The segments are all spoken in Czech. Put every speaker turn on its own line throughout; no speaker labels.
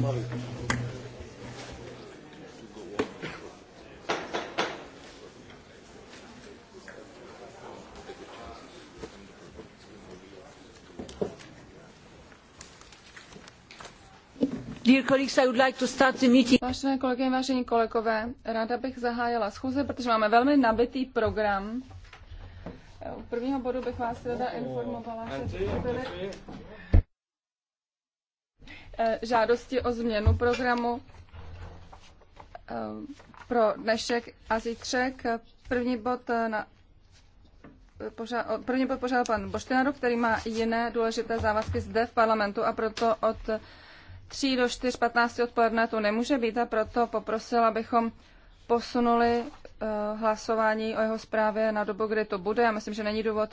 Vážené
kolegyně, vážení kolegové, ráda bych zahájila schůze, protože máme velmi nabitý program. U prvního bodu bych vás ráda informovala, že byly Eh, žádosti o změnu programu eh, pro dnešek a zítřek. První bod, eh, na, požádal, první bod požádal pan Boštinaru, který má jiné důležité závazky zde v parlamentu a proto od 3 do 15 odpoledne tu nemůže být a proto poprosil, abychom posunuli hlasování o jeho zprávě na dobu, kdy to bude. Já myslím, že není důvod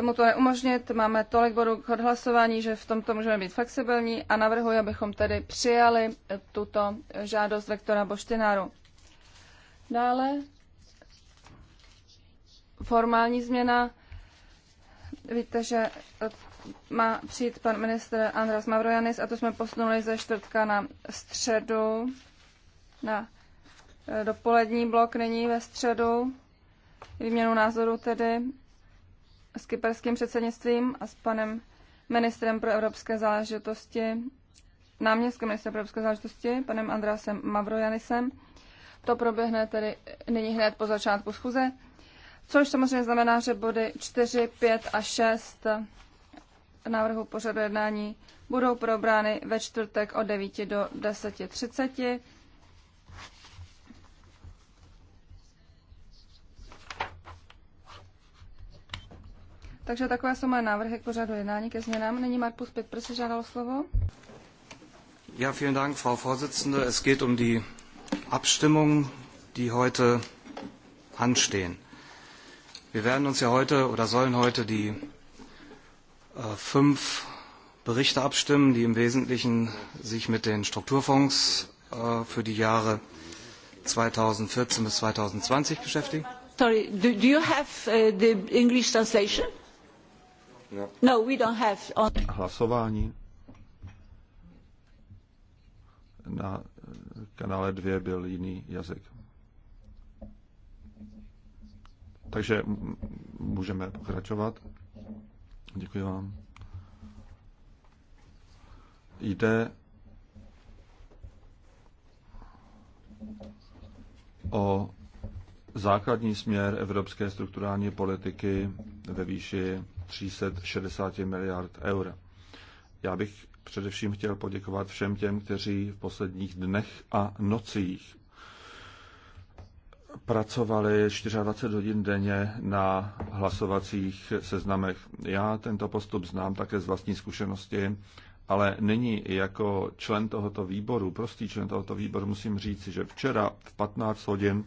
mu to neumožnit. Máme tolik bodů k odhlasování, že v tomto můžeme být flexibilní a navrhuji, abychom tedy přijali tuto žádost rektora Boštináru. Dále formální změna. Víte, že má přijít pan ministr Andras Mavrojanis a to jsme posunuli ze čtvrtka na středu, na eh, dopolední blok, nyní ve středu, výměnu názoru tedy s kyperským předsednictvím a s panem ministrem pro evropské záležitosti, náměstkem ministra pro evropské záležitosti, panem Andrásem Mavrojanisem. To proběhne tedy nyní hned po začátku schůze, což samozřejmě znamená, že body 4, 5 a 6 návrhu pořadu jednání budou probrány ve čtvrtek od 9 do 10.30. Takže takové jsou moje návrhy k pořadu jednání ke změnám. Nyní Markus Pitpr si žádal slovo.
Ja, vielen Dank, Frau Vorsitzende. Es geht um die Abstimmung, die heute anstehen. Wir werden uns ja heute oder sollen heute die äh, fünf Berichte abstimmen, die im Wesentlichen sich mit den Strukturfonds äh, für die Jahre 2014 bis 2020 beschäftigen.
Sorry, do, do you have uh, the English translation? No. no, we don't have on...
Hlasování na kanále 2 byl jiný jazyk. Takže můžeme pokračovat. Děkuji vám. Jde o základní směr evropské strukturální politiky ve výši 360 miliard eur. Já bych především chtěl poděkovat všem těm, kteří v posledních dnech a nocích pracovali 24 hodin denně na hlasovacích seznamech. Já tento postup znám také z vlastní zkušenosti, ale nyní jako člen tohoto výboru, prostý člen tohoto výboru, musím říci, že včera v 15 hodin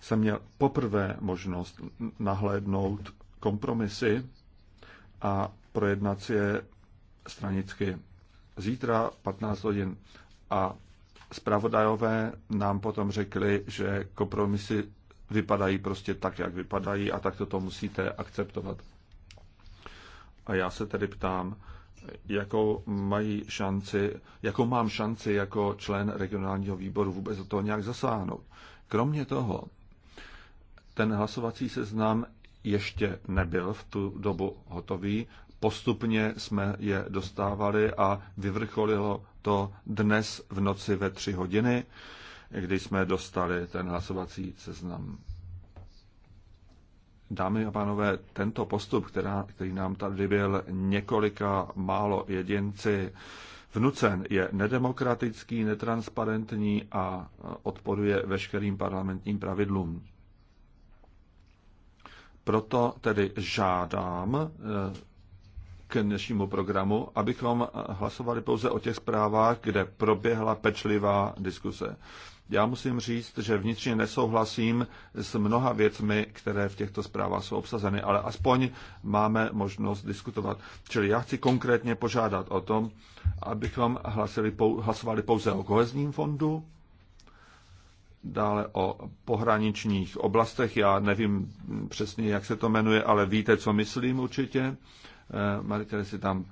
jsem měl poprvé možnost nahlédnout kompromisy a projednat si je stranicky. Zítra 15 hodin. A zpravodajové nám potom řekli, že kompromisy vypadají prostě tak, jak vypadají a tak to musíte akceptovat. A já se tedy ptám, jakou mají šanci, jakou mám šanci jako člen regionálního výboru vůbec do toho nějak zasáhnout. Kromě toho, ten hlasovací seznam ještě nebyl v tu dobu hotový. Postupně jsme je dostávali a vyvrcholilo to dnes v noci ve tři hodiny, kdy jsme dostali ten hlasovací seznam. Dámy a pánové, tento postup, která, který nám tady byl několika málo jedinci vnucen, je nedemokratický, netransparentní a odporuje veškerým parlamentním pravidlům. Proto tedy žádám eh, k dnešnímu programu, abychom eh, hlasovali pouze o těch zprávách, kde proběhla pečlivá diskuse. Já musím říct, že vnitřně nesouhlasím s mnoha věcmi, které v těchto zprávách jsou obsazeny, ale aspoň máme možnost diskutovat. Čili já chci konkrétně požádat o tom, abychom hlasovali pouze o kohezním fondu, dále o pohraničních oblastech. Já nevím přesně, jak se to jmenuje, ale víte, co myslím určitě. Eh, Marie si tam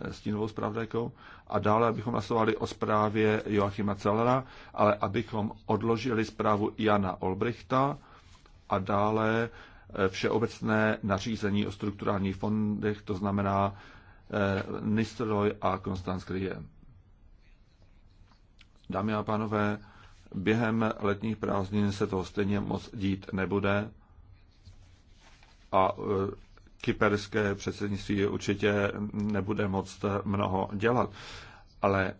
eh, stínovou zpravdajkou. A dále, abychom hlasovali o zprávě Joachima Celera, ale abychom odložili zprávu Jana Olbrichta a dále eh, všeobecné nařízení o strukturálních fondech, to znamená Nistroj a Konstanz Dámy a pánové, Během letních prázdnin se toho stejně moc dít nebude a e, kyperské předsednictví určitě nebude moc mnoho dělat. Ale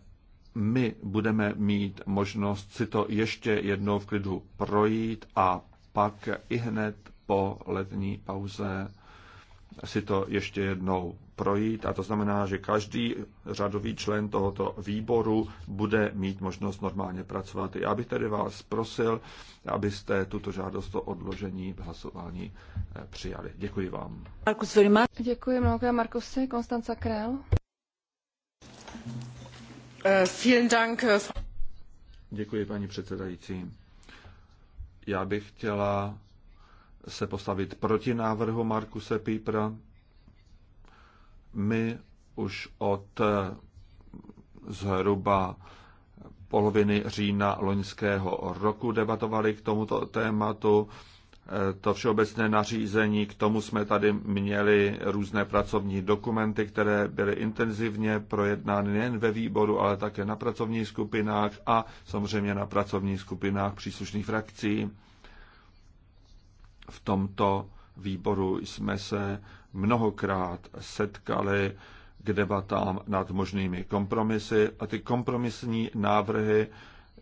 my budeme mít možnost si to ještě jednou v klidu projít a pak i hned po letní pauze si to ještě jednou projít a to znamená, že každý řadový člen tohoto výboru bude mít možnost normálně pracovat. Já bych tedy vás prosil, abyste tuto žádost o odložení hlasování eh, přijali. Děkuji vám.
Markus Děkuji mnohokrát Markusy. Konstanca Krell.
Eh, vielen eh,
Děkuji, paní předsedající. Já bych chtěla se postavit proti návrhu Markuse Pípra my už od eh, zhruba poloviny října loňského roku debatovali k tomuto tématu. Eh, to všeobecné nařízení, k tomu jsme tady měli různé pracovní dokumenty, které byly intenzivně projednány nejen ve výboru, ale také na pracovních skupinách a samozřejmě na pracovních skupinách příslušných frakcí. V tomto výboru jsme se mnohokrát setkali k debatám nad možnými kompromisy a ty kompromisní návrhy,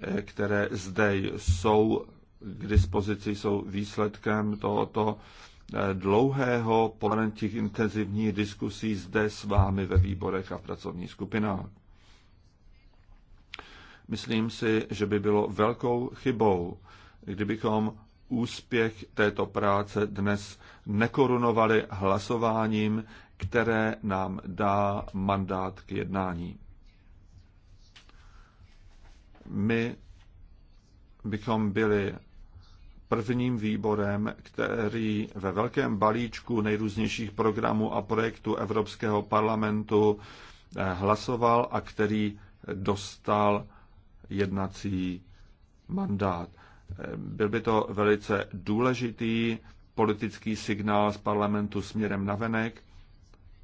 eh, které zde jsou k dispozici, jsou výsledkem tohoto eh, dlouhého, podle těch intenzivních diskusí zde s vámi ve výborech a v pracovních skupinách. Myslím si, že by bylo velkou chybou, kdybychom úspěch této práce dnes nekorunovali hlasováním, které nám dá mandát k jednání. My bychom byli prvním výborem, který ve velkém balíčku nejrůznějších programů a projektů Evropského parlamentu eh, hlasoval a který dostal jednací mandát. Eh, byl by to velice důležitý politický signál z parlamentu směrem venek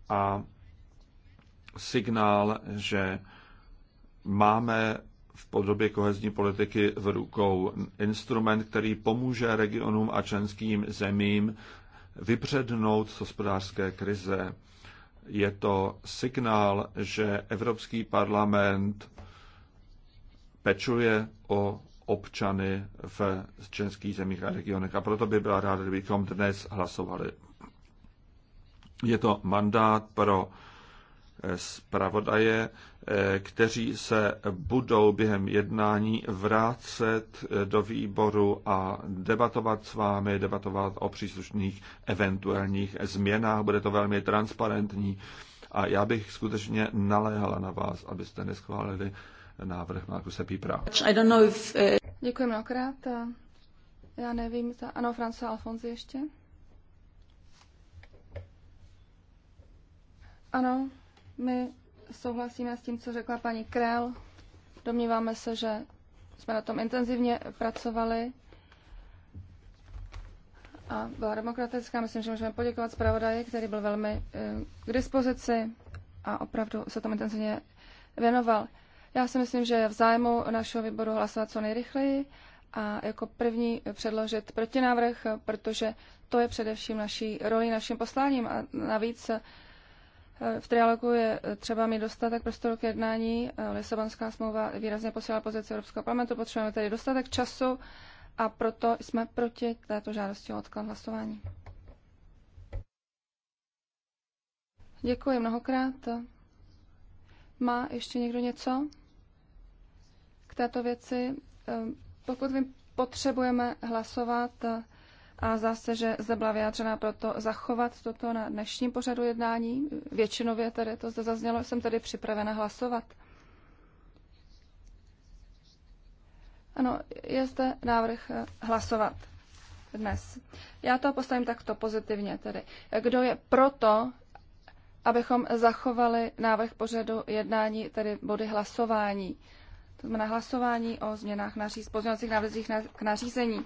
a signál, že máme v podobě kohezní politiky v rukou instrument, který pomůže regionům a členským zemím vypřednout z hospodářské krize. Je to signál, že Evropský parlament pečuje o občany v českých zemích a regionech. A proto by byla ráda, kdybychom dnes hlasovali. Je to mandát pro eh, zpravodaje, eh, kteří se budou během jednání vrátit eh, do výboru a debatovat s vámi, debatovat o příslušných eventuálních změnách. Bude to velmi transparentní. A já bych skutečně naléhala na vás, abyste neschválili návrh Markuse Pípra.
Eh, Děkuji mnohokrát. Já nevím, ta... ano, Franco Alfonzi ještě? Ano, my souhlasíme s tím, co řekla paní Krell. Domníváme se, že jsme na tom intenzivně pracovali a byla demokratická. Myslím, že můžeme poděkovat zpravodaji, který byl velmi eh, k dispozici a opravdu se tomu intenzivně věnoval. Já si myslím, že je v zájmu našeho výboru hlasovat co nejrychleji a jako první předložit protinávrh, protože to je především naší roli, naším posláním. A navíc eh, v trialogu je třeba mít dostatek prostoru k jednání. Eh, Lisabonská smlouva výrazně posílá pozici Evropského parlamentu, potřebujeme tedy dostatek času a proto jsme proti této žádosti o odklad hlasování. Děkuji mnohokrát. Má ještě někdo něco? této věci. Ehm, pokud vím, potřebujeme hlasovat a zase že zde byla vyjádřena proto zachovat toto na dnešním pořadu jednání. Většinově tady to zde zaznělo, jsem tedy připravena hlasovat. Ano, je zde návrh eh, hlasovat dnes. Já to postavím takto pozitivně tedy. Kdo je proto, abychom zachovali návrh pořadu jednání, tedy body hlasování? To hlasování o změnách naříz, pozměňovacích návrzích na, k nařízení.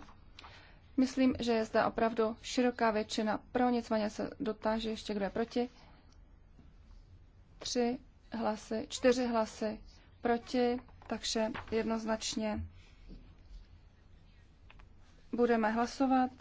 Myslím, že je zde opravdu široká většina pro, nicméně se dotáže ještě, kdo je proti. Tři hlasy, čtyři hlasy proti, takže jednoznačně budeme hlasovat.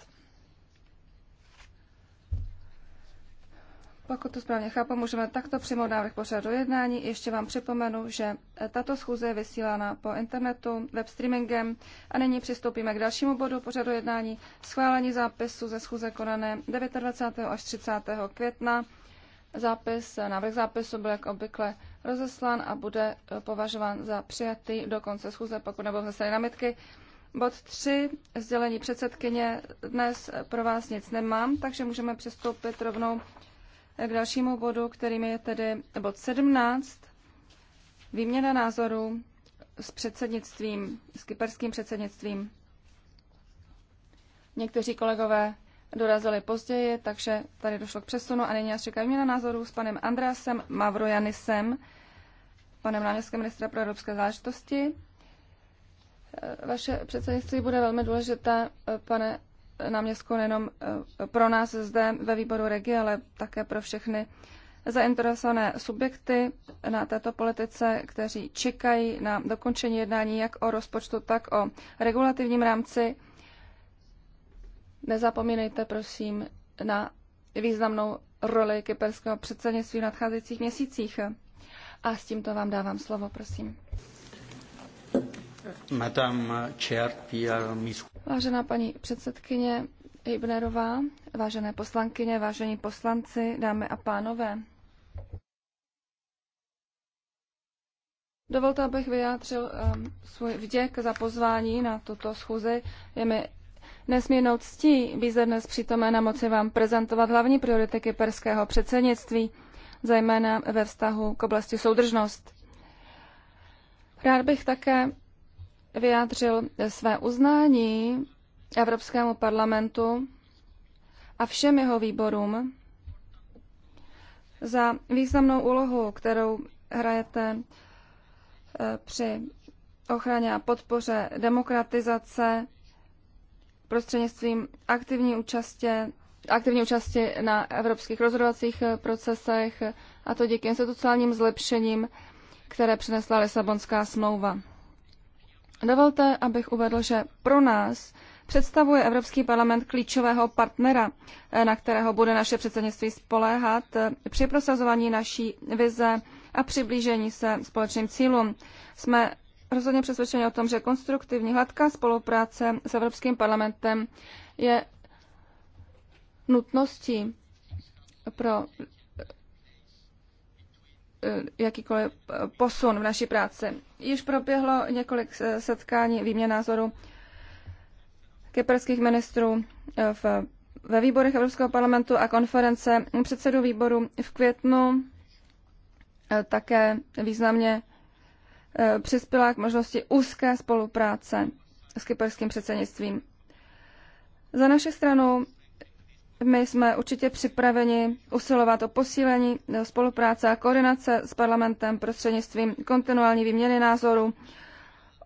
Pokud to správně chápu, můžeme takto přijmout návrh pořadu jednání. Ještě vám připomenu, že tato schůze je vysílána po internetu, web streamingem a nyní přistoupíme k dalšímu bodu pořadu jednání schválení zápisu ze schůze konané 29. až 30. května. Zápis, návrh zápisu byl jak obvykle rozeslán a bude považován za přijatý do konce schůze, pokud nebudou zase námitky. Bod 3, sdělení předsedkyně, dnes pro vás nic nemám, takže můžeme přistoupit rovnou k dalšímu bodu, kterým je tedy bod 17, výměna názorů s předsednictvím, s kyperským předsednictvím. Někteří kolegové dorazili později, takže tady došlo k přesunu a nyní nás čeká výměna názorů s panem Andreasem Mavrojanisem, panem náměstkem ministra pro evropské záležitosti. Vaše předsednictví bude velmi důležité, pane na městku nejenom eh, pro nás zde ve výboru regi, ale také pro všechny zainteresované subjekty na této politice, kteří čekají na dokončení jednání jak o rozpočtu, tak o regulativním rámci. Nezapomínejte, prosím, na významnou roli kyperského předsednictví v nadcházejících měsících. A s tímto vám dávám slovo, prosím. Vážená paní předsedkyně Ibnerová, vážené poslankyně, vážení poslanci, dámy a pánové. Dovolte, abych vyjádřil um, svůj vděk za pozvání na tuto schůzi. Je mi nesmírnou ctí být zde dnes přítomen a moci vám prezentovat hlavní priority kyperského předsednictví, zejména ve vztahu k oblasti soudržnost. Rád bych také vyjádřil své uznání Evropskému parlamentu a všem jeho výborům za významnou úlohu, kterou hrajete eh, při ochraně a podpoře demokratizace prostřednictvím aktivní účastě, aktivní účasti na evropských rozhodovacích eh, procesech, a to díky institucionálním zlepšením, které přinesla Lisabonská smlouva. Dovolte, abych uvedl, že pro nás představuje Evropský parlament klíčového partnera, eh, na kterého bude naše předsednictví spoléhat eh, při prosazování naší vize a přiblížení se společným cílům. Jsme rozhodně přesvědčeni o tom, že konstruktivní hladká spolupráce s Evropským parlamentem je nutností pro Eh, jakýkoliv eh, posun v naší práci. Již proběhlo několik eh, setkání výměn názoru kyperských ministrů v, ve výborech Evropského parlamentu a konference předsedů výboru v květnu také významně přispěla k možnosti úzké spolupráce s kyperským předsednictvím. Za naši stranu my jsme určitě připraveni usilovat o posílení eh, spolupráce a koordinace s parlamentem prostřednictvím kontinuální výměny názorů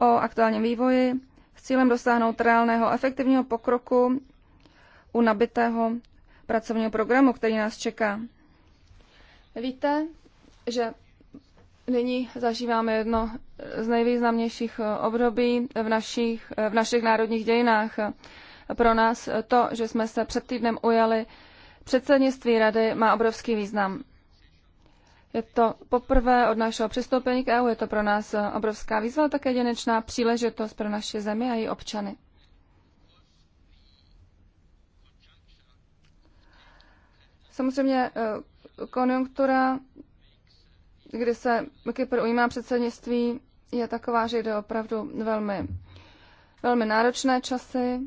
o aktuálním vývoji s cílem dosáhnout reálného efektivního pokroku u nabitého pracovního programu, který nás čeká. Víte, že nyní zažíváme jedno z nejvýznamnějších eh, období v našich, eh, v našich národních dějinách pro nás to, že jsme se před týdnem ujali předsednictví rady, má obrovský význam. Je to poprvé od našeho přistoupení k EU, je to pro nás obrovská výzva, také jedinečná příležitost pro naše zemi a její občany. Samozřejmě eh, konjunktura, kdy se Kypr ujímá předsednictví, je taková, že jde opravdu velmi, velmi náročné časy.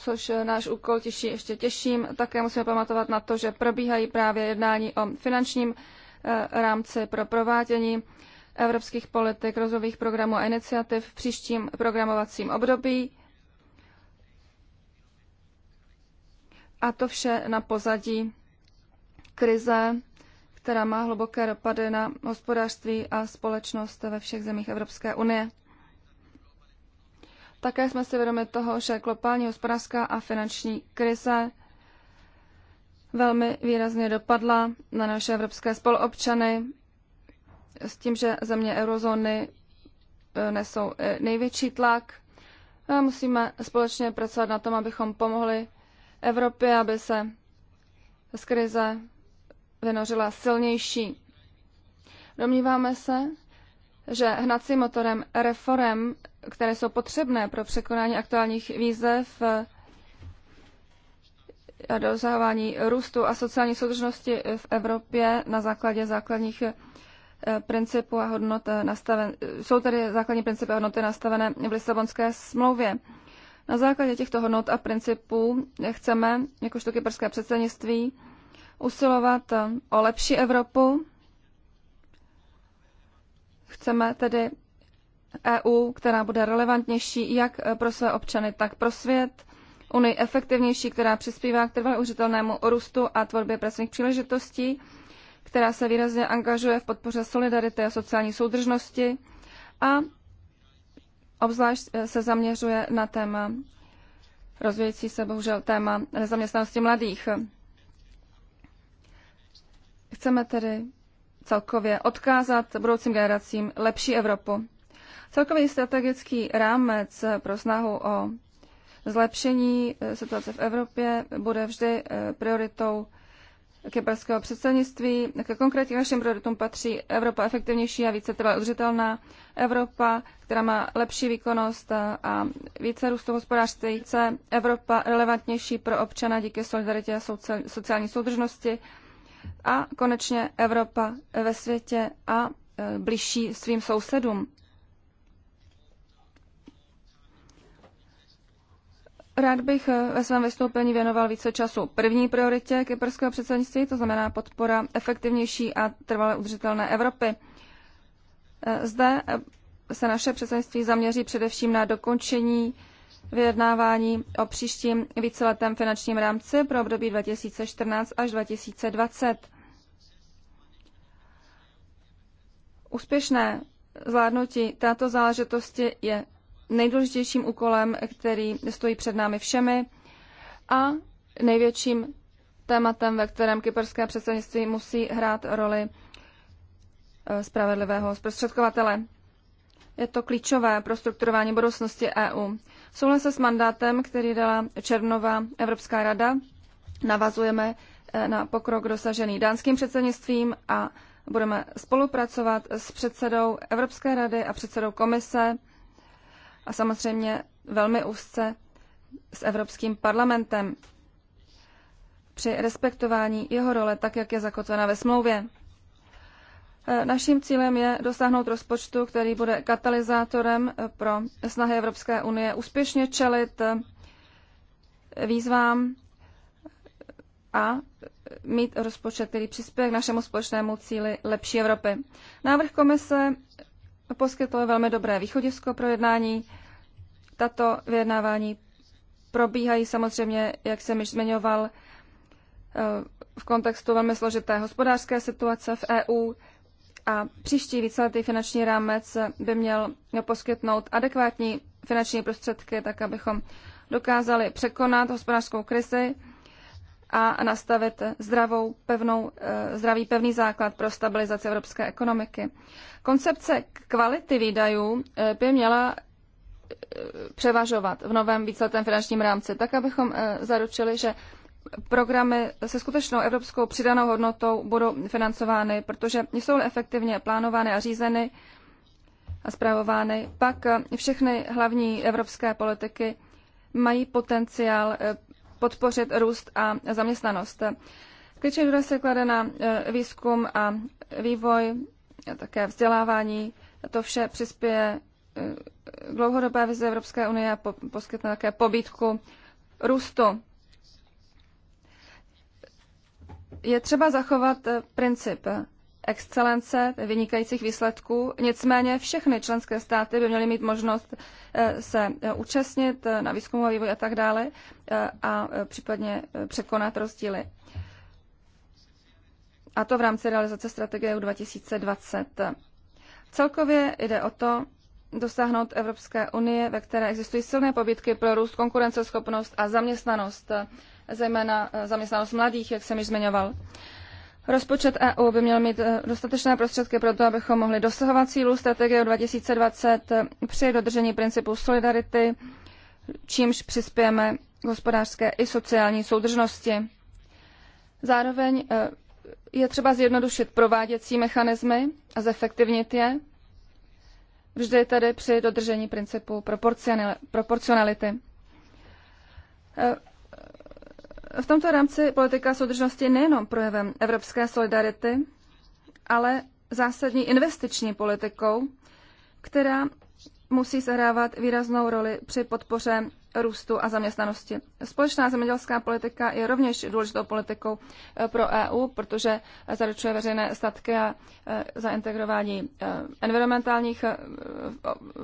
což eh, náš úkol těší ještě těžším. Také musíme pamatovat na to, že probíhají právě jednání o finančním eh, rámci pro provádění evropských politik, rozvojových programů a iniciativ v příštím programovacím období. A to vše na pozadí krize, která má hluboké dopady na hospodářství a společnost ve všech zemích Evropské unie. Také jsme si vědomi toho, že globální hospodářská a finanční krize velmi výrazně dopadla na naše evropské spoluobčany s tím, že země eurozóny e, nesou e, největší tlak. A musíme společně pracovat na tom, abychom pomohli Evropě, aby se z krize vynořila silnější. Domníváme se, že hnacím motorem reform které jsou potřebné pro překonání aktuálních výzev eh, a dosahování růstu a sociální soudržnosti v Evropě na základě základních eh, principů a hodnot eh, nastaven, jsou tady základní principy a hodnoty nastavené v Lisabonské smlouvě. Na základě těchto hodnot a principů chceme, jakožto kyperské předsednictví, usilovat o lepší Evropu. Chceme tedy EU, která bude relevantnější jak e, pro své občany, tak pro svět, Unii efektivnější, která přispívá k trvale užitelnému růstu a tvorbě pracovních příležitostí, která se výrazně angažuje v podpoře solidarity a sociální soudržnosti a obzvlášť e, se zaměřuje na téma rozvíjející se bohužel téma nezaměstnanosti mladých. Chceme tedy celkově odkázat budoucím generacím lepší Evropu. Celkový strategický rámec pro snahu o zlepšení eh, situace v Evropě bude vždy eh, prioritou kyperského předsednictví. Ke konkrétně našim prioritům patří Evropa efektivnější a více trvalé udržitelná, Evropa, která má lepší výkonnost eh, a více růstu hospodářství, více Evropa relevantnější pro občana díky solidaritě a sociální soudržnosti a konečně Evropa ve světě a blížší svým sousedům. Rád bych eh, ve svém vystoupení věnoval více času první prioritě kyperského předsednictví, to znamená podpora efektivnější a trvale udržitelné Evropy. Eh, zde eh, se naše předsednictví zaměří především na dokončení vyjednávání o příštím víceletém finančním rámci pro období 2014 až 2020. Úspěšné zvládnutí této záležitosti je nejdůležitějším úkolem, který stojí před námi všemi a největším tématem, ve kterém kyperské předsednictví musí hrát roli eh, spravedlivého zprostředkovatele. Je to klíčové pro strukturování budoucnosti EU. V s mandátem, který dala Černová Evropská rada, navazujeme eh, na pokrok dosažený dánským předsednictvím a budeme spolupracovat s předsedou Evropské rady a předsedou komise a samozřejmě velmi úzce s Evropským parlamentem při respektování jeho role tak, jak je zakotvena ve smlouvě. E, naším cílem je dosáhnout rozpočtu, který bude katalyzátorem e, pro snahy Evropské unie úspěšně čelit e, výzvám a mít rozpočet, který přispěje k našemu společnému cíli lepší Evropy. Návrh komise poskytl velmi dobré východisko pro jednání tato vyjednávání probíhají samozřejmě, jak jsem již zmiňoval, eh, v kontextu velmi složité hospodářské situace v EU a příští víceletý finanční rámec by měl poskytnout adekvátní finanční prostředky, tak abychom dokázali překonat hospodářskou krizi a nastavit zdravou, pevnou, eh, zdravý pevný základ pro stabilizaci evropské ekonomiky. Koncepce kvality výdajů eh, by měla převažovat v novém víceletém finančním rámci, tak abychom eh, zaručili, že programy se skutečnou evropskou přidanou hodnotou budou financovány, protože jsou efektivně plánovány a řízeny a zpravovány, pak eh, všechny hlavní evropské politiky mají potenciál eh, podpořit růst a zaměstnanost. Klíčový důraz se klade na výzkum a vývoj, a také vzdělávání. To vše přispěje dlouhodobá vize Evropské unie poskytne také pobítku růstu. Je třeba zachovat eh, princip eh, excelence, vynikajících výsledků. Nicméně všechny členské státy by měly mít možnost eh, se účastnit na výzkumu a vývoji a tak dále a případně překonat rozdíly. A to v rámci realizace strategie 2020. Celkově jde o to, dosáhnout Evropské unie, ve které existují silné pobytky pro růst, konkurenceschopnost a zaměstnanost, zejména eh, zaměstnanost mladých, jak jsem již zmiňoval. Rozpočet EU by měl mít eh, dostatečné prostředky pro to, abychom mohli dosahovat cílů strategie 2020 eh, při dodržení principu solidarity, čímž přispějeme k hospodářské i sociální soudržnosti. Zároveň je třeba zjednodušit prováděcí mechanismy a zefektivnit je, vždy tedy při dodržení principu proporcionality. E, v tomto rámci politika soudržnosti je nejenom projevem evropské solidarity, ale zásadní investiční politikou, která musí sehrávat výraznou roli při podpoře růstu a zaměstnanosti. Společná zemědělská politika je rovněž důležitou politikou eh, pro EU, protože eh, zaručuje veřejné statky a eh, zaintegrování environmentálních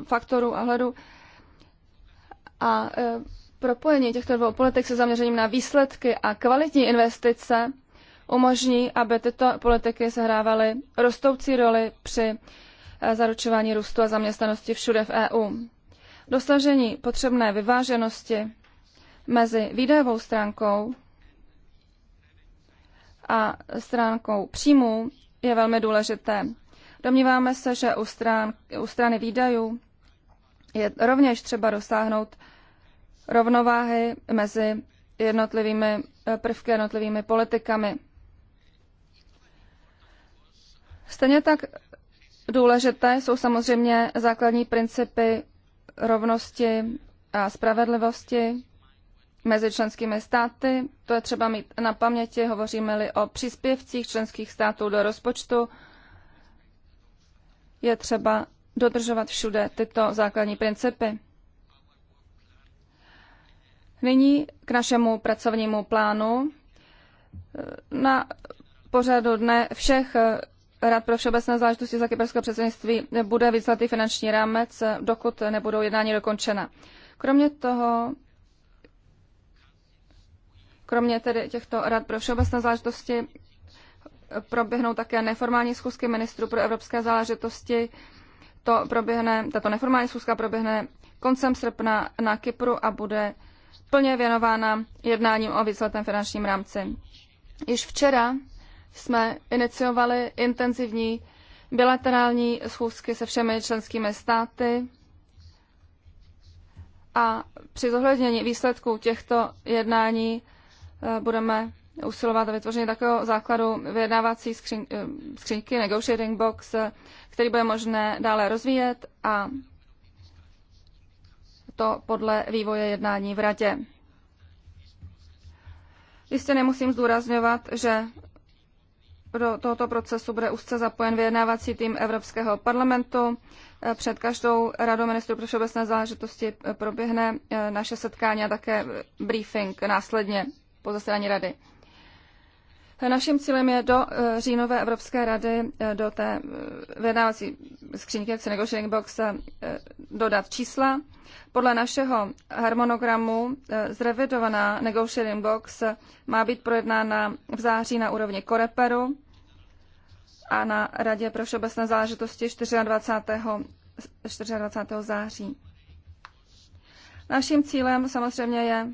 faktorů a hledu. A propojení těchto dvou politik se zaměřením na výsledky a kvalitní investice umožní, aby tyto politiky sehrávaly rostoucí roli při zaručování růstu a zaměstnanosti všude v EU dosažení potřebné vyváženosti mezi výdajovou stránkou a stránkou příjmů je velmi důležité. Domníváme se, že u, strán, u strany výdajů je rovněž třeba dosáhnout rovnováhy mezi jednotlivými eh, prvky, jednotlivými politikami. Stejně tak důležité jsou samozřejmě základní principy rovnosti a spravedlivosti mezi členskými státy. To je třeba mít na paměti, hovoříme-li o příspěvcích členských států do rozpočtu. Je třeba dodržovat všude tyto základní principy. Nyní k našemu pracovnímu plánu. Na pořadu dne všech Rad pro všeobecné záležitosti za kyperské předsednictví bude výsledný finanční rámec, dokud nebudou jednání dokončena. Kromě toho, kromě tedy těchto rad pro všeobecné záležitosti, proběhnou také neformální schůzky ministrů pro evropské záležitosti. To proběhne, tato neformální schůzka proběhne koncem srpna na Kypru a bude plně věnována jednáním o výsledném finančním rámci. Již včera jsme iniciovali intenzivní bilaterální schůzky se všemi členskými státy a při zohlednění výsledků těchto jednání eh, budeme usilovat o vytvoření takového základu vyjednávací skřin, eh, skřínky, negotiating box, eh, který bude možné dále rozvíjet a to podle vývoje jednání v Radě. Jistě nemusím zdůrazňovat, že do tohoto procesu bude úzce zapojen vyjednávací tým Evropského parlamentu. Eh, před každou radou ministrů pro všeobecné záležitosti eh, proběhne eh, naše setkání a také briefing následně po zasedání rady. Naším cílem je do říjnové Evropské rady, do té vyjednávací skřínky, jak se negotiating box, dodat čísla. Podle našeho harmonogramu zrevidovaná negotiating box má být projednána v září na úrovni Koreperu a na Radě pro všeobecné záležitosti 24. 24. září. Naším cílem samozřejmě je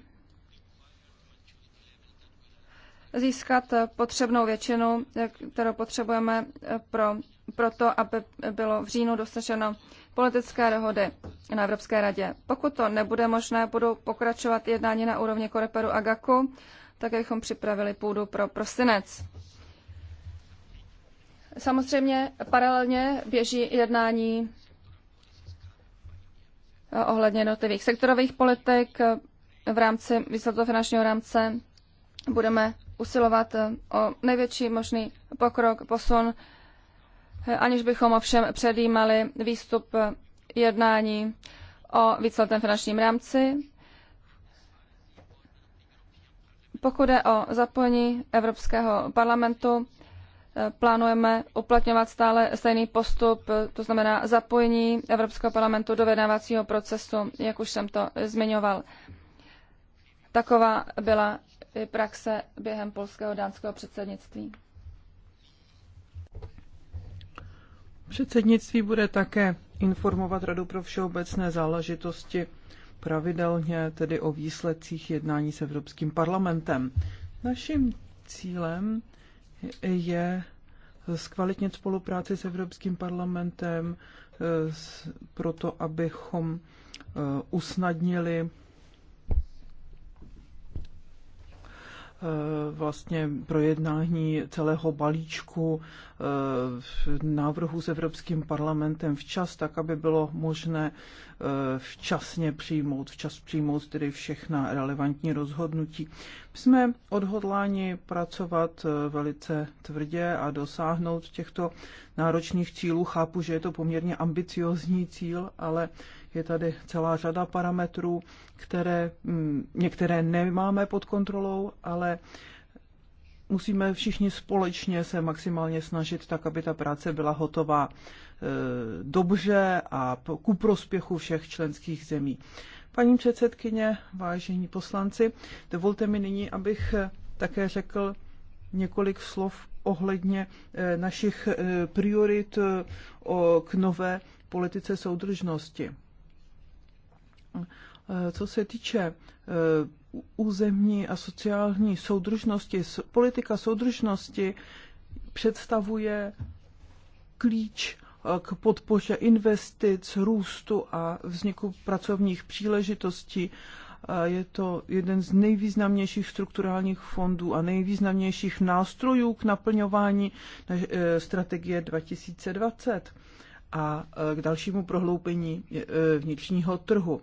získat potřebnou většinu, kterou potřebujeme pro, pro to, aby bylo v říjnu dosaženo politické dohody na Evropské radě. Pokud to nebude možné, budou pokračovat jednání na úrovni Koreperu a GAKu, tak abychom připravili půdu pro prosinec. Samozřejmě paralelně běží jednání eh, ohledně jednotlivých sektorových politik eh, v rámci výsledku finančního rámce. Budeme usilovat eh, o největší možný pokrok, posun, aniž bychom ovšem předjímali výstup jednání o víceletém finančním rámci. Pokud je o zapojení Evropského parlamentu, plánujeme uplatňovat stále stejný postup, to znamená zapojení Evropského parlamentu do vyjednávacího procesu, jak už jsem to zmiňoval. Taková byla i praxe během polského dánského předsednictví.
Předsednictví bude také informovat Radu pro všeobecné záležitosti pravidelně, tedy o výsledcích jednání s Evropským parlamentem. Naším cílem je zkvalitnit spolupráci s Evropským parlamentem eh, proto, abychom eh, usnadnili Eh, vlastně projednání celého balíčku eh, návrhu s Evropským parlamentem včas, tak aby bylo možné eh, včasně přijmout, včas přijmout tedy všechna relevantní rozhodnutí. Jsme odhodláni pracovat velice tvrdě a dosáhnout těchto náročných cílů. Chápu, že je to poměrně ambiciozní cíl, ale je tady celá řada parametrů, které mm, některé nemáme pod kontrolou, ale musíme všichni společně se maximálně snažit tak, aby ta práce byla hotová e, dobře a ku prospěchu všech členských zemí. Paní předsedkyně, vážení poslanci, dovolte mi nyní, abych také řekl několik slov ohledně e, našich e, priorit k nové politice soudržnosti. Eh, co se týče eh, územní a sociální soudržnosti, politika soudržnosti představuje klíč eh, k podpoře investic, růstu a vzniku pracovních příležitostí. Je to jeden z nejvýznamnějších strukturálních fondů a nejvýznamnějších nástrojů k naplňování strategie 2020 a e, k dalšímu prohloupení e, vnitřního trhu.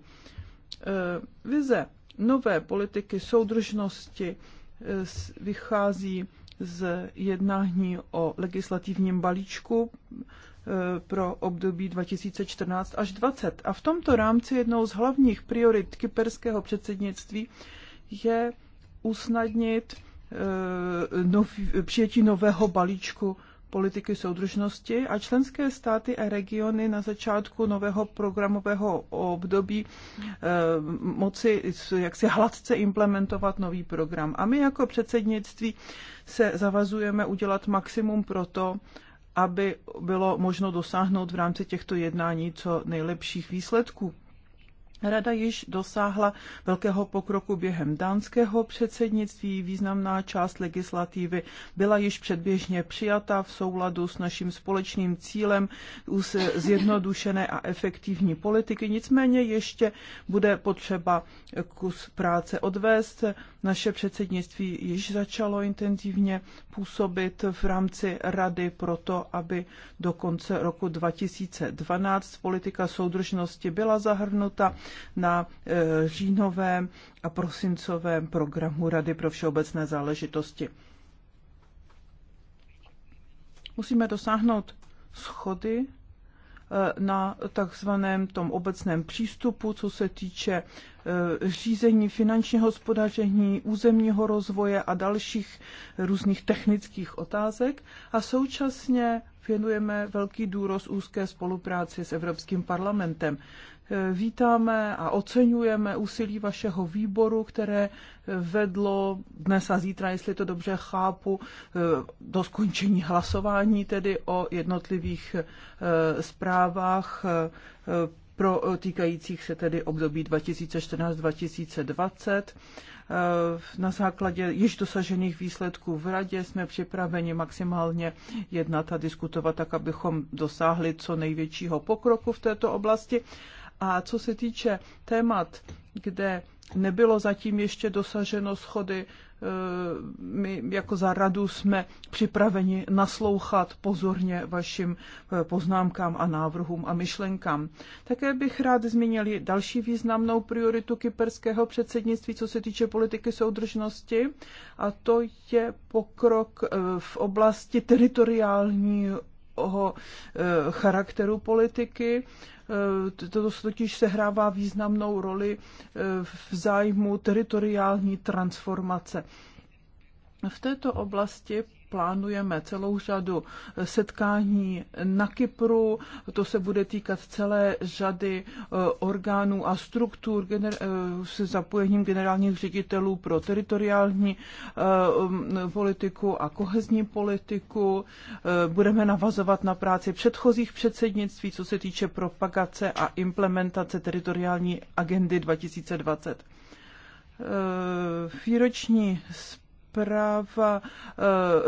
E, vize nové politiky soudržnosti vychází z jednání o legislativním balíčku pro období 2014 až 2020. A v tomto rámci jednou z hlavních priorit kyperského předsednictví je usnadnit nov, přijetí nového balíčku politiky soudržnosti a členské státy a regiony na začátku nového programového období eh, moci jaksi hladce implementovat nový program. A my jako předsednictví se zavazujeme udělat maximum pro to, aby bylo možno dosáhnout v rámci těchto jednání co nejlepších výsledků. Rada již dosáhla velkého pokroku během dánského předsednictví. Významná část legislativy byla již předběžně přijata v souladu s naším společným cílem už zjednodušené a efektivní politiky. Nicméně ještě bude potřeba kus práce odvést. Naše předsednictví již začalo intenzivně působit v rámci Rady proto, aby do konce roku 2012 politika soudržnosti byla zahrnuta na e, říjnovém a prosincovém programu Rady pro všeobecné záležitosti. Musíme dosáhnout schody e, na takzvaném tom obecném přístupu, co se týče e, řízení finančního hospodaření, územního rozvoje a dalších různých technických otázek a současně věnujeme velký důraz úzké spolupráci s Evropským parlamentem. Vítáme a oceňujeme úsilí vašeho výboru, které vedlo dnes a zítra, jestli to dobře chápu, do skončení hlasování tedy o jednotlivých eh, zprávách eh, pro týkajících se tedy období 2014-2020. Eh, na základě již dosažených výsledků v Radě jsme připraveni maximálně jednat a diskutovat tak, abychom dosáhli co největšího pokroku v této oblasti a co se týče témat, kde nebylo zatím ještě dosaženo schody, e, my jako za radu jsme připraveni naslouchat pozorně vašim e, poznámkám a návrhům a myšlenkám. Také bych rád zmínil další významnou prioritu kyperského předsednictví, co se týče politiky soudržnosti, a to je pokrok e, v oblasti teritoriální toho eh, charakteru politiky. Eh, se totiž sehrává významnou roli eh, v zájmu teritoriální transformace. V této oblasti plánujeme celou řadu setkání na Kypru. To se bude týkat celé řady eh, orgánů a struktur eh, se zapojením generálních ředitelů pro teritoriální eh, politiku a kohezní politiku. Budeme navazovat na práci předchozích předsednictví, co se týče propagace a implementace teritoriální agendy 2020. Výroční zpráva příprava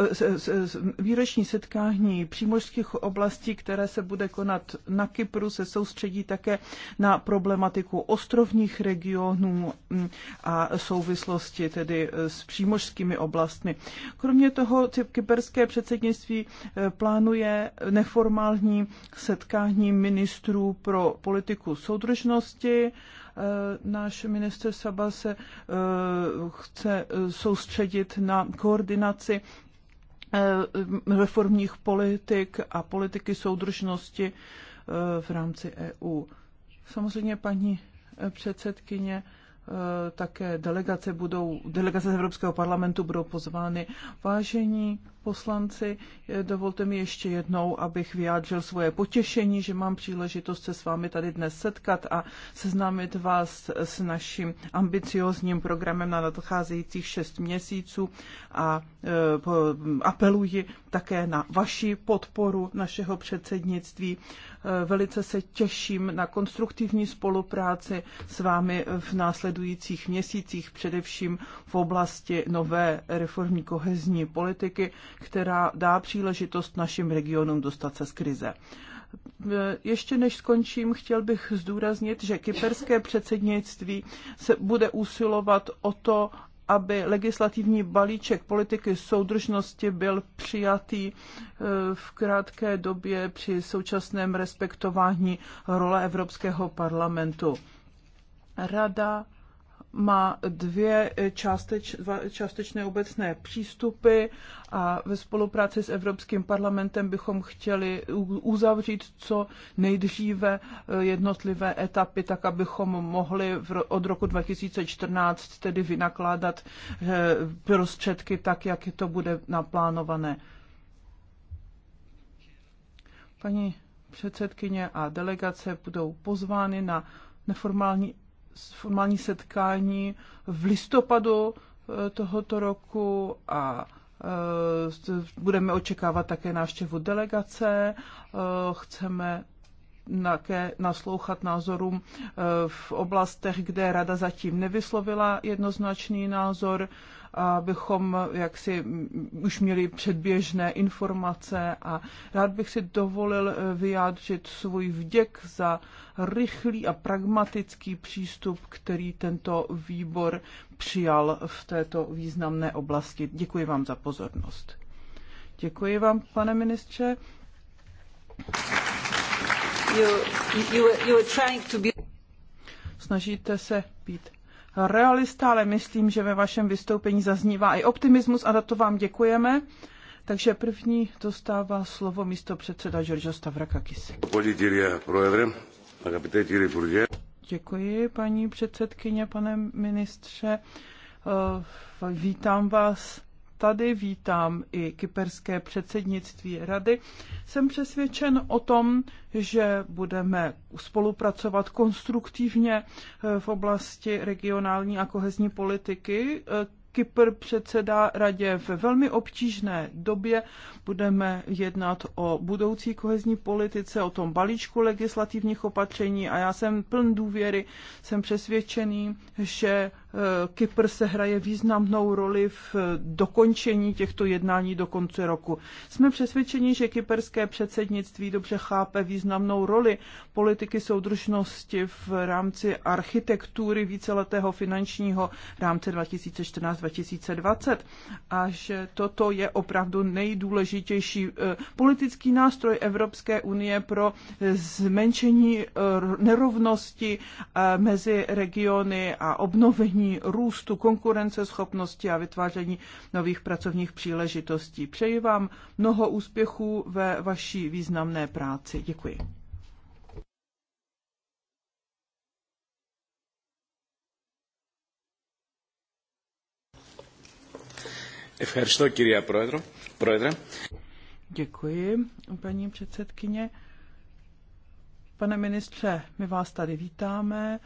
eh, výroční setkání přímořských oblastí, které se bude konat na Kypru, se soustředí také na problematiku ostrovních regionů mm, a souvislosti tedy eh, s přímořskými oblastmi. Kromě toho kyperské předsednictví eh, plánuje neformální setkání ministrů pro politiku soudržnosti, Eh, náš minister Saba se eh, chce eh, soustředit na koordinaci reformních politik a politiky soudržnosti v rámci EU. Samozřejmě paní předsedkyně také delegace budou, delegace z Evropského parlamentu budou pozvány. Vážení poslanci. Eh, dovolte mi ještě jednou, abych vyjádřil svoje potěšení, že mám příležitost se s vámi tady dnes setkat a seznámit vás s naším ambiciozním programem na nadcházejících šest měsíců a eh, apeluji také na vaši podporu našeho předsednictví. Eh, velice se těším na konstruktivní spolupráci s vámi v následujících měsících, především v oblasti nové reformní kohezní politiky, která dá příležitost našim regionům dostat se z krize. Ještě než skončím, chtěl bych zdůraznit, že kyperské předsednictví se bude usilovat o to, aby legislativní balíček politiky soudržnosti byl přijatý eh, v krátké době při současném respektování role Evropského parlamentu. Rada má dvě částeč, dva částečné obecné přístupy a ve spolupráci s Evropským parlamentem bychom chtěli uzavřít co nejdříve eh, jednotlivé etapy, tak abychom mohli od roku 2014 tedy vynakládat eh, prostředky tak, jak to bude naplánované. Paní předsedkyně a delegace budou pozvány na neformální formální setkání v listopadu eh, tohoto roku a eh, budeme očekávat také návštěvu delegace. Eh, chceme také naslouchat názorům v oblastech, kde rada zatím nevyslovila jednoznačný názor abychom jaksi už měli předběžné informace a rád bych si dovolil eh, vyjádřit svůj vděk za rychlý a pragmatický přístup, který tento výbor přijal v této významné oblasti. Děkuji vám za pozornost. Děkuji vám, pane ministře. You, you, you were trying to be... Snažíte se být realista, ale myslím, že ve vašem vystoupení zaznívá i optimismus a za to vám děkujeme. Takže první dostává slovo místo předseda Georgia Stavrakakis. Děkuji, paní předsedkyně, pane ministře. Eh, vítám vás tady vítám i kyperské předsednictví rady. Jsem přesvědčen o tom, že budeme spolupracovat konstruktivně eh, v oblasti regionální a kohezní politiky, eh, Kypr předsedá radě ve velmi obtížné době. Budeme jednat o budoucí kohezní politice, o tom balíčku legislativních opatření a já jsem pln důvěry, jsem přesvědčený, že Kypr se hraje významnou roli v dokončení těchto jednání do konce roku. Jsme přesvědčeni, že kyperské předsednictví dobře chápe významnou roli politiky soudržnosti v rámci architektury víceletého finančního rámce 2014-2020 a že toto je opravdu nejdůležitější eh, politický nástroj Evropské unie pro zmenšení eh, nerovnosti eh, mezi regiony a obnovení umožní růstu konkurenceschopnosti a vytváření nových pracovních příležitostí. Přeji vám mnoho úspěchů ve vaší významné práci. Děkuji. Děkuji, paní předsedkyně. Pane ministře, my vás tady vítáme.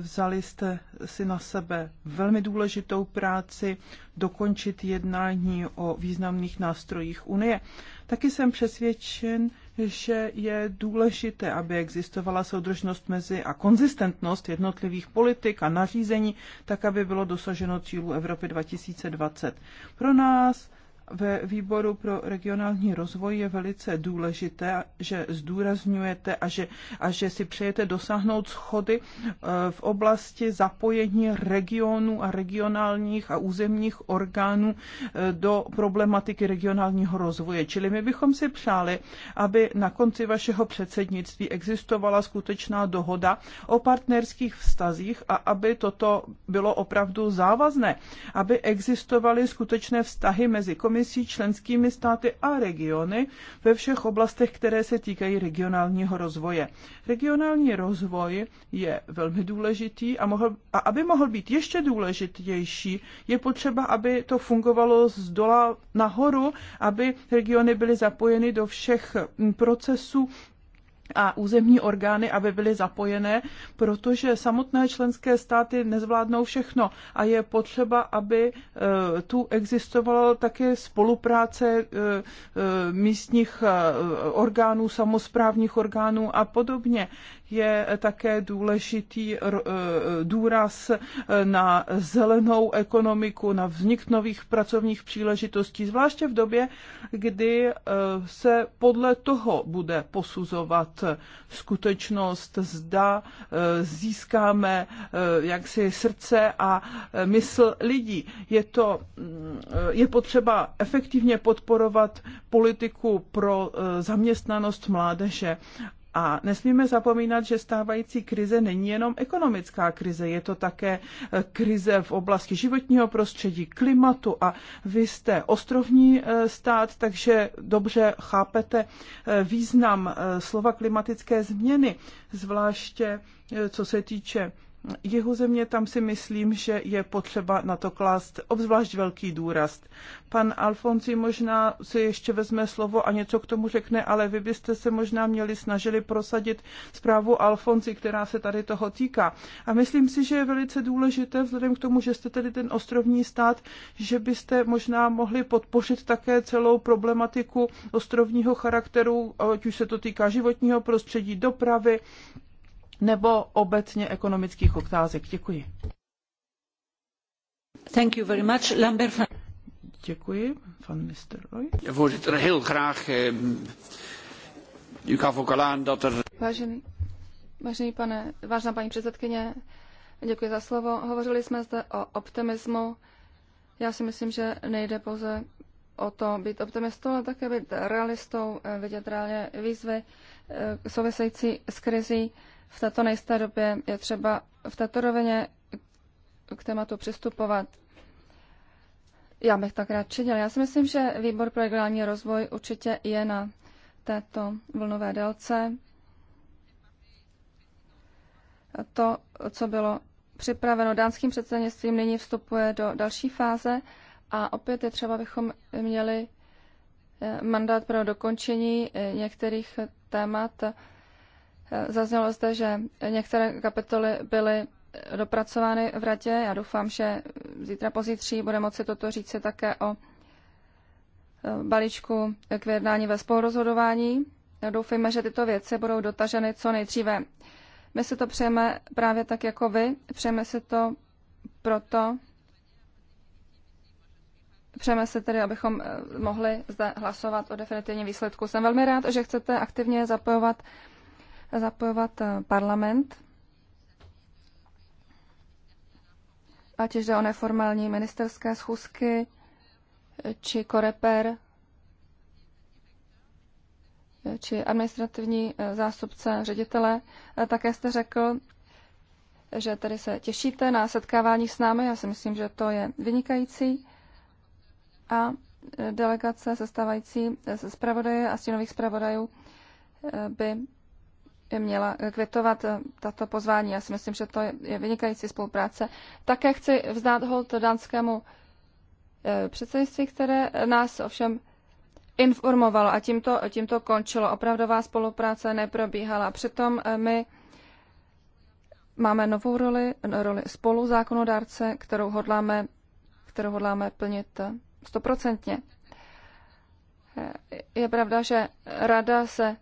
Vzali jste si na sebe velmi důležitou práci dokončit jednání o významných nástrojích Unie. Taky jsem přesvědčen, že je důležité, aby existovala soudržnost mezi a konzistentnost jednotlivých politik a nařízení, tak aby bylo dosaženo cílů Evropy 2020. Pro nás ve výboru pro regionální rozvoj je velice důležité, že zdůrazňujete a že, a že si přejete dosáhnout schody eh, v oblasti zapojení regionů a regionálních a územních orgánů eh, do problematiky regionálního rozvoje. Čili my bychom si přáli, aby na konci vašeho předsednictví existovala skutečná dohoda o partnerských vztazích a aby toto bylo opravdu závazné, aby existovaly skutečné vztahy mezi komisí komisí, členskými státy a regiony ve všech oblastech, které se týkají regionálního rozvoje. Regionální rozvoj je velmi důležitý a, mohl, a aby mohl být ještě důležitější, je potřeba, aby to fungovalo z dola nahoru, aby regiony byly zapojeny do všech procesů a územní orgány, aby byly zapojené, protože samotné členské státy nezvládnou všechno a je potřeba, aby e, tu existovala také spolupráce e, e, místních orgánů, samozprávních orgánů a podobně je také důležitý e, důraz na zelenou ekonomiku, na vznik nových pracovních příležitostí, zvláště v době, kdy e, se podle toho bude posuzovat skutečnost, zda e, získáme jaksi srdce a mysl lidí. Je, to, mm, je potřeba efektivně podporovat politiku pro zaměstnanost mládeže a nesmíme zapomínat, že stávající krize není jenom ekonomická krize, je to také eh, krize v oblasti životního prostředí, klimatu a vy jste ostrovní eh, stát, takže dobře chápete eh, význam slova klimatické změny, zvláště co se týče jihu země, tam si myslím, že je potřeba na to klást obzvlášť velký důraz. Pan Alfonsi možná si ještě vezme slovo a něco k tomu řekne, ale vy byste se možná měli snažili prosadit zprávu Alfonsi, která se tady toho týká. A myslím si, že je velice důležité, vzhledem k tomu, že jste tedy ten ostrovní stát, že byste možná mohli podpořit také celou problematiku ostrovního charakteru, ať už se to týká životního prostředí, dopravy, nebo obecně ekonomických otázek. Děkuji. Thank you very much, Lambert. Děkuji, pan minister Roy.
Voorzitter, heel graag. Ehm, u gaf ook al aan dat er...
Vážený, vážený pane, vážná paní předsedkyně, děkuji za slovo. Hovořili jsme zde o optimismu. Já si myslím, že nejde pouze o to být optimistou, ale také být realistou, eh, vidět reálně výzvy eh, související s krizí v této nejisté době je třeba v této rovině k tématu přistupovat. Já bych tak rád činil. Já si myslím, že výbor pro regionální rozvoj určitě je na této vlnové délce. To, co bylo připraveno dánským předsednictvím, nyní vstupuje do další fáze a opět je třeba, abychom měli eh, mandát pro dokončení eh, některých témat, Zaznělo zde, že některé kapitoly byly dopracovány v radě. Já doufám, že zítra pozítří bude moci toto říci také o e, balíčku k vyjednání ve spolurozhodování. Doufejme, že tyto věci budou dotaženy co nejdříve. My si to přejeme právě tak jako vy. Přejeme si to proto, Přejeme se tedy, abychom e, mohli zde hlasovat o definitivním výsledku. Jsem velmi rád, že chcete aktivně zapojovat zapojovat eh, parlament, ať jde o neformální ministerské schůzky eh, či koreper, eh, či administrativní zástupce ředitele. Také jste řekl, že tady se těšíte na setkávání s námi. Já si myslím, že to je vynikající. A delegace sestávající ze zpravodaje a stínových zpravodajů by měla eh, kvitovat eh, tato pozvání. Já si myslím, že to je vynikající spolupráce. Také chci vzdát hold dánskému eh, předsednictví, které nás ovšem informovalo a tímto, tímto končilo. Opravdová spolupráce neprobíhala. Přitom my máme novou roli, roli spoluzákonodárce, kterou hodláme, kterou hodláme plnit stoprocentně. Je pravda, že rada se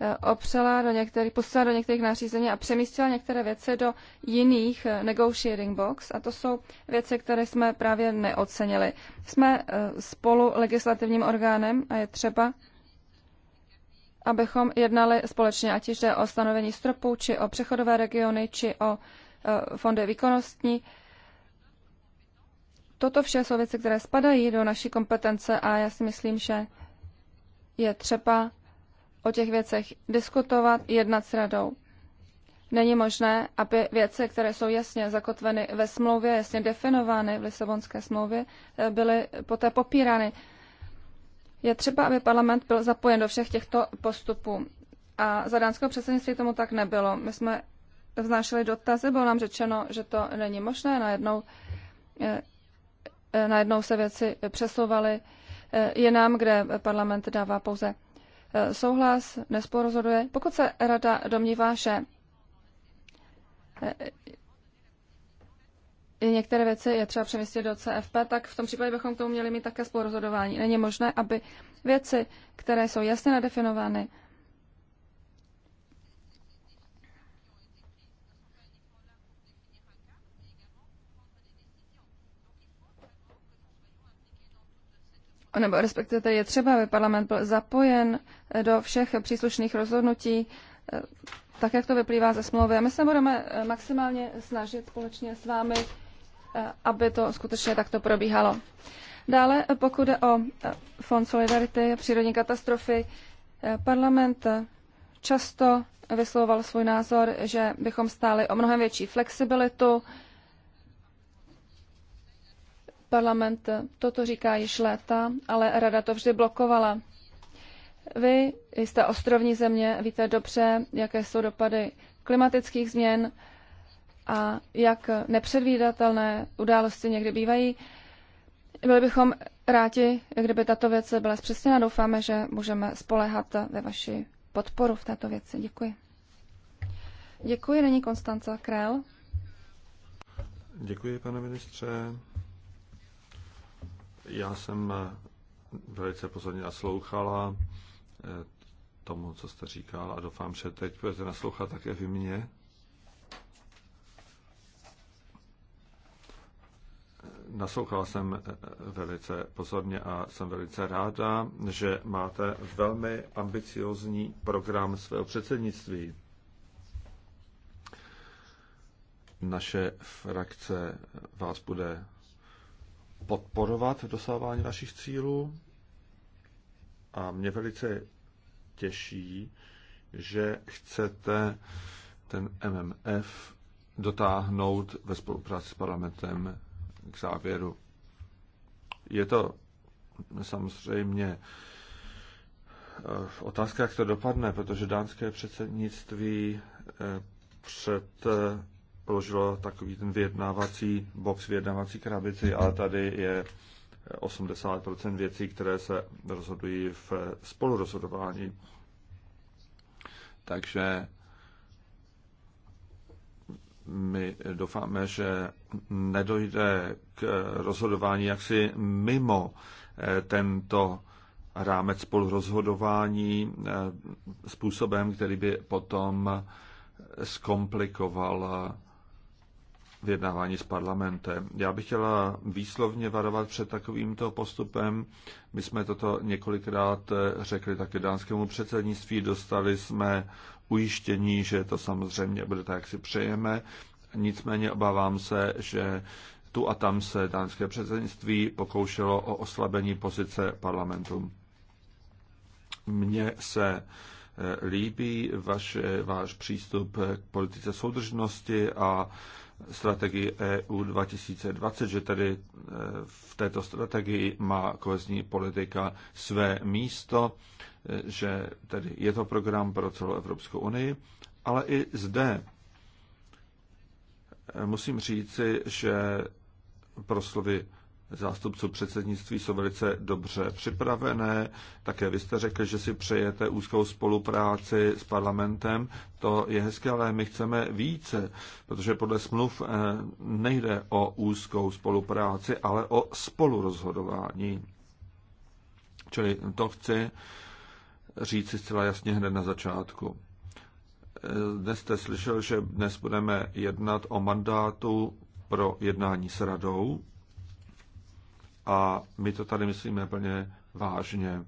Eh, opřela do některých, pustila do některých nařízení a přemístila některé věci do jiných eh, negotiating box a to jsou věci, které jsme právě neocenili. Jsme eh, spolu legislativním orgánem a je třeba, abychom jednali společně, ať jde o stanovení stropů, či o přechodové regiony, či o fondy výkonnostní. Toto vše jsou věci, které spadají do naší kompetence a já si myslím, že je třeba o těch věcech diskutovat, jednat s radou. Není možné, aby věci, které jsou jasně zakotveny ve smlouvě, jasně definovány v Lisabonské smlouvě, eh, byly poté popírány. Je třeba, aby parlament byl zapojen do všech těchto postupů. A za dánského předsednictví tomu tak nebylo. My jsme vznášeli dotazy, bylo nám řečeno, že to není možné. Najednou, eh, eh, najednou se věci přesouvaly jinam, kde parlament dává pouze Eh, souhlas, nesporozhoduje. Pokud se rada domnívá, že eh, některé věci je třeba přemístit do CFP, tak v tom případě bychom k tomu měli mít také sporozhodování. Není možné, aby věci, které jsou jasně nadefinovány nebo respektive tedy je třeba, aby parlament byl zapojen eh, do všech příslušných rozhodnutí, eh, tak jak to vyplývá ze smlouvy. A my se budeme eh, maximálně snažit společně s vámi, aby to skutečně takto probíhalo. Dále, pokud jde o Fond Solidarity a přírodní katastrofy, parlament často vyslovoval svůj názor, že bychom stáli o mnohem větší flexibilitu, Parlament toto říká již léta, ale rada to vždy blokovala. Vy jste ostrovní země, víte dobře, jaké jsou dopady klimatických změn a jak nepředvídatelné události někdy bývají. Byli bychom rádi, kdyby tato věc byla zpřesněna. Doufáme, že můžeme spolehat ve vaši podporu v této věci. Děkuji. Děkuji, není Konstanca Krell.
Děkuji, pane ministře. Já jsem eh, velice pozorně naslouchala eh, tomu, co jste říkal a doufám, že teď budete naslouchat také vy mě. Naslouchala jsem eh, velice pozorně a jsem velice ráda, že máte velmi ambiciozní program svého předsednictví. Naše frakce vás bude podporovat dosávání vašich cílů a mě velice těší, že chcete ten MMF dotáhnout ve spolupráci s parlamentem k závěru. Je to samozřejmě eh, otázka, jak to dopadne, protože dánské předsednictví eh, před eh, položilo takový ten vyjednávací box, vyjednávací krabici, ale tady je 80% věcí, které se rozhodují v spolurozhodování. Takže my doufáme, že nedojde k rozhodování jaksi mimo eh, tento rámec spolurozhodování eh, způsobem, který by potom zkomplikoval vyjednávání s parlamentem. Já bych chtěla výslovně varovat před takovýmto postupem. My jsme toto několikrát eh, řekli také dánskému předsednictví, dostali jsme ujištění, že to samozřejmě bude tak, jak si přejeme. Nicméně obávám se, že tu a tam se dánské předsednictví pokoušelo o oslabení pozice parlamentu. Mně se eh, líbí vaš, váš přístup k politice soudržnosti a strategii EU 2020, že tedy e, v této strategii má kohezní politika své místo, e, že tedy je to program pro celou Evropskou unii, ale i zde e, musím říci, že proslovy zástupců předsednictví jsou velice dobře připravené. Také vy jste řekl, že si přejete úzkou spolupráci s parlamentem. To je hezké, ale my chceme více, protože podle smluv eh, nejde o úzkou spolupráci, ale o spolurozhodování. Čili to chci říci zcela jasně hned na začátku. Eh, dnes jste slyšel, že dnes budeme jednat o mandátu pro jednání s radou a my to tady myslíme plně vážně.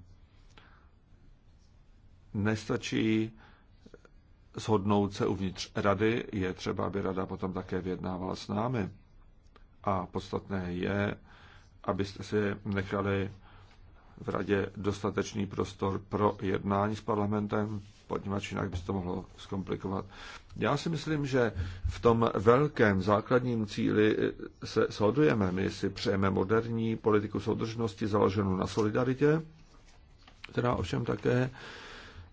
Nestačí shodnout se uvnitř rady, je třeba, aby rada potom také vyjednávala s námi. A podstatné je, abyste si nechali v radě dostatečný prostor pro jednání s parlamentem poněvadž jinak by se to mohlo zkomplikovat. Já si myslím, že v tom velkém základním cíli eh, se shodujeme. My si přejeme moderní politiku soudržnosti založenou na solidaritě, která ovšem také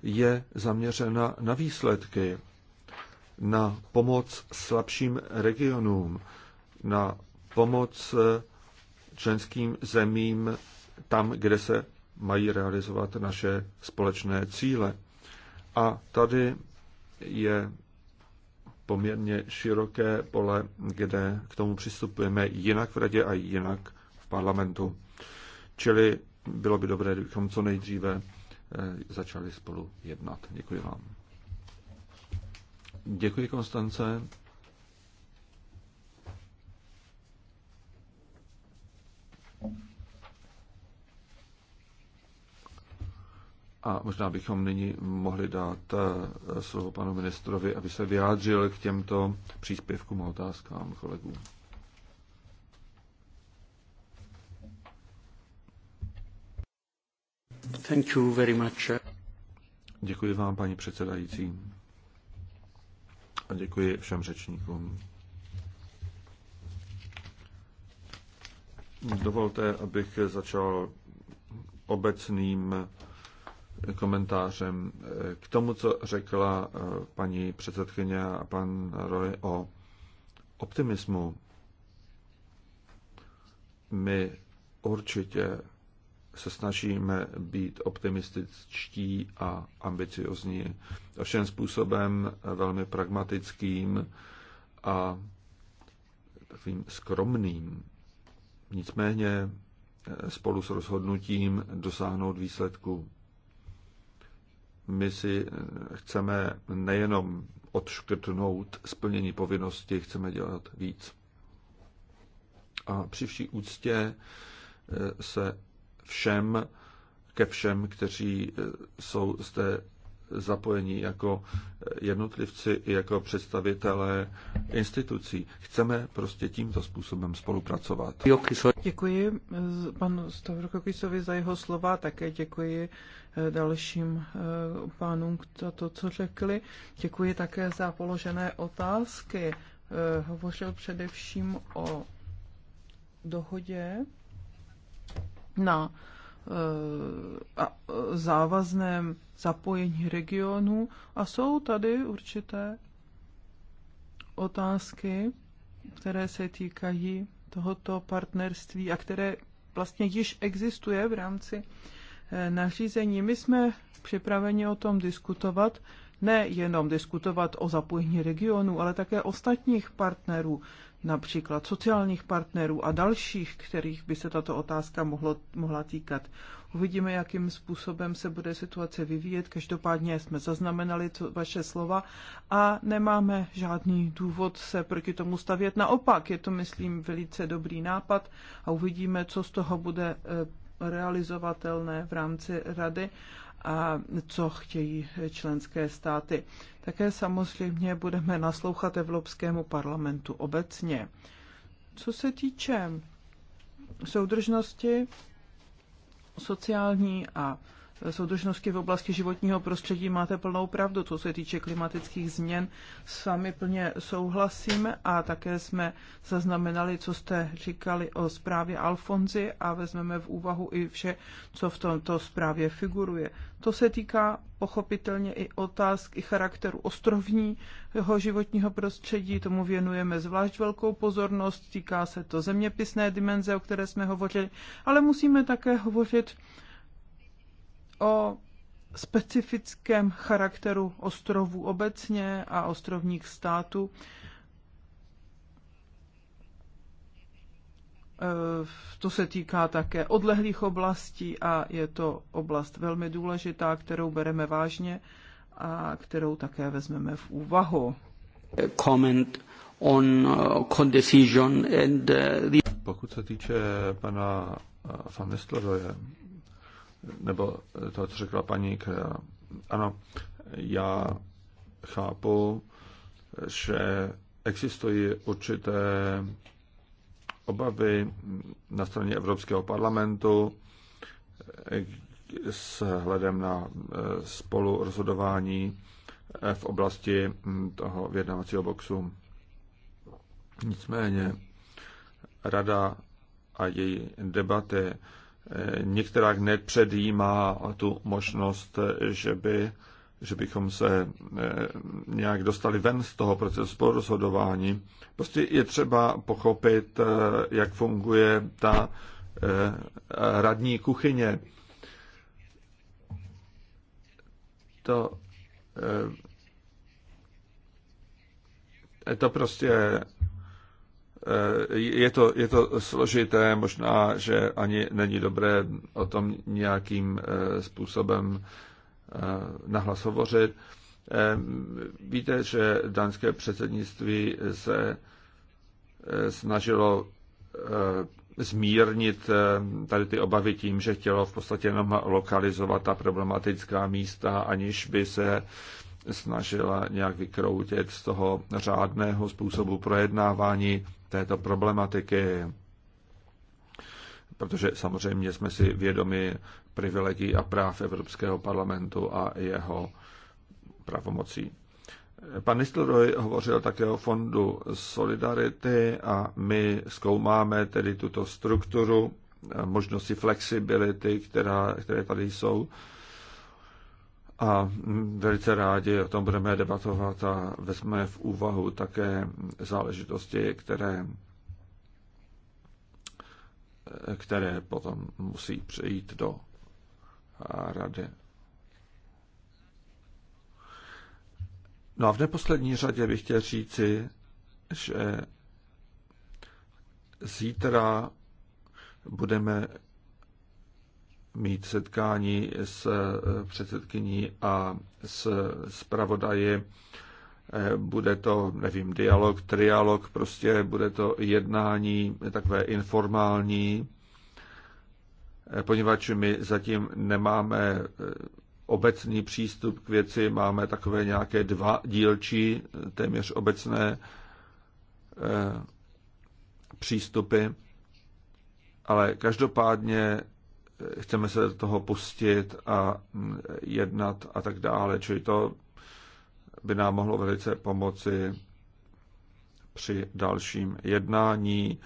je zaměřena na výsledky, na pomoc slabším regionům, na pomoc eh, členským zemím tam, kde se mají realizovat naše společné cíle. A tady je poměrně široké pole, kde k tomu přistupujeme jinak v radě a jinak v parlamentu. Čili bylo by dobré, kdybychom co nejdříve eh, začali spolu jednat. Děkuji vám. Děkuji, Konstance. Thank you. A možná bychom nyní mohli dát eh, slovo panu ministrovi, aby se vyjádřil k těmto příspěvkům a otázkám kolegů.
Thank you very
much. Děkuji vám, paní předsedající. A děkuji všem řečníkům. Dovolte, abych začal obecným komentářem eh, k tomu, co řekla eh, paní předsedkyně a pan Roy o optimismu. My určitě se snažíme být optimističtí a ambiciozní, ovšem způsobem velmi pragmatickým a takovým skromným. Nicméně eh, spolu s rozhodnutím dosáhnout výsledku. My si eh, chceme nejenom odškrtnout splnění povinnosti, chceme dělat víc. A při vší úctě eh, se všem, ke všem, kteří eh, jsou zde zapojení jako jednotlivci i jako představitelé institucí. Chceme prostě tímto způsobem spolupracovat. Děkuji
panu Stavrokokisovi za jeho slova, také děkuji dalším eh, pánům za to, co řekli. Děkuji také za položené otázky. Eh, hovořil především o dohodě na eh, závazném zapojení regionu a jsou tady určité otázky, které se týkají tohoto partnerství a které vlastně již existuje v rámci Eh, nařízení. My jsme připraveni o tom diskutovat, nejenom diskutovat o zapojení regionu, ale také ostatních partnerů, například sociálních partnerů a dalších, kterých by se tato otázka mohlo, mohla týkat. Uvidíme, jakým způsobem se bude situace vyvíjet. Každopádně jsme zaznamenali to, vaše slova a nemáme žádný důvod se proti tomu stavět. Naopak je to, myslím, velice dobrý nápad a uvidíme, co z toho bude eh, realizovatelné v rámci rady a co chtějí členské státy. Také samozřejmě budeme naslouchat Evropskému parlamentu obecně. Co se týče soudržnosti sociální a soudržnosti v oblasti životního prostředí máte plnou pravdu, co se týče klimatických změn. S vámi plně souhlasím a také jsme zaznamenali, co jste říkali o zprávě Alfonzi a vezmeme v úvahu i vše, co v tomto zprávě figuruje. To se týká pochopitelně i otázk i charakteru ostrovního životního prostředí, tomu věnujeme zvlášť velkou pozornost, týká se to zeměpisné dimenze, o které jsme hovořili, ale musíme také hovořit o specifickém charakteru ostrovů obecně a ostrovních států. Eh, to se týká také odlehlých oblastí a je to oblast velmi důležitá, kterou bereme vážně a kterou také vezmeme v úvahu.
Comment on uh, co-decision and uh, the... Pokud se týče pana eh, Van nebo to, co řekla paní Krea. Ano, já chápu, že existují určité obavy na straně Evropského parlamentu s hledem na eh, spolu rozhodování eh, v oblasti hm, toho vyjednávacího boxu. Nicméně rada a její debaty některá nepředjímá tu možnost, že, by, že bychom se eh, nějak dostali ven z toho procesu rozhodování. Prostě je třeba pochopit, eh, jak funguje ta eh, radní kuchyně. To, to prostě Eh, je to, je to složité, možná, že ani není dobré o tom nějakým eh, způsobem eh, nahlas hovořit. Víte, že dánské předsednictví se snažilo zmírnit tady ty obavy tím, že chtělo v podstatě jenom lokalizovat ta problematická místa, aniž by se snažila nějak vykroutit z toho řádného způsobu projednávání této problematiky, protože samozřejmě jsme si vědomi privilegií a práv Evropského parlamentu a jeho pravomocí. Pan Nistelrooy hovořil také o fondu Solidarity a my zkoumáme tedy tuto strukturu, možnosti flexibility, která, které tady jsou a velice rádi o tom budeme debatovat a vezmeme v úvahu také záležitosti, které, které potom musí přejít do rady. No a v neposlední řadě bych chtěl říci, že zítra budeme mít setkání s eh, předsedkyní a s zpravodaji. Eh, bude to, nevím, dialog, trialog, prostě bude to jednání takové informální, eh, poněvadž my zatím nemáme obecný přístup k věci, máme takové nějaké dva dílčí, téměř obecné přístupy, ale každopádně chceme se do toho pustit a jednat a tak dále. Čili to by nám mohlo velice pomoci při dalším jednání,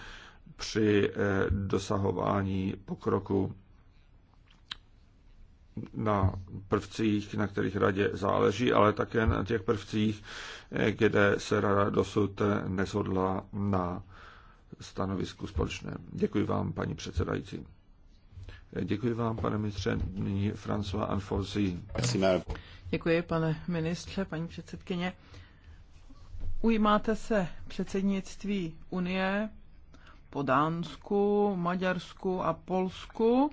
při eh, dosahování pokroku na prvcích, na kterých radě záleží, ale také na těch prvcích, eh, kde se rada dosud neshodla na stanovisku společné. Děkuji vám, paní předsedající. Děkuji vám, pane ministře. Nyní François Anfosi.
Děkuji, pane ministře, paní předsedkyně. Ujímáte se předsednictví Unie po Dánsku, Maďarsku a Polsku,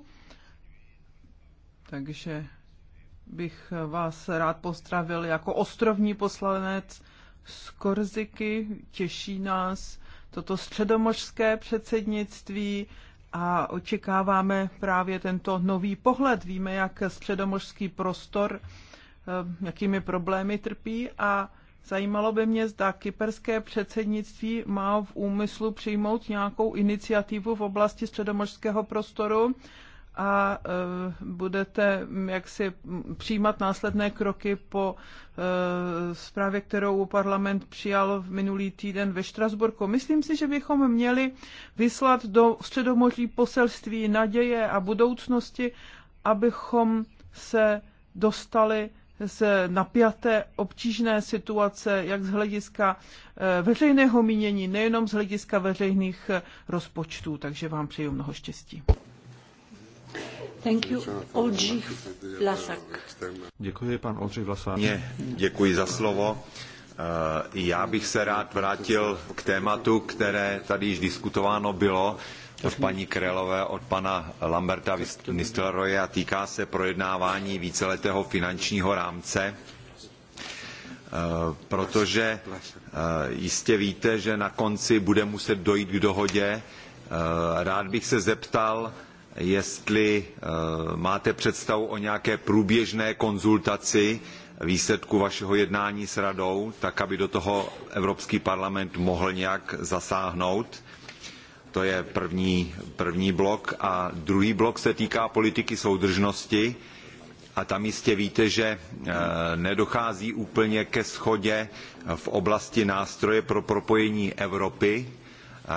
takže bych vás rád pozdravil jako ostrovní poslanec z Korziky. Těší nás toto středomořské předsednictví a očekáváme právě tento nový pohled. Víme, jak středomořský prostor, eh, jakými problémy trpí a zajímalo by mě, zda kyperské předsednictví má v úmyslu přijmout nějakou iniciativu v oblasti středomořského prostoru a eh, budete mm, jaksi mm, přijímat následné kroky po eh, zprávě, kterou parlament přijal v minulý týden ve Štrasburku. Myslím si, že bychom měli vyslat do středomoří poselství naděje a budoucnosti, abychom se dostali z napjaté obtížné situace, jak z hlediska eh, veřejného mínění, nejenom z hlediska veřejných rozpočtů. Takže vám přeju mnoho štěstí.
Thank you. Oldřich Vlasak.
Děkuji, pan Oldřich Vlasák. Mě, děkuji za slovo. Eh, já bych se rád vrátil k tématu, které tady již diskutováno bylo od paní Krelové, od pana Lamberta Nistelroje a týká se projednávání víceletého finančního rámce eh, protože eh, jistě víte, že na konci bude muset dojít k dohodě. Rád bych se zeptal, jestli eh, máte představu o nějaké průběžné konzultaci výsledku vašeho jednání s radou, tak aby do toho Evropský parlament mohl nějak zasáhnout. To je první, první blok. A druhý blok se týká politiky soudržnosti. A tam jistě víte, že eh, nedochází úplně ke schodě v oblasti nástroje pro propojení Evropy,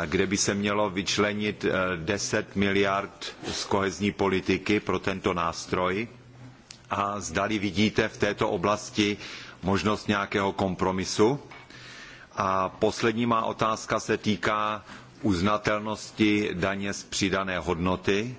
kde by se mělo vyčlenit 10 eh, miliard z kohezní politiky pro tento nástroj a zdali vidíte v této oblasti možnost nějakého kompromisu. A poslední má otázka se týká uznatelnosti daně z přidané hodnoty.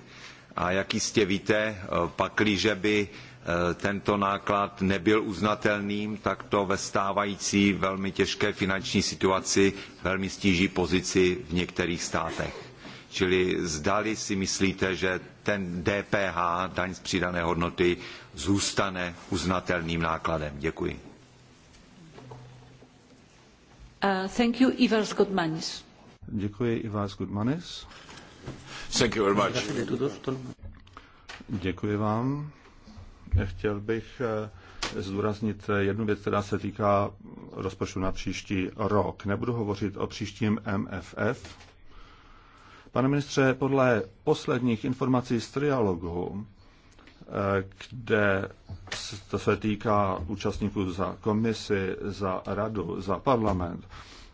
A jak jistě víte, eh, pakliže by Eh, tento náklad nebyl uznatelným, tak to ve stávající velmi těžké finanční situaci velmi stíží pozici v některých státech. Čili zdali si myslíte, že ten DPH, daň z přidané hodnoty, zůstane uznatelným nákladem. Děkuji.
Uh, thank you, Ivars
Děkuji, Ivars Thank you very much. Děkuji vám. Chtěl bych eh, zdůraznit eh, jednu věc, která se týká rozpočtu na příští rok. Nebudu hovořit o příštím MFF. Pane ministře, podle posledních informací z trialogu, eh, kde to se týká účastníků za komisi, za radu, za parlament,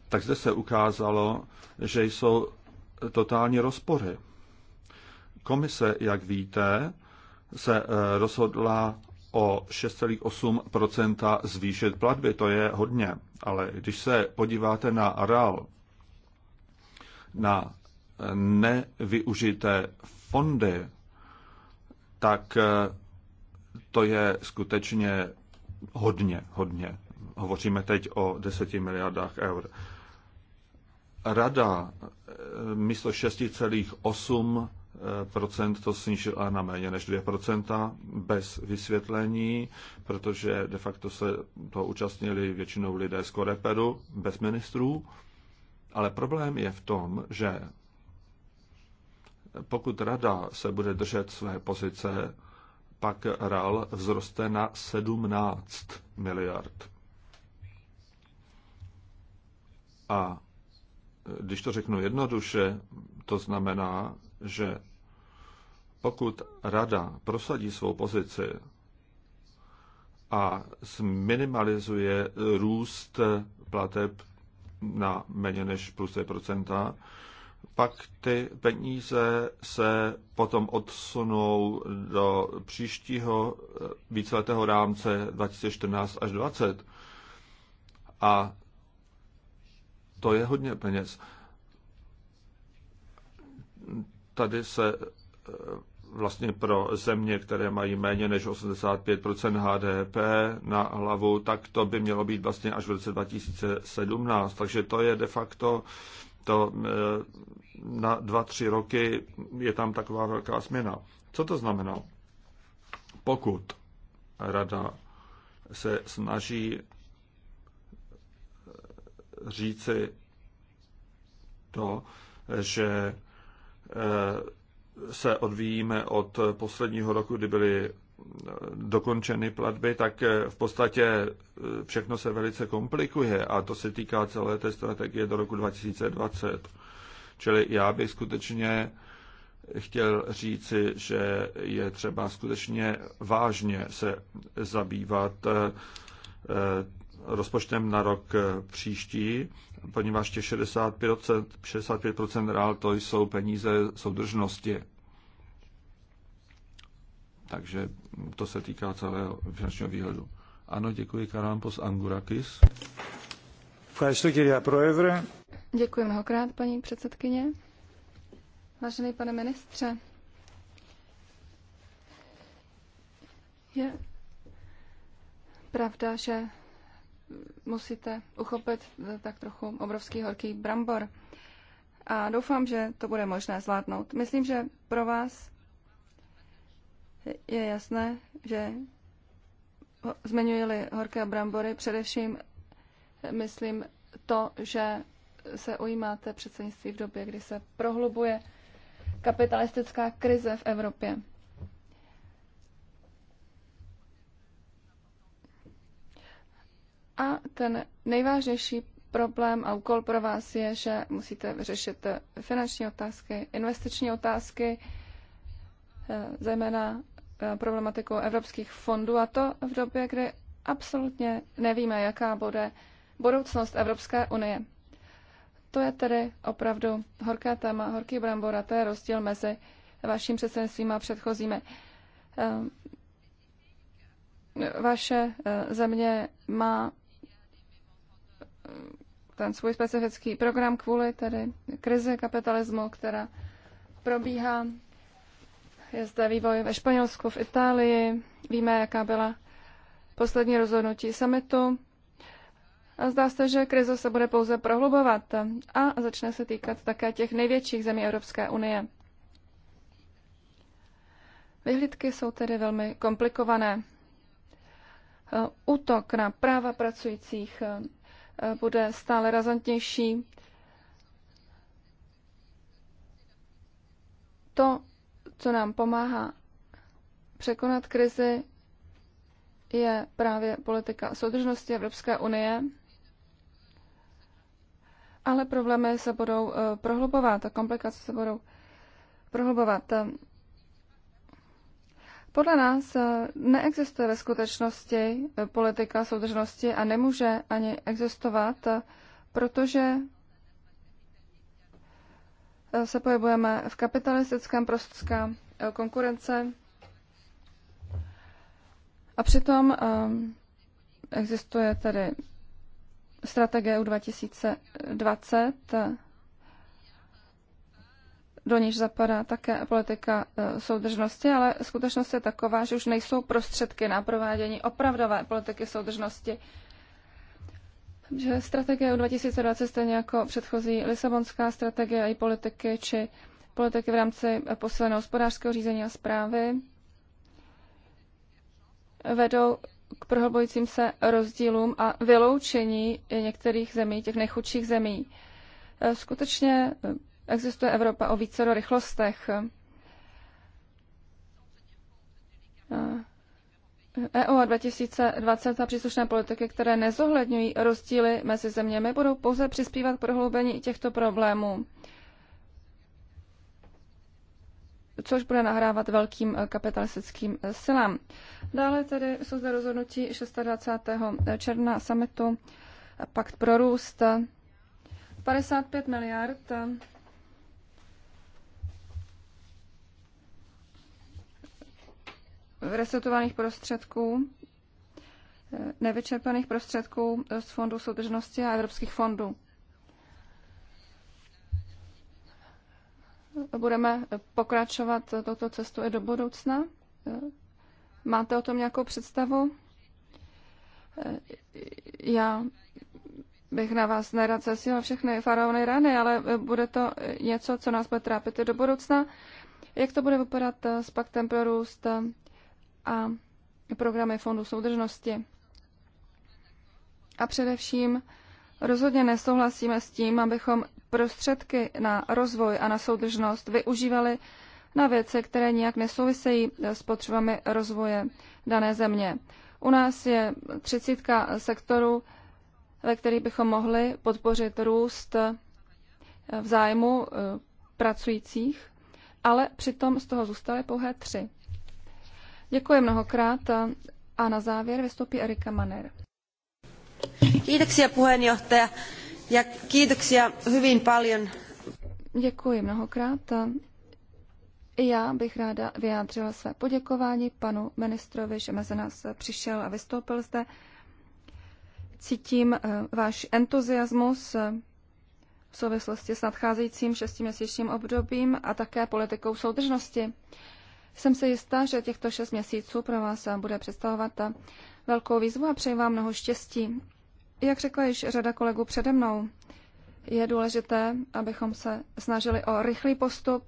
tak zde se ukázalo, že jsou totální rozpory. Komise, jak víte, se eh, rozhodla o 6,8 zvýšit platby. To je hodně, ale když se podíváte na areál, na eh, nevyužité fondy, tak eh, to je skutečně hodně, hodně. Hovoříme teď o 10 miliardách eur. Rada místo to snížila na méně než 2% bez vysvětlení, protože de facto se to účastnili většinou lidé z Koreperu, bez ministrů. Ale problém je v tom, že pokud rada se bude držet své pozice, pak RAL vzroste na 17 miliard. A když to řeknu jednoduše, to znamená, že pokud rada prosadí svou pozici a zminimalizuje růst plateb na méně než plus 2%, pak ty peníze se potom odsunou do příštího víceletého rámce 2014 až 2020. A to je hodně peněz tady se eh, vlastně pro země, které mají méně než 85 HDP na hlavu, tak to by mělo být vlastně až v roce 2017. Takže to je de facto to eh, na dva, tři roky je tam taková velká změna. Co to znamená? Pokud rada se snaží eh, říci to, že Eh, se odvíjíme od posledního roku, kdy byly eh, dokončeny platby, tak eh, v podstatě všechno se velice komplikuje a to se týká celé té strategie do roku 2020. Čili já bych skutečně chtěl říci, že je třeba skutečně vážně se zabývat rozpočtem na rok příští poněvadž těch 65%, 65% reál to jsou peníze soudržnosti. Takže to se týká celého finančního výhledu. Ano, děkuji Karampos Angurakis.
Děkuji mnohokrát, paní předsedkyně. Vážený pane ministře, je pravda, že musíte uchopit eh, tak trochu obrovský horký brambor. A doufám, že to bude možné zvládnout. Myslím, že pro vás je jasné, že zmiňuji horké brambory, především eh, myslím to, že se ujímáte předsednictví v době, kdy se prohlubuje kapitalistická krize v Evropě. A ten nejvážnější problém a úkol pro vás je, že musíte vyřešit finanční otázky, investiční otázky, eh, zejména eh, problematiku evropských fondů a to v době, kdy absolutně nevíme, jaká bude budoucnost Evropské unie. To je tedy opravdu horké téma, horký brambor a to je rozdíl mezi vaším předsednictvím a předchozími. Eh, vaše země má ten svůj specifický program kvůli tedy krizi kapitalismu, která probíhá. Je zde vývoj ve Španělsku, v Itálii. Víme, jaká byla poslední rozhodnutí summitu. A zdá se, že krize se bude pouze prohlubovat a začne se týkat také těch největších zemí Evropské unie. Vyhlídky jsou tedy velmi komplikované. Útok na práva pracujících, Eh, bude stále razantnější. To, co nám pomáhá překonat krizi, je právě politika soudržnosti Evropské unie, ale problémy se budou eh, prohlubovat a komplikace se budou prohlubovat. Podle nás eh, neexistuje ve skutečnosti eh, politika soudržnosti a nemůže ani existovat, eh, protože se pohybujeme v kapitalistickém prostředí, konkurence a přitom existuje tady strategie u 2020 do níž zapadá také politika e, soudržnosti, ale skutečnost je taková, že už nejsou prostředky na provádění opravdové politiky soudržnosti. Že strategie 2020 stejně jako předchozí Lisabonská strategie a i politiky či politiky v rámci posledného hospodářského řízení a zprávy vedou k prohlbujícím se rozdílům a vyloučení některých zemí, těch nejchudších zemí. E, skutečně existuje Evropa o více rychlostech. EU 2020 e a příslušné politiky, které nezohledňují rozdíly mezi zeměmi, budou pouze přispívat k prohloubení těchto problémů, což bude nahrávat velkým kapitalistickým silám. Dále tedy jsou zde rozhodnutí 26. června summitu Pakt pro růst 55 miliard resetovaných prostředků, eh, nevyčerpaných prostředků z fondů soudržnosti a evropských fondů. Budeme pokračovat touto cestu? i do budoucna. Eh, máte o tom nějakou představu? Eh, já bych na vás nerad zasílal všechny faraony rany, ale bude to něco, co nás bude trápit i do budoucna. Jak to bude vypadat s paktem pro růst, a programy Fondu soudržnosti. A především rozhodně nesouhlasíme s tím, abychom prostředky na rozvoj a na soudržnost využívali na věci, které nijak nesouvisejí s potřebami rozvoje dané země. U nás je třicítka sektorů, ve kterých bychom mohli podpořit růst v zájmu eh, pracujících, ale přitom z toho zůstaly pouhé tři. Děkuji mnohokrát a na závěr vystoupí Erika Maner. Kiitoksia puheenjohtaja ja kiitoksia hyvin paljon. Děkuji mnohokrát. Já bych ráda vyjádřila své poděkování panu ministrovi, že mezi nás přišel a vystoupil zde. Cítím eh, váš entuziasmus eh, v souvislosti s nadcházejícím šestiměsíčním obdobím a také politikou soudržnosti. Jsem si jistá, že těchto šest měsíců pro vás bude představovat velkou výzvu a přeji vám mnoho štěstí. Jak řekla již řada kolegů přede mnou, je důležité, abychom se snažili o rychlý postup.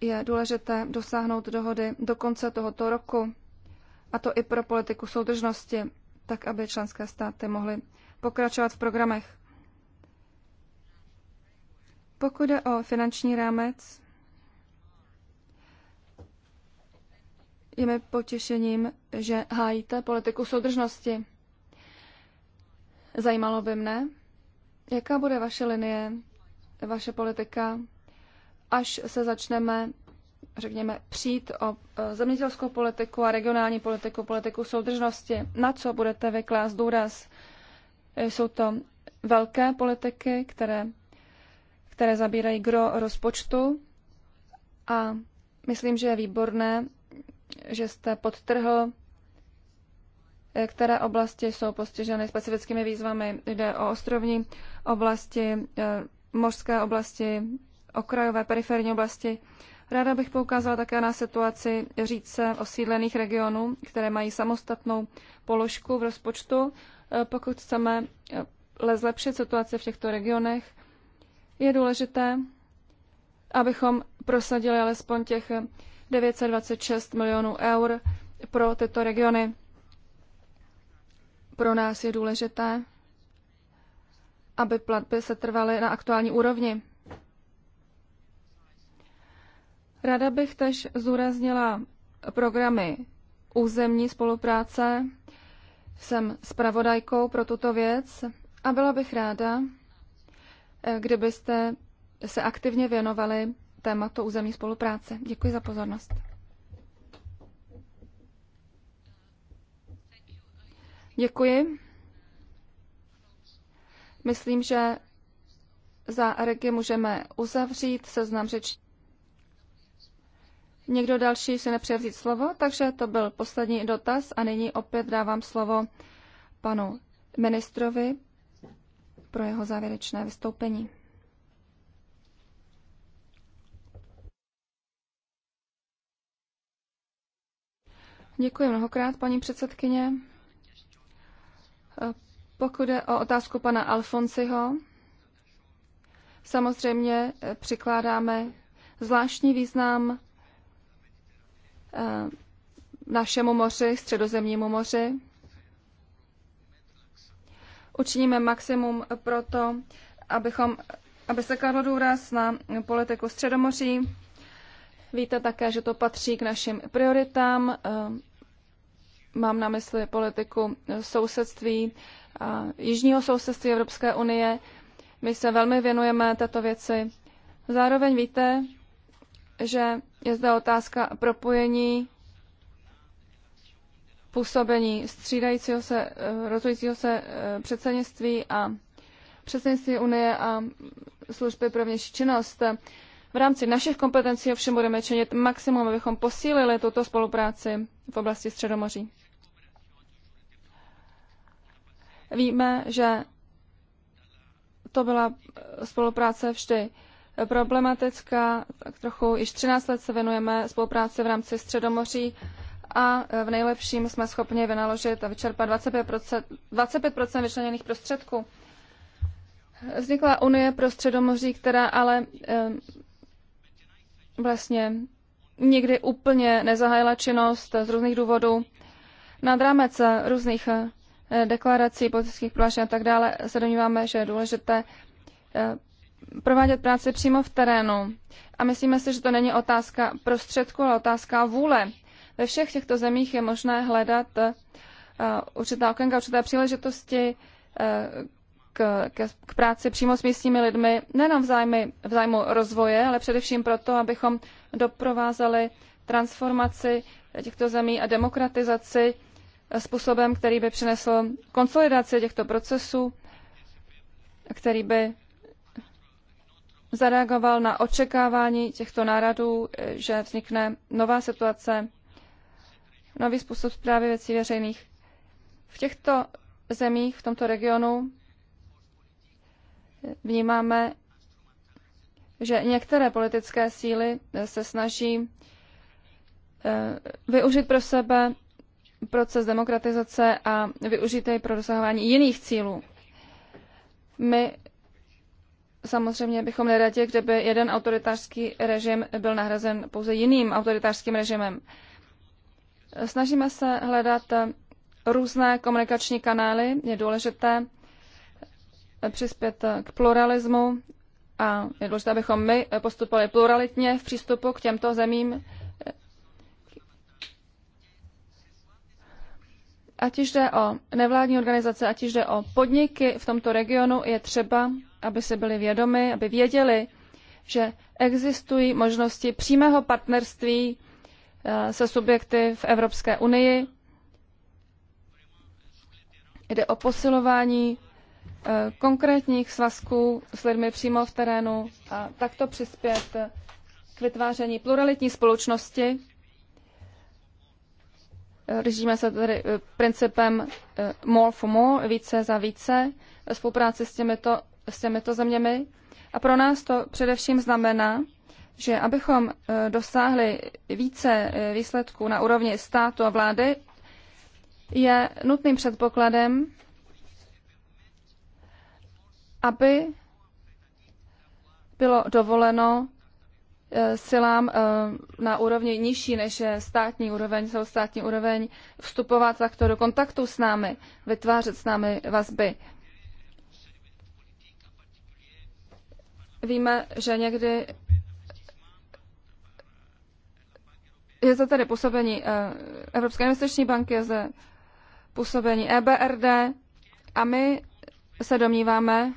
Je důležité dosáhnout dohody do konce tohoto roku, a to i pro politiku soudržnosti, tak aby členské státy mohly pokračovat v programech. Pokud jde o finanční rámec, je mi potěšením, že hájíte politiku soudržnosti. Zajímalo by mne, jaká bude vaše linie, vaše politika, až se začneme, řekněme, přijít o e, zemědělskou politiku a regionální politiku, politiku soudržnosti. Na co budete vyklást důraz? E, jsou to velké politiky, které, které zabírají gro rozpočtu a myslím, že je výborné že jste podtrhl, eh, které oblasti jsou postiženy specifickými výzvami. Jde o ostrovní oblasti, eh, mořské oblasti, okrajové periferní oblasti. Ráda bych poukázala také na situaci říce osídlených regionů, které mají samostatnou položku v rozpočtu. Eh, pokud chceme zlepšit situaci v těchto regionech, je důležité, abychom prosadili alespoň těch 926 milionů eur pro tyto regiony. Pro nás je důležité, aby platby se trvaly na aktuální úrovni. Rada bych tež zúraznila programy územní spolupráce. Jsem spravodajkou pro tuto věc a byla bych ráda, kdybyste se aktivně věnovali tématu územní spolupráce. Děkuji za pozornost. Děkuji. Myslím, že za regi můžeme uzavřít seznam řečí. Někdo další si nepřeje vzít slovo, takže to byl poslední dotaz a nyní opět dávám slovo panu ministrovi pro jeho závěrečné vystoupení. Děkuji mnohokrát, paní předsedkyně. Eh, pokud je o otázku pana Alfonsiho, samozřejmě eh, přikládáme zvláštní význam eh, našemu moři, středozemnímu moři. Učiníme maximum pro to, abychom, aby se kladl důraz na politiku středomoří, Víte také, že to patří k našim prioritám. Ehm, mám na mysli politiku sousedství, jižního sousedství Evropské unie. My se velmi věnujeme této věci. Zároveň víte, že je zde otázka propojení působení střídajícího se, eh, rotujícího se eh, předsednictví a předsednictví Unie a služby pro vnější činnost. V rámci našich kompetencí ovšem budeme činit maximum, abychom posílili tuto spolupráci v oblasti Středomoří. Víme, že to byla spolupráce vždy problematická. Tak trochu již 13 let se věnujeme spolupráci v rámci Středomoří a v nejlepším jsme schopni vynaložit a vyčerpat 25%, 25 vyčleněných prostředků. Vznikla Unie pro Středomoří, která ale eh, vlastně nikdy úplně nezahájila činnost z různých důvodů. Nad rámec různých eh, deklarací, politických prohlášení a tak dále se domníváme, že je důležité eh, provádět práci přímo v terénu. A myslíme si, že to není otázka prostředku, ale otázka vůle. Ve všech těchto zemích je možné hledat eh, určitá okénka, určité příležitosti, k, k, k práci přímo s místními lidmi, nejenom v, zájmy, v zájmu rozvoje, ale především proto, abychom doprovázeli transformaci těchto zemí a demokratizaci eh, způsobem, který by přinesl konsolidaci těchto procesů, který by zareagoval na očekávání těchto národů, eh, že vznikne nová situace, nový způsob zprávy věcí veřejných. V těchto zemích, v tomto regionu, vnímáme, že některé politické síly se snaží eh, využít pro sebe proces demokratizace a využít jej pro dosahování jiných cílů. My samozřejmě bychom neradě, kdyby jeden autoritářský režim byl nahrazen pouze jiným autoritářským režimem. Snažíme se hledat různé komunikační kanály. Je důležité přispět k pluralismu a je důležité, abychom my postupovali pluralitně v přístupu k těmto zemím. Ať již jde o nevládní organizace, ať již jde o podniky v tomto regionu, je třeba, aby se byli vědomi, aby věděli, že existují možnosti přímého partnerství eh, se subjekty v Evropské unii. Jde o posilování Eh, konkrétních svazků s lidmi přímo v terénu a takto přispět k vytváření pluralitní společnosti. Řížíme se tedy eh, principem eh, more for more, více za více, spolupráci s těmito, s těmito zeměmi. A pro nás to především znamená, že abychom dosáhli více výsledků na úrovni státu a vlády, je nutným předpokladem, aby bylo dovoleno eh, silám eh, na úrovni nižší než je státní úroveň, celostátní úroveň, vstupovat takto do kontaktu s námi, vytvářet s námi vazby. Víme, že někdy je zde tedy působení eh, Evropské investiční banky, je zde působení EBRD a my se domníváme,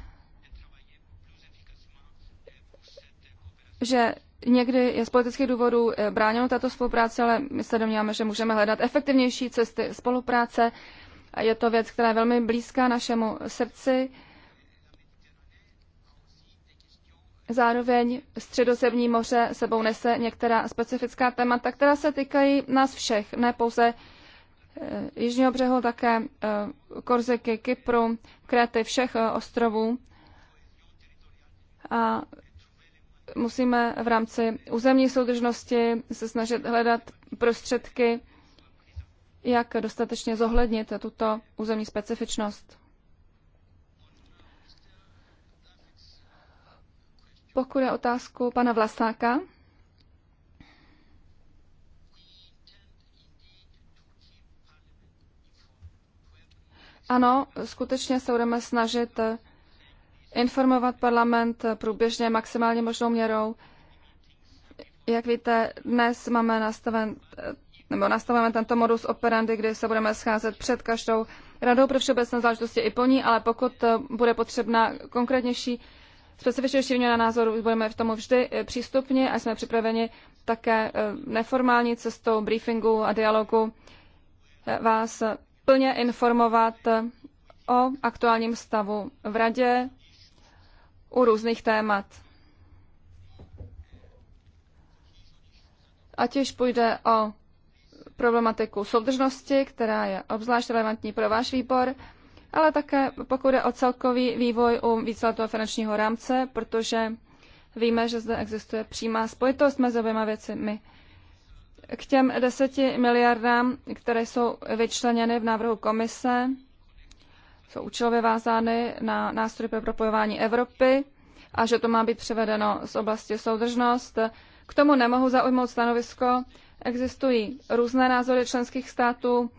že někdy je z politických důvodů eh, bráněno tato spolupráce, ale my se domníváme, že můžeme hledat efektivnější cesty spolupráce. Je to věc, která je velmi blízká našemu srdci. Zároveň středozemní moře sebou nese některá specifická témata, která se týkají nás všech, ne pouze eh, Jižního břehu, také eh, Korziky, Kypru, Kréty, všech ostrovů. A musíme v rámci územní soudržnosti se snažit hledat prostředky, jak dostatečně zohlednit tuto územní specifičnost. Pokud je otázku pana Vlasáka, ano, skutečně se budeme snažit informovat parlament průběžně maximálně možnou měrou. Jak víte, dnes máme nastaven, nebo nastavujeme tento modus operandi, kdy se budeme scházet před každou radou pro všeobecné záležitosti i po ní, ale pokud bude potřebná konkrétnější specifičnější výměna názoru, budeme v tomu vždy eh, přístupni a jsme připraveni také eh, neformální cestou briefingu a dialogu eh, vás plně informovat o aktuálním stavu v radě, u různých témat. Ať už půjde o problematiku soudržnosti, která je obzvlášť relevantní pro váš výbor, ale také pokud je o celkový vývoj u víceletého finančního rámce, protože víme, že zde existuje přímá spojitost mezi oběma věcmi. K těm deseti miliardám, které jsou vyčleněny v návrhu komise, jsou účelově vázány na nástroj pro propojování Evropy a že to má být převedeno z oblasti soudržnost. K tomu nemohu zaujmout stanovisko. Existují různé názory členských států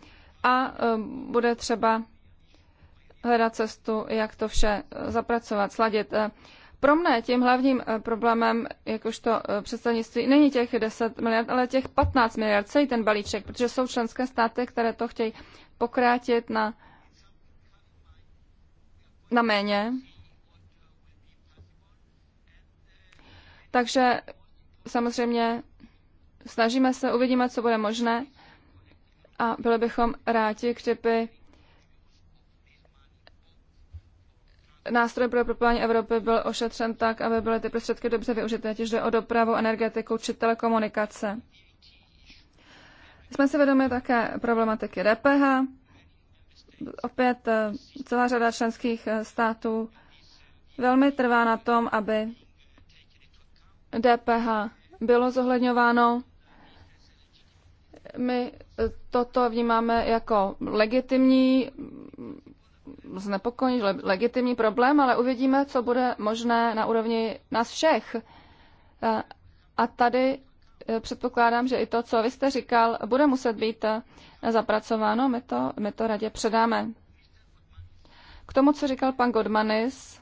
a e, bude třeba hledat cestu, jak to vše e, zapracovat, sladit. E, pro mne tím hlavním problémem, jakožto předsednictví, není těch 10 miliard, ale těch 15 miliard, celý ten balíček, protože jsou členské státy, které to chtějí pokrátit na na méně. Takže samozřejmě snažíme se, uvidíme, co bude možné a byli bychom rádi, kdyby nástroj pro propojení Evropy byl ošetřen tak, aby byly ty prostředky dobře využité, ať jde o dopravu, energetiku či telekomunikace. Jsme si vědomi také problematiky DPH, opět eh, celá řada členských eh, států velmi trvá na tom, aby DPH bylo zohledňováno. My eh, toto vnímáme jako legitimní mm, znepokojení, legitimní problém, ale uvidíme, co bude možné na úrovni nás všech. A tady Eh, předpokládám, že i to, co vy jste říkal, bude muset být eh, zapracováno. My to, my to radě předáme. K tomu, co říkal pan Godmanis,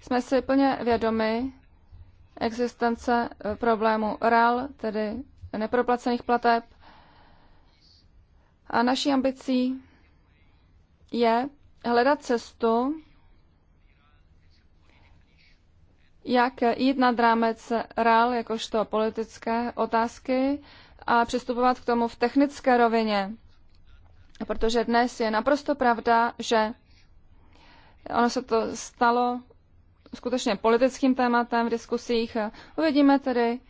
jsme si plně vědomi existence eh, problému RAL, tedy neproplacených plateb. A naší ambicí je hledat cestu, jak jít nad rámec RAL jakožto politické otázky a přistupovat k tomu v technické rovině. Protože dnes je naprosto pravda, že ono se to stalo skutečně politickým tématem v diskusích. Uvidíme tedy,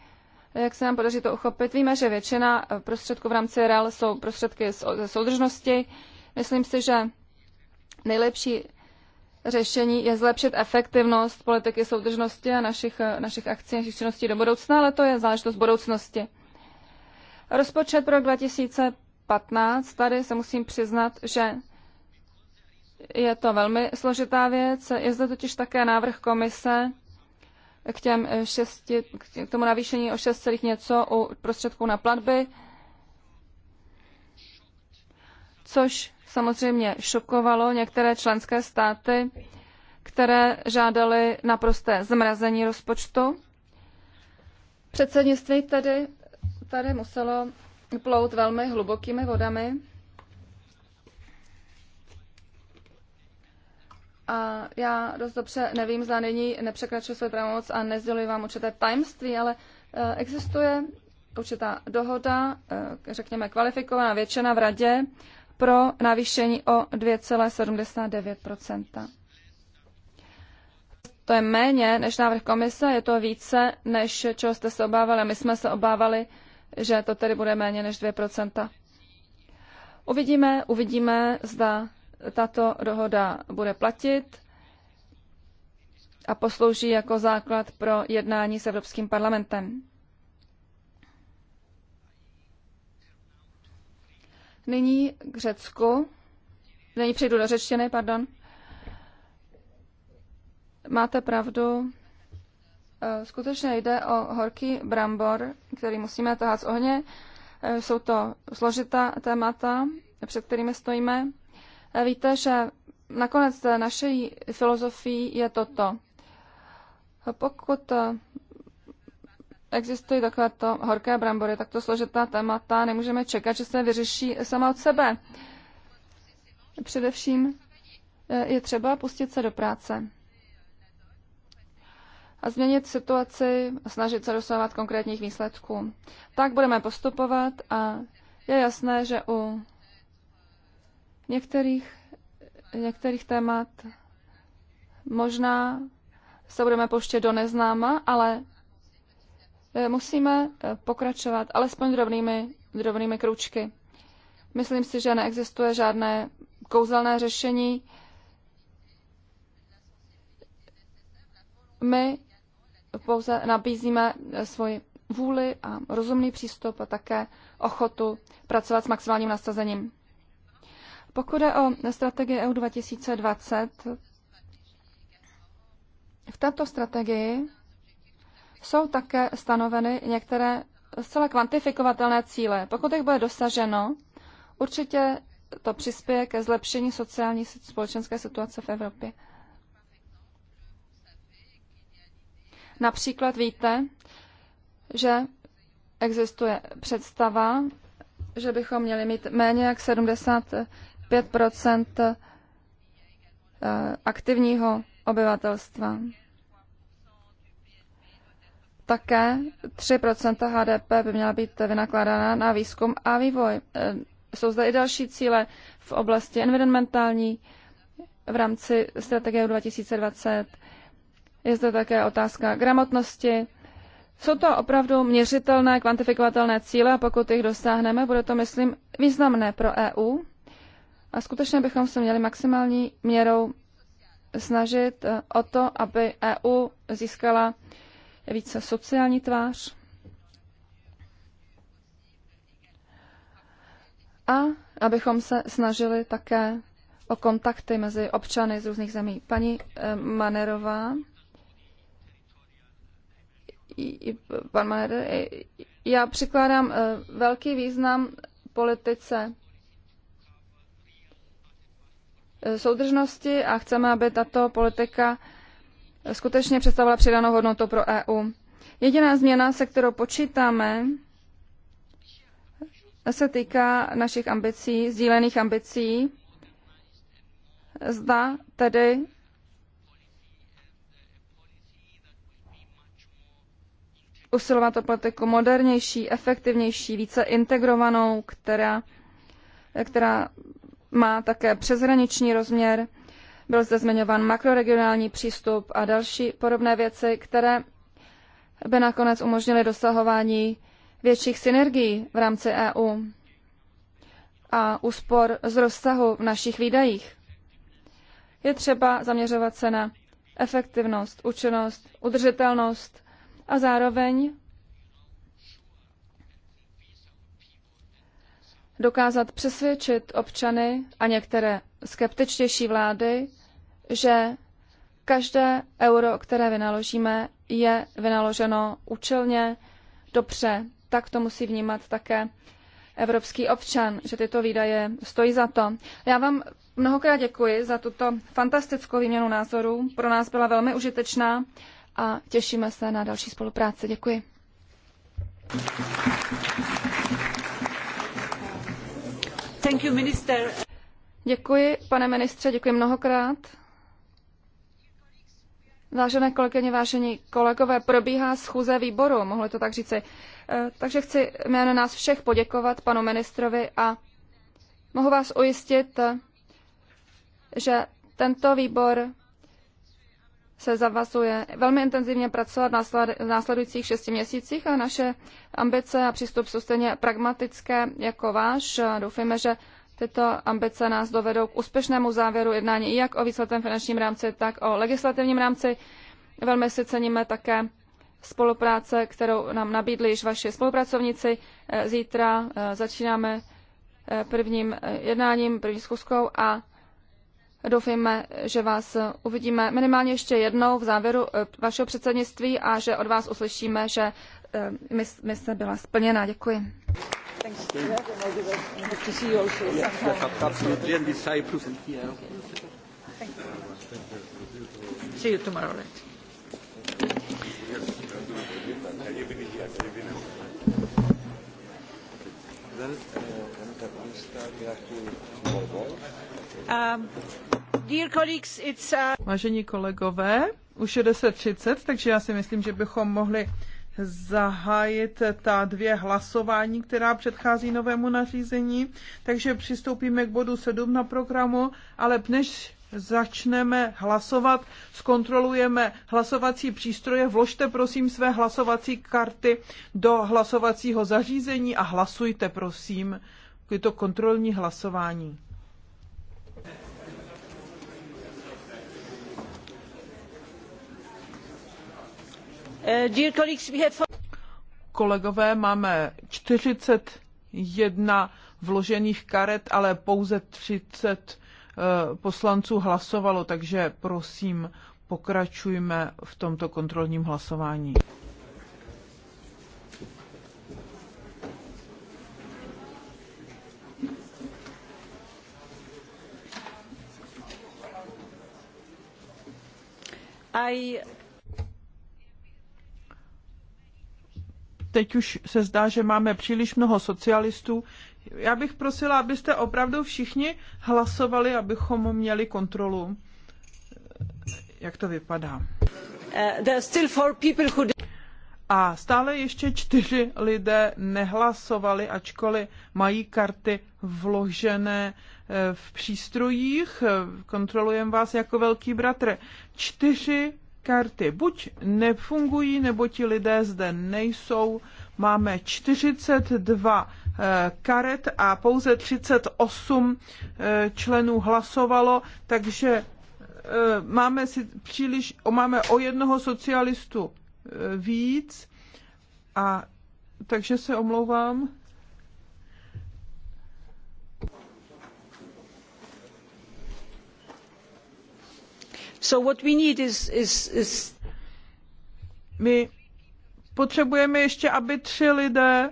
jak se nám podaří to uchopit. Víme, že většina prostředků v rámci Rál jsou prostředky ze soudržnosti. Myslím si, že nejlepší řešení je zlepšit efektivnost politiky soudržnosti a našich, našich akcí, našich činností do budoucna, ale to je záležitost budoucnosti. Rozpočet pro 2015, tady se musím přiznat, že je to velmi složitá věc. Je zde totiž také návrh komise k, těm šesti, k tomu navýšení o 6, něco u prostředků na platby, což samozřejmě šokovalo některé členské státy, které žádaly naprosté zmrazení rozpočtu. Předsednictví tedy tady muselo plout velmi hlubokými vodami. A já dost dobře nevím, zda nyní nepřekračuji své pravomoc a nezděluji vám určité tajemství, ale eh, existuje určitá dohoda, eh, řekněme kvalifikovaná většina v radě pro navýšení o 2,79 To je méně než návrh komise, je to více, než čeho jste se obávali. My jsme se obávali, že to tedy bude méně než 2 Uvidíme, uvidíme, zda tato dohoda bude platit a poslouží jako základ pro jednání s Evropským parlamentem. Nyní k Řecku. Nyní přejdu do řečtiny, pardon. Máte pravdu. Eh, skutečně jde o horký brambor, který musíme tahat z ohně. Eh, jsou to složitá témata, před kterými stojíme. Eh, víte, že nakonec naší filozofii je toto. Pokud existují takovéto horké brambory, takto složitá témata, nemůžeme čekat, že se vyřeší sama od sebe. Především eh, je třeba pustit se do práce a změnit situaci a snažit se dosahovat konkrétních výsledků. Tak budeme postupovat a je jasné, že u některých, některých témat možná se budeme pouštět do neznáma, ale Eh, musíme eh, pokračovat alespoň drobnými, drobnými kručky. Myslím si, že neexistuje žádné kouzelné řešení. My pouze nabízíme eh, svoji vůli a rozumný přístup a také ochotu pracovat s maximálním nasazením. Pokud je o strategii EU 2020, v této strategii jsou také stanoveny některé zcela kvantifikovatelné cíle. Pokud jich bude dosaženo, určitě to přispěje ke zlepšení sociální společenské situace v Evropě. Například víte, že existuje představa, že bychom měli mít méně jak 75 eh, aktivního obyvatelstva. Také 3 HDP by měla být vynakládána na výzkum a vývoj. E, jsou zde i další cíle v oblasti environmentální v rámci strategie 2020. Je zde také otázka gramotnosti. Jsou to opravdu měřitelné, kvantifikovatelné cíle a pokud jich dosáhneme, bude to, myslím, významné pro EU. A skutečně bychom se měli maximální měrou snažit e, o to, aby EU získala více sociální tvář. A abychom se snažili také o kontakty mezi občany z různých zemí. Paní eh, Manerová, pan Maner, já přikládám eh, velký význam politice eh, soudržnosti a chceme, aby tato politika skutečně představovala přidanou hodnotu pro EU. Jediná změna, se kterou počítáme, se týká našich ambicí, sdílených ambicí. Zda tedy usilovat o politiku modernější, efektivnější, více integrovanou, která, která má také přeshraniční rozměr byl zde zmiňován makroregionální přístup a další podobné věci, které by nakonec umožnily dosahování větších synergií v rámci EU a úspor z rozsahu v našich výdajích. Je třeba zaměřovat se na efektivnost, účinnost, udržitelnost a zároveň dokázat přesvědčit občany a některé skeptičtější vlády že každé euro, které vynaložíme, je vynaloženo účelně, dobře. Tak to musí vnímat také evropský občan, že tyto výdaje stojí za to. Já vám mnohokrát děkuji za tuto fantastickou výměnu názorů. Pro nás byla velmi užitečná a těšíme se na další spolupráci. Děkuji. Thank you, minister. Děkuji, pane ministře, děkuji mnohokrát. Vážené kolegyně, vážení kolegové, probíhá schůze výboru, mohli to tak říci. Eh, takže chci jméno nás všech poděkovat panu ministrovi a mohu vás ujistit, že tento výbor se zavazuje velmi intenzivně pracovat v následujících šesti měsících a naše ambice a přístup jsou stejně pragmatické jako váš. Doufejme, že Tyto ambice nás dovedou k úspěšnému závěru jednání i jak o výsledném finančním rámci, tak o legislativním rámci. Velmi si ceníme také spolupráce, kterou nám nabídli již vaši spolupracovníci. Eh, zítra eh, začínáme eh, prvním jednáním, první schůzkou a Doufejme, že vás uvidíme minimálně ještě jednou v závěru eh, vašeho předsednictví a že od vás uslyšíme, že eh, mise byla splněna. Děkuji.
Eh,
um, uh, Vážení kolegové, už je 10.30, takže já si myslím, že bychom mohli zahájit ta dvě hlasování, která předchází novému nařízení. Takže přistoupíme k bodu 7 na programu, ale než začneme hlasovat, zkontrolujeme hlasovací přístroje, vložte prosím své hlasovací karty do hlasovacího zařízení a hlasujte prosím. Je to kontrolní hlasování. Eh, Kolegové, máme 41 vložených karet, ale pouze 30 Eh, poslanců hlasovalo, takže prosím, pokračujme v tomto kontrolním hlasování. I... Teď už se zdá, že máme příliš mnoho socialistů, já bych prosila, abyste opravdu všichni hlasovali, abychom měli kontrolu. Jak to vypadá? Uh, A stále ještě čtyři lidé nehlasovali, ačkoliv mají karty vložené eh, v přístrojích. Eh, Kontrolujeme vás jako velký bratr. Čtyři karty buď nefungují, nebo ti lidé zde nejsou. Máme 42 karet a pouze 38 eh, členů hlasovalo, takže eh, máme si příliš, máme o jednoho socialistu eh, víc a takže se omlouvám. So what we need is, is, is... My potřebujeme ještě, aby tři lidé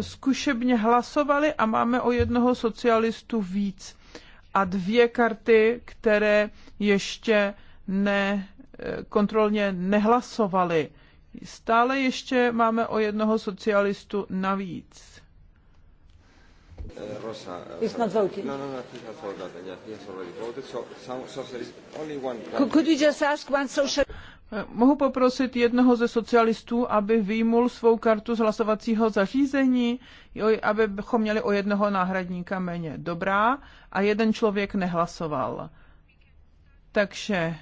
zkušebně hlasovali a máme o jednoho socialistu víc. A dvě karty, které ještě ne, eh, kontrolně nehlasovali. Stále ještě máme o jednoho socialistu navíc.
Eh, Rosa, It's eh, not voting. No, no, no, he has Yeah, he has already voted. So, some only one. Could, could
we just ask one Mohu poprosit jednoho ze socialistů, aby výjmul svou kartu z hlasovacího zařízení, abychom měli o jednoho náhradníka méně. Dobrá. A jeden člověk nehlasoval. Takže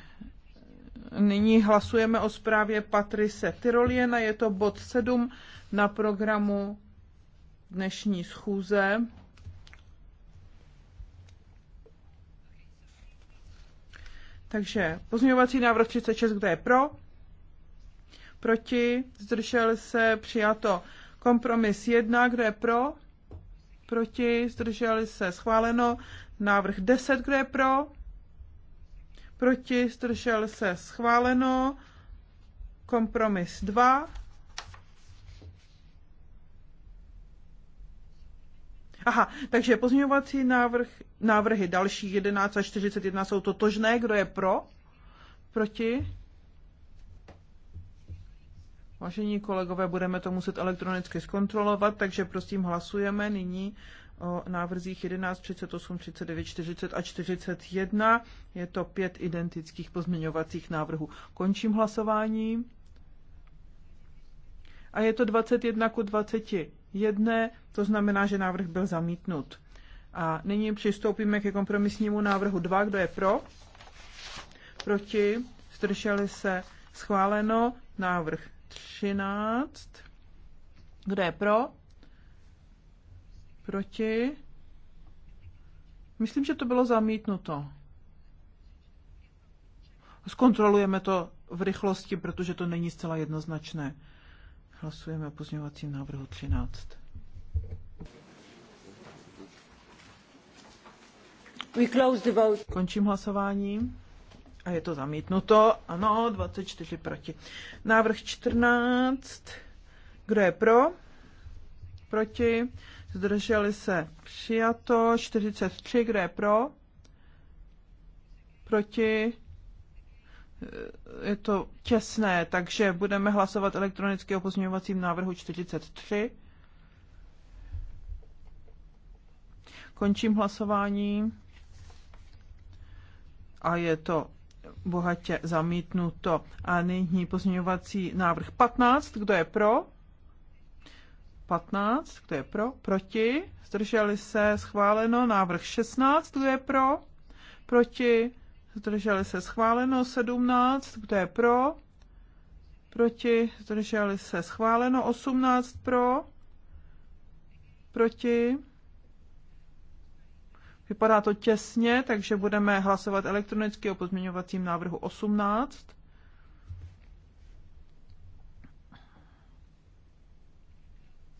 nyní hlasujeme o zprávě Patrice Tyroliena. Je to bod 7 na programu dnešní schůze. Takže pozměňovací návrh 36, kdo je pro? Proti? Zdržel se? Přijato. Kompromis 1, kdo je pro? Proti? Zdrželi se? Schváleno. Návrh 10, kdo je pro? Proti? Zdržel se? Schváleno. Kompromis 2, Aha, takže pozměňovací návrh, návrhy další 11 a 41 jsou totožné. Kdo je pro? Proti? Vážení kolegové, budeme to muset elektronicky zkontrolovat, takže prosím hlasujeme nyní o návrzích 11, 38, 39, 40 a 41. Je to pět identických pozměňovacích návrhů. Končím hlasování. A je to 21 ku 20 jedné, to znamená, že návrh byl zamítnut. A nyní přistoupíme ke kompromisnímu návrhu 2, kdo je pro, proti, zdrželi se, schváleno, návrh 13, kdo je pro, proti, myslím, že to bylo zamítnuto. Zkontrolujeme to v rychlosti, protože to není zcela jednoznačné. Hlasujeme o pozměňovacím návrhu 13. We close the vote. Končím hlasování. A je to zamítnuto. Ano, 24 proti. Návrh 14. Kdo je pro? Proti. Zdrželi se. Přijato. 43. Kdo je pro? Proti je to těsné, takže budeme hlasovat elektronicky o pozměňovacím návrhu 43. Končím hlasování a je to bohatě zamítnuto. A nyní pozměňovací návrh 15. Kdo je pro? 15. Kdo je pro? Proti? Zdrželi se? Schváleno. Návrh 16. Kdo je pro? Proti? zdrželi se schváleno 17, kdo je pro, proti, zdrželi se schváleno 18 pro, proti, Vypadá to těsně, takže budeme hlasovat elektronicky o pozměňovacím návrhu 18.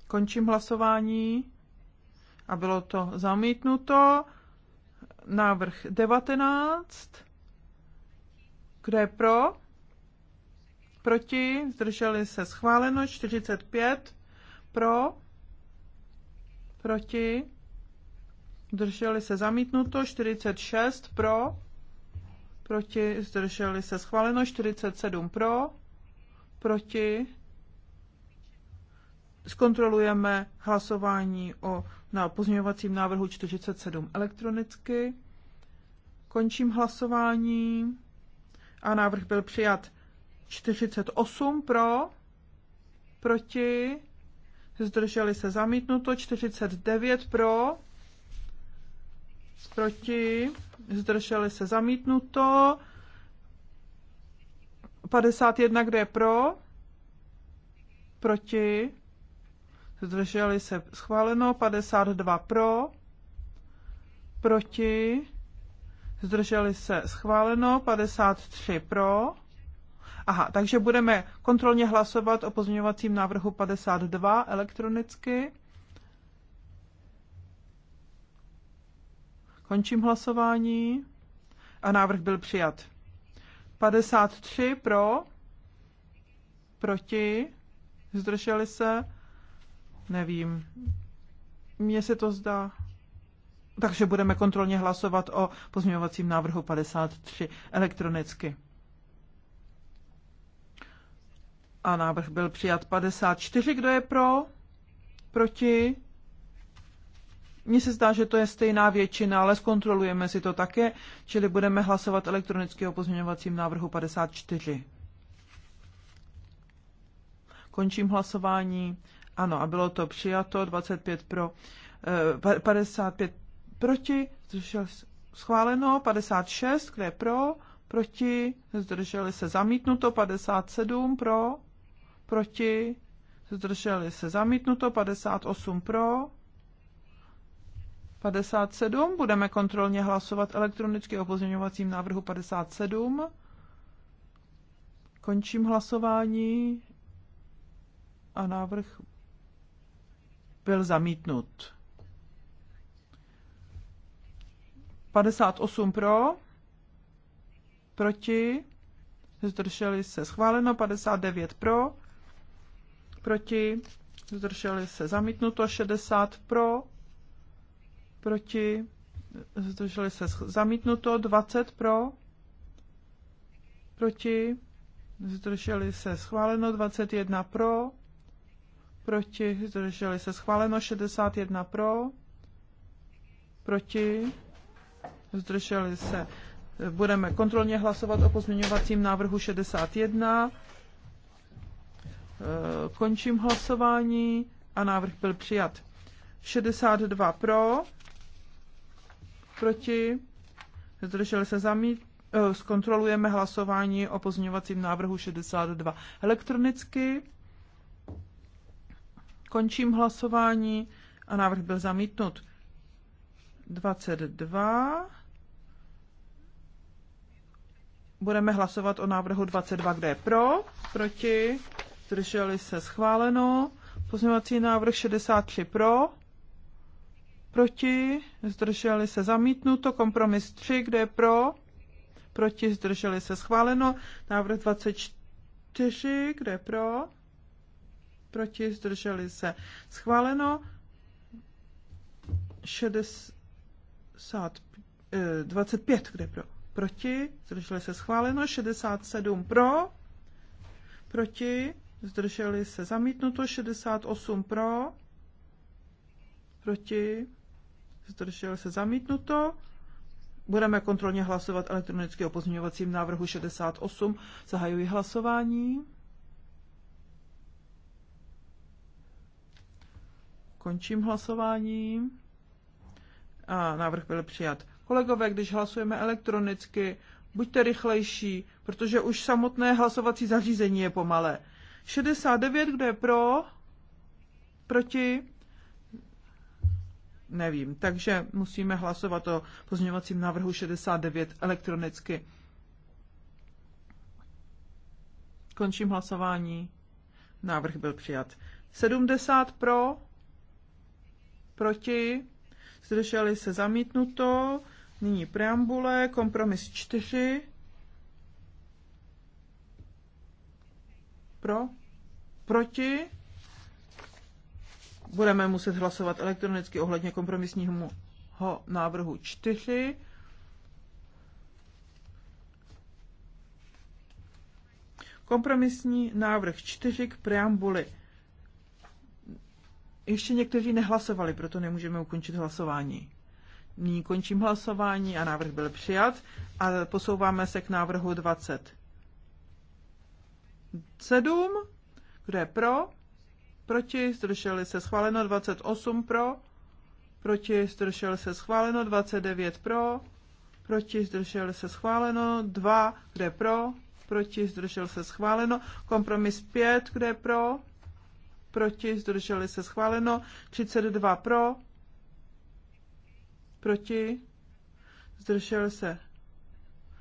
Končím hlasování a bylo to zamítnuto návrh 19. Kdo je pro? Proti? Zdrželi se schváleno. 45. Pro? Proti? Zdrželi se zamítnuto. 46. Pro? Proti? Zdrželi se schváleno. 47. Pro? Proti? zkontrolujeme hlasování o, na pozměňovacím návrhu 47 elektronicky. Končím hlasování a návrh byl přijat 48 pro, proti, zdrželi se zamítnuto, 49 pro, proti, zdrželi se zamítnuto, 51, kde je pro, proti, zdrželi se schváleno, 52 pro, proti, zdrželi se schváleno, 53 pro. Aha, takže budeme kontrolně hlasovat o pozměňovacím návrhu 52 elektronicky. Končím hlasování a návrh byl přijat. 53 pro, proti, zdrželi se, Nevím. Mně se to zdá. Takže budeme kontrolně hlasovat o pozměňovacím návrhu 53 elektronicky. A návrh byl přijat 54. Kdo je pro? Proti? Mně se zdá, že to je stejná většina, ale zkontrolujeme si to také, čili budeme hlasovat elektronicky o pozměňovacím návrhu 54. Končím hlasování. Ano, a bylo to přijato 25 pro, 55 eh, proti, zdržel schváleno, 56, kde je pro, proti, zdrželi se zamítnuto, 57 pro, proti, zdrželi se zamítnuto, 58 pro, 57, budeme kontrolně hlasovat elektronicky o pozměňovacím návrhu 57. Končím hlasování a návrh byl zamítnut. 58 pro, proti, zdrželi se schváleno, 59 pro, proti, zdrželi se zamítnuto, 60 pro, proti, zdrželi se zamítnuto, 20 pro, proti, zdrželi se schváleno, 21 pro, proti, zdrželi se schváleno 61 pro, proti, zdrželi se. Budeme kontrolně hlasovat o pozměňovacím návrhu 61. Eh, končím hlasování a návrh byl přijat. 62 pro, proti, zdrželi se zamít, eh, zkontrolujeme hlasování o pozměňovacím návrhu 62 elektronicky. Končím hlasování a návrh byl zamítnut. 22. Budeme hlasovat o návrhu 22, kde je pro, proti, zdrželi se schváleno. Pozměňovací návrh 63 pro, proti, zdrželi se zamítnuto. Kompromis 3, kde je pro, proti, zdrželi se schváleno. Návrh 24, kde je pro, proti, zdrželi se. Schváleno 60, 25, eh, kde pro, proti, zdrželi se. Schváleno 67 pro, proti, zdrželi se. Zamítnuto 68 pro, proti, zdrželi se. Zamítnuto. Budeme kontrolně hlasovat elektronicky o pozměňovacím návrhu 68. Zahajuji hlasování. Končím hlasování. A návrh byl přijat. Kolegové, když hlasujeme elektronicky, buďte rychlejší, protože už samotné hlasovací zařízení je pomalé. 69, kdo je pro? Proti? Nevím. Takže musíme hlasovat o pozměňovacím návrhu 69 elektronicky. Končím hlasování. Návrh byl přijat. 70 pro, proti, zdrželi se zamítnuto, nyní preambule, kompromis 4, pro, proti, budeme muset hlasovat elektronicky ohledně kompromisního návrhu 4, kompromisní návrh 4 k preambuli ještě někteří nehlasovali, proto nemůžeme ukončit hlasování. Nyní končím hlasování a návrh byl přijat a posouváme se k návrhu 27. Kdo je pro? Proti? Zdrželi se schváleno 28 pro. Proti? Zdrželi se schváleno 29 pro. Proti? Zdrželi se schváleno 2. Kdo je pro? Proti? Zdržel se schváleno. Kompromis 5. Kdo je pro? proti, zdrželi se schváleno, 32 pro, proti, zdržel se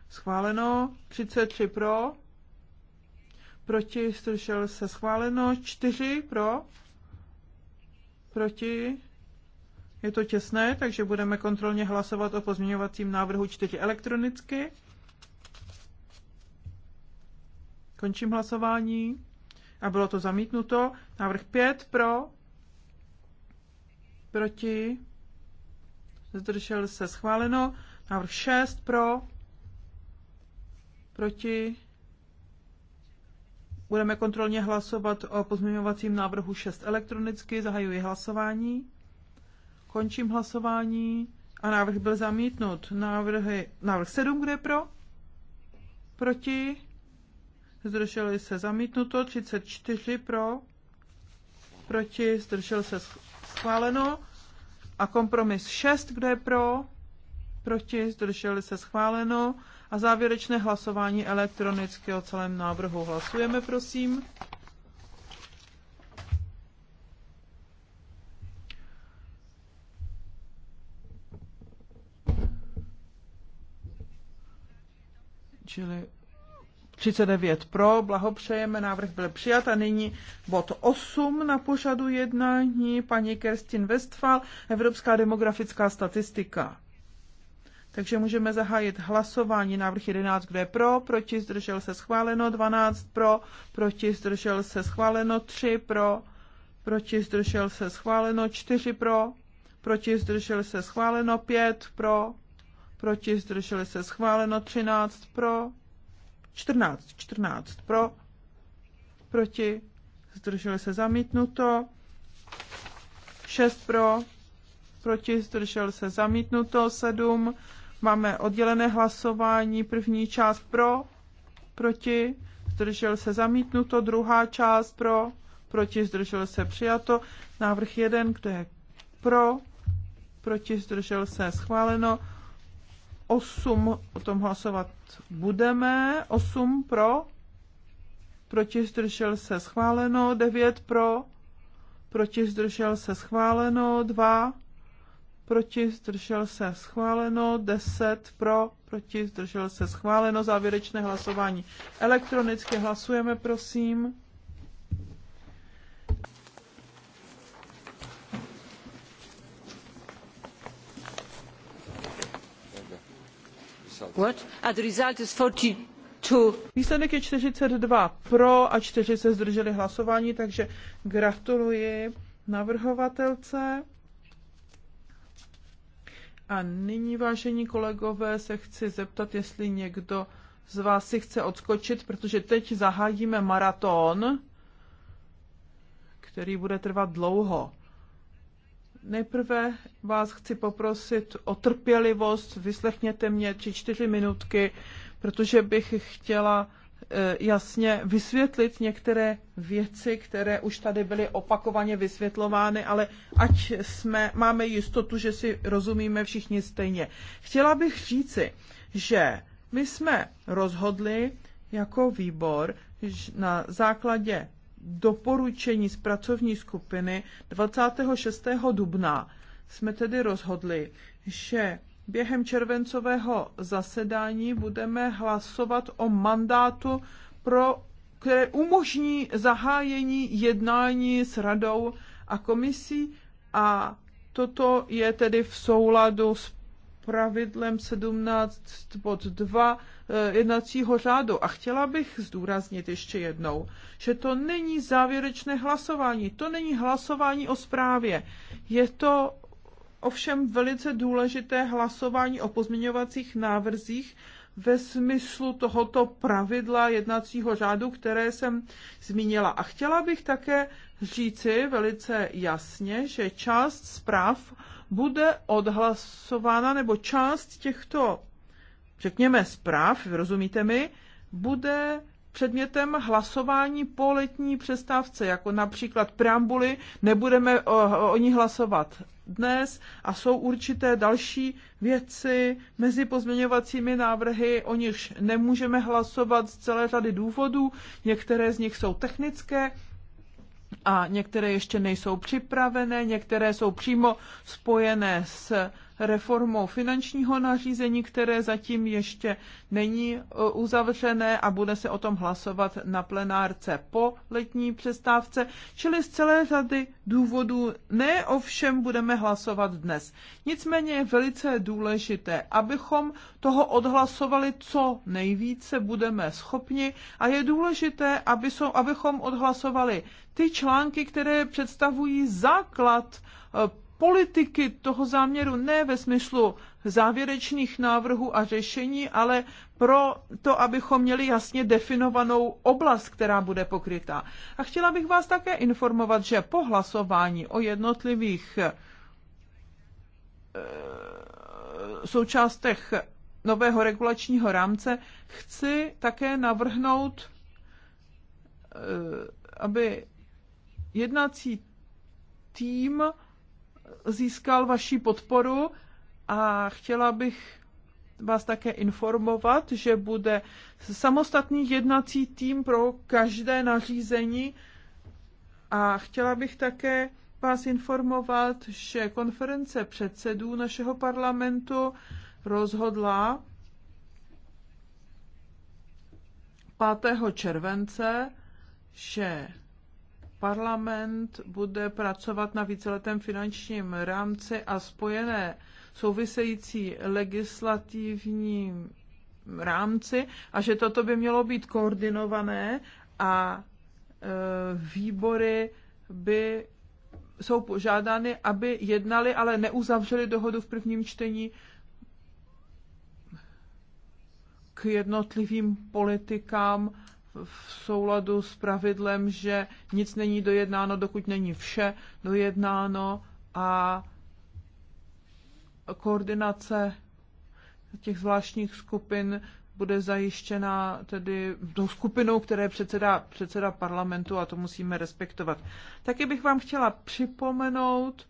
schváleno, 33 pro, proti, zdržel se schváleno, 4 pro, proti, je to těsné, takže budeme kontrolně hlasovat o pozměňovacím návrhu 4 elektronicky. Končím hlasování a bylo to zamítnuto. Návrh 5 pro, proti, zdržel se schváleno. Návrh 6 pro, proti. Budeme kontrolně hlasovat o pozměňovacím návrhu 6 elektronicky. Zahajuji hlasování. Končím hlasování. A návrh byl zamítnut. Návrhy, návrh 7, kde je pro? Proti? zdrželi se zamítnuto, 34 pro, proti, zdržel se schváleno. A kompromis 6, kde je pro, proti, zdrželi se schváleno. A závěrečné hlasování elektronicky o celém návrhu. Hlasujeme, prosím. Čili 39 pro, blahopřejeme, návrh byl přijat a nyní bod 8 na pořadu jednání paní Kerstin Westphal, Evropská demografická statistika. Takže můžeme zahájit hlasování. Návrh 11, kde je pro, proti, zdržel se schváleno, 12 pro, proti, zdržel se schváleno, 3 pro, proti, zdržel se schváleno, 4 pro, proti, zdržel se schváleno, 5 pro, proti, zdržel se schváleno, 13 pro, 14, 14 pro, proti, zdrželi se zamítnuto, 6 pro, proti, zdrželi se zamítnuto, 7, máme oddělené hlasování, první část pro, proti, zdržel se zamítnuto, druhá část pro, proti, zdržel se přijato, návrh 1, kde je pro, proti, zdržel se schváleno, 8 o tom hlasovat budeme. 8 pro, proti zdržel se schváleno, 9 pro, proti zdržel se schváleno, 2 proti zdržel se schváleno, 10 pro, proti zdržel se schváleno, závěrečné hlasování. Elektronicky hlasujeme, prosím. Výsledek je 42 pro a 4 se zdrželi hlasování, takže gratuluji navrhovatelce. A nyní, vážení kolegové, se chci zeptat, jestli někdo z vás si chce odskočit, protože teď zahájíme maraton, který bude trvat dlouho. Nejprve vás chci poprosit o trpělivost, vyslechněte mě tři, čtyři minutky, protože bych chtěla eh, jasně vysvětlit některé věci, které už tady byly opakovaně vysvětlovány, ale ať jsme, máme jistotu, že si rozumíme všichni stejně. Chtěla bych říci, že my jsme rozhodli jako výbor na základě doporučení z pracovní skupiny 26. dubna jsme tedy rozhodli, že během červencového zasedání budeme hlasovat o mandátu, pro, které umožní zahájení jednání s radou a komisí a toto je tedy v souladu s pravidlem 17 bod 2 eh, jednacího řádu. A chtěla bych zdůraznit ještě jednou, že to není závěrečné hlasování, to není hlasování o zprávě. Je to ovšem velice důležité hlasování o pozměňovacích návrzích ve smyslu tohoto pravidla jednacího řádu, které jsem zmínila. A chtěla bych také říci velice jasně, že část zpráv bude odhlasována nebo část těchto, řekněme, zpráv, rozumíte mi, bude předmětem hlasování po letní přestávce, jako například preambuly, nebudeme o, o ní hlasovat dnes a jsou určité další věci mezi pozměňovacími návrhy, o nichž nemůžeme hlasovat z celé tady důvodů. Některé z nich jsou technické, a některé ještě nejsou připravené, některé jsou přímo spojené s reformou finančního nařízení, které zatím ještě není e, uzavřené a bude se o tom hlasovat na plenárce po letní přestávce, čili z celé řady důvodů ne o všem budeme hlasovat dnes. Nicméně je velice důležité, abychom toho odhlasovali co nejvíce budeme schopni a je důležité, aby jsou, abychom odhlasovali ty články, které představují základ e, politiky toho záměru ne ve smyslu závěrečných návrhů a řešení, ale pro to, abychom měli jasně definovanou oblast, která bude pokrytá. A chtěla bych vás také informovat, že po hlasování o jednotlivých eh, součástech nového regulačního rámce chci také navrhnout, eh, aby jednací tým získal vaši podporu a chtěla bych vás také informovat, že bude samostatný jednací tým pro každé nařízení a chtěla bych také vás informovat, že konference předsedů našeho parlamentu rozhodla 5. července, že Parlament bude pracovat na víceletém finančním rámci a spojené související legislativní rámci a že toto by mělo být koordinované a e, výbory by jsou požádány, aby jednali, ale neuzavřeli dohodu v prvním čtení k jednotlivým politikám v souladu s pravidlem, že nic není dojednáno, dokud není vše dojednáno a koordinace těch zvláštních skupin bude zajištěna tedy tou skupinou, které předseda, předseda parlamentu a to musíme respektovat. Taky bych vám chtěla připomenout,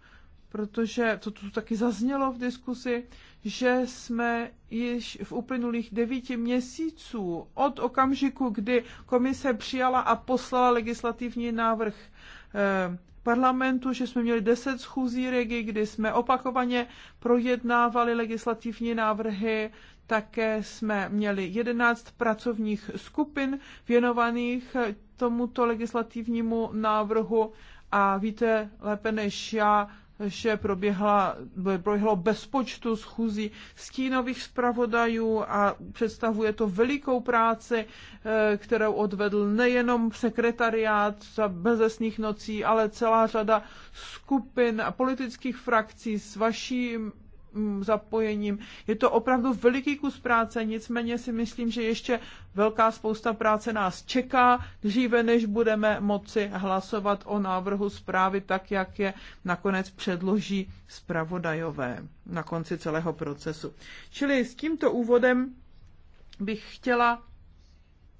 protože to tu taky zaznělo v diskusi, že jsme již v uplynulých devíti měsíců od okamžiku, kdy komise přijala a poslala legislativní návrh eh, parlamentu, že jsme měli deset schůzí regi, kdy jsme opakovaně projednávali legislativní návrhy, také jsme měli jedenáct pracovních skupin věnovaných tomuto legislativnímu návrhu a víte lépe než já, že proběhla, proběhlo bezpočtu schůzí stínových zpravodajů a představuje to velikou práci, eh, kterou odvedl nejenom sekretariát za bezesných nocí, ale celá řada skupin a politických frakcí s vaším Mm, zapojením. Je to opravdu veliký kus práce, nicméně si myslím, že ještě velká spousta práce nás čeká, dříve než budeme moci hlasovat o návrhu zprávy tak, jak je nakonec předloží zpravodajové na konci celého procesu. Čili s tímto úvodem bych chtěla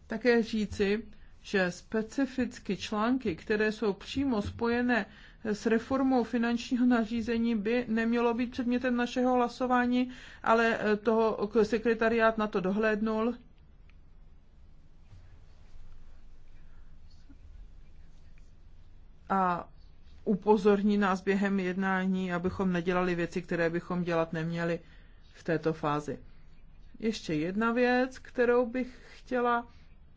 také říci, že specificky články, které jsou přímo spojené s reformou finančního nařízení by nemělo být předmětem našeho hlasování, ale eh, toho sekretariát na to dohlédnul. A upozorní nás během jednání, abychom nedělali věci, které bychom dělat neměli v této fázi. Ještě jedna věc, kterou bych chtěla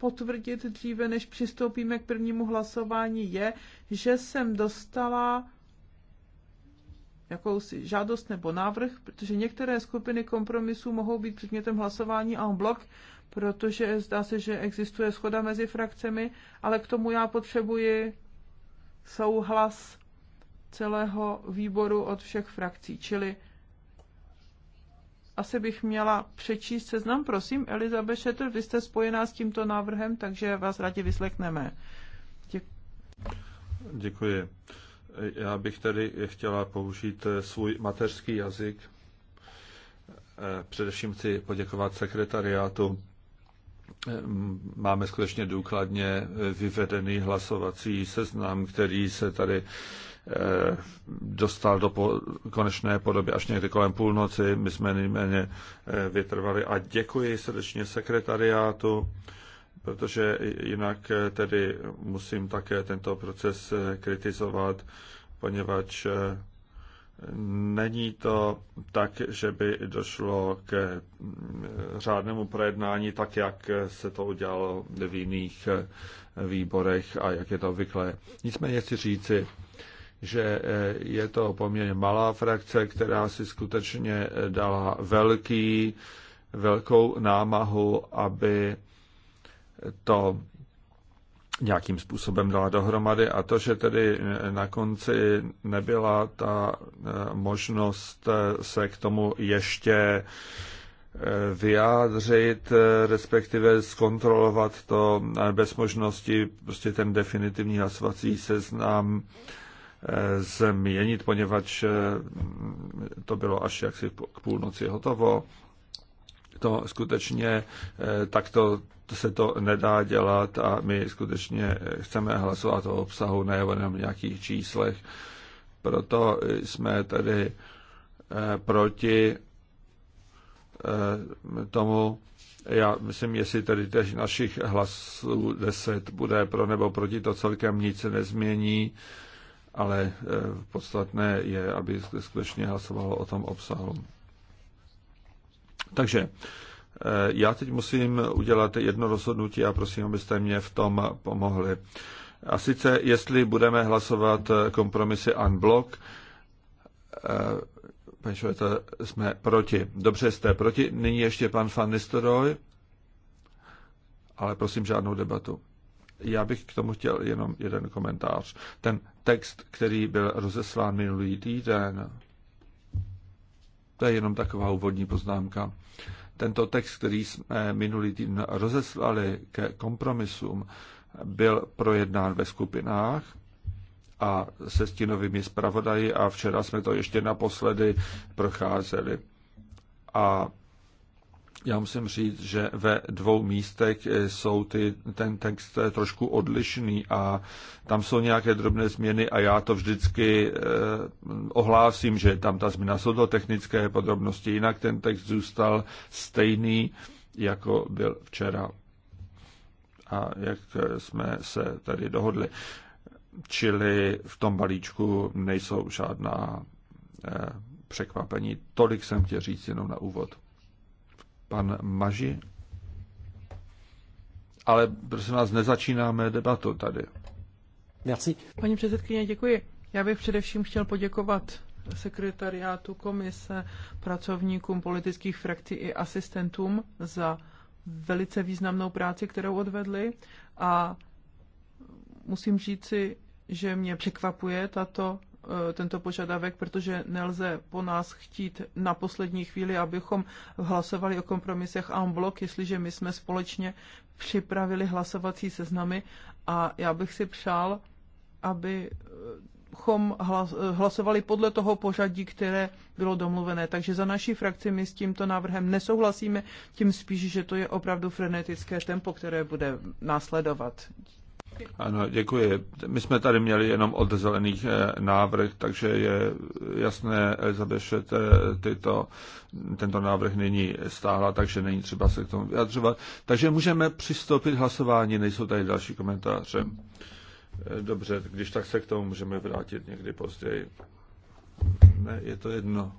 potvrdit dříve, než přistoupíme k prvnímu hlasování, je, že jsem dostala jakousi žádost nebo návrh, protože některé skupiny kompromisů mohou být předmětem hlasování en bloc, protože zdá se, že existuje schoda mezi frakcemi, ale k tomu já potřebuji souhlas celého výboru od všech frakcí, čili asi bych měla přečíst seznam. Prosím, Elizabeth Šetr, vy jste spojená s tímto návrhem, takže vás rádi vyslechneme. Děkuji.
Děkuji. Já bych tady chtěla použít svůj mateřský jazyk. Především chci poděkovat sekretariátu. Máme skutečně důkladně vyvedený hlasovací seznam, který se tady Eh, dostal do konečné podoby až někdy kolem půlnoci. My jsme nejméně eh, vytrvali a děkuji srdečně sekretariátu, protože jinak eh, tedy musím také tento proces kritizovat, poněvadž Není to tak, že by došlo k mm, řádnému projednání, tak jak se to udělalo v jiných výborech a jak je to obvyklé. Nicméně chci říci, že e, je to poměrně malá frakce, která si skutečně e, dala velký, velkou námahu, aby to nějakým způsobem dala dohromady a to, že tedy e, na konci nebyla ta možnost se k tomu ještě vyjádřit, respektive zkontrolovat to bez možnosti prostě ten definitivní hlasovací seznam změnit, poněvadž eh, to bylo až jaksi k půlnoci hotovo. To skutečně eh, takto se to nedá dělat a my skutečně chceme hlasovat o obsahu, ne o nějakých číslech. Proto jsme tedy eh, proti tomu, já myslím, jestli tady těch našich hlasů 10 bude pro nebo proti, to celkem nic nezmění ale eh, podstatné je, aby skutečně hlasovalo o tom obsahu. Takže eh, já teď musím udělat jedno rozhodnutí a prosím, abyste mě v tom pomohli. A sice, jestli budeme hlasovat eh, kompromisy unblock, paní Šoveta, jsme proti. Dobře, jste proti. Nyní ještě pan Van Nistelrooy, ale prosím žádnou debatu. Já bych k tomu chtěl jenom jeden komentář. Ten text, který byl rozeslán minulý týden, to je jenom taková úvodní poznámka. Tento text, který jsme minulý týden rozeslali ke kompromisům, byl projednán ve skupinách a se stínovými zpravodaji a včera jsme to ještě naposledy procházeli. A já musím říct, že ve dvou místech jsou ty, ten text trošku odlišný a tam jsou nějaké drobné změny a já to vždycky eh, ohlásím, že tam ta změna jsou to technické podrobnosti, jinak ten text zůstal stejný, jako byl včera a jak jsme se tady dohodli. Čili v tom balíčku nejsou žádná eh, překvapení. Tolik jsem chtěl říct jenom na úvod. Pan Maži. Ale prosím nás nezačínáme debatu tady.
Merci.
Paní předsedkyně,
děkuji. Já bych především chtěl poděkovat sekretariátu komise, pracovníkům politických frakcí i asistentům za velice významnou práci, kterou odvedli a musím říci, že mě překvapuje tato Eh, tento požadavek, protože nelze po nás chtít na poslední chvíli, abychom hlasovali o kompromisech a blok, jestliže my jsme společně připravili hlasovací seznamy a já bych si přál, aby chom eh, hlasovali podle toho pořadí, které bylo domluvené. Takže za naší frakci my s tímto návrhem nesouhlasíme, tím spíš, že to je opravdu frenetické tempo, které bude následovat.
Ano, děkuji. My jsme tady měli jenom od zelených eh, návrh, takže je jasné, Elizabeth Šet tyto, tento návrh není stáhla, takže není třeba se k tomu vyjadřovat. Takže můžeme přistoupit k hlasování, nejsou tady další komentáře. Eh, dobře, když tak se k tomu můžeme vrátit někdy později. Ne, je to jedno.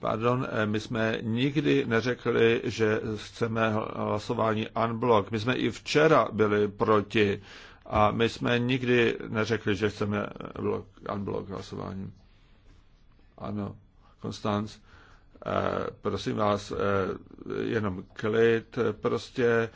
Pardon, eh, my jsme nikdy neřekli, že chceme hlasování unblock. My jsme i včera byli proti a my jsme nikdy neřekli, že chceme blok, unblock hlasování. Ano, Konstanc, eh, prosím vás, eh, jenom klid, prostě eh,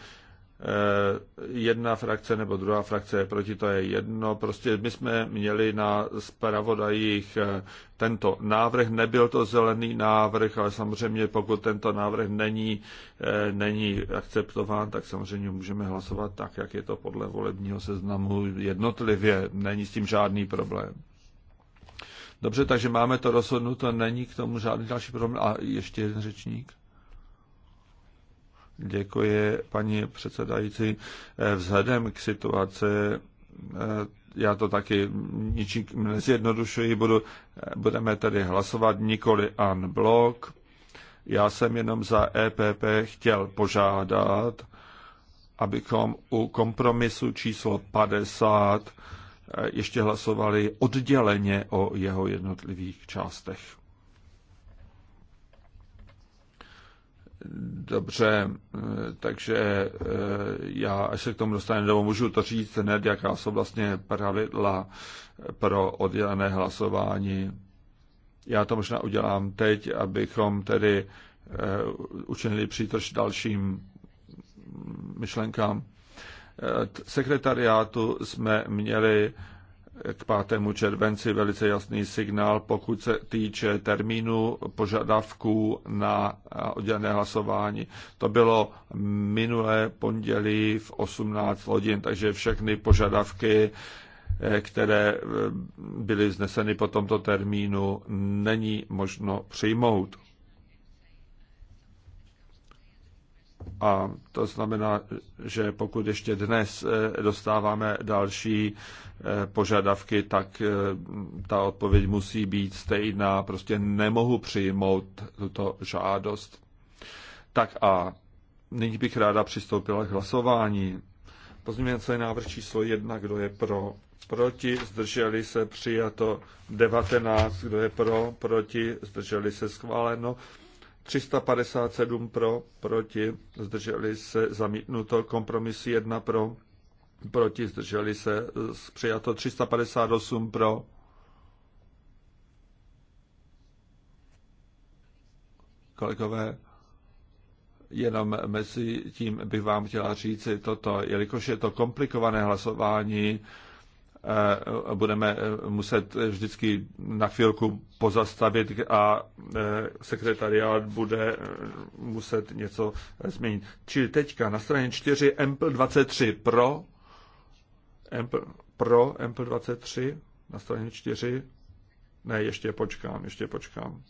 Eh, jedna frakce nebo druhá frakce je proti, to je jedno. Prostě my jsme měli na zpravodajích eh, tento návrh. Nebyl to zelený návrh, ale samozřejmě pokud tento návrh není, eh, není akceptován, tak samozřejmě můžeme hlasovat tak, jak je to podle volebního seznamu jednotlivě. Není s tím žádný problém. Dobře, takže máme to rozhodnuto, není k tomu žádný další problém. A ještě jeden řečník. Děkuji, paní předsedající. Eh, vzhledem k situaci, eh, já to taky ničím nezjednodušuji, budu, eh, budeme tedy hlasovat nikoli an blok. Já jsem jenom za EPP chtěl požádat, abychom u kompromisu číslo 50 ještě hlasovali odděleně o jeho jednotlivých částech. Dobře, eh, takže eh, já, až se k tomu dostaneme, nebo můžu to říct hned, jaká jsou vlastně pravidla pro oddělené hlasování. Já to možná udělám teď, abychom tedy eh, učinili přítrž dalším myšlenkám. Sekretariátu jsme měli k 5. červenci velice jasný signál, pokud se týče termínu požadavků na oddělené hlasování. To bylo minulé pondělí v 18 hodin, takže všechny požadavky, eh, které eh, byly zneseny po tomto termínu, není možno přijmout. A to znamená, že pokud ještě dnes eh, dostáváme další eh, požadavky, tak eh, ta odpověď musí být stejná. Prostě nemohu přijmout tuto žádost. Tak a nyní bych ráda přistoupila k hlasování. Pozměňovací návrh číslo jedna, kdo je pro, proti, zdrželi se, přijato 19, kdo je pro, proti, zdrželi se, schváleno 357 pro, proti, zdrželi se, zamítnuto, kompromis 1 pro, proti, zdrželi se, přijato 358 pro, kolegové, jenom mezi tím bych vám chtěla říci toto, jelikož je to komplikované hlasování, budeme eh, muset eh, vždycky na chvilku pozastavit a eh, sekretariát bude muset něco změnit. Čili teďka na straně 4 Ample 23 pro, Ample, pro Ample 23 na straně 4, ne, ještě počkám, ještě počkám.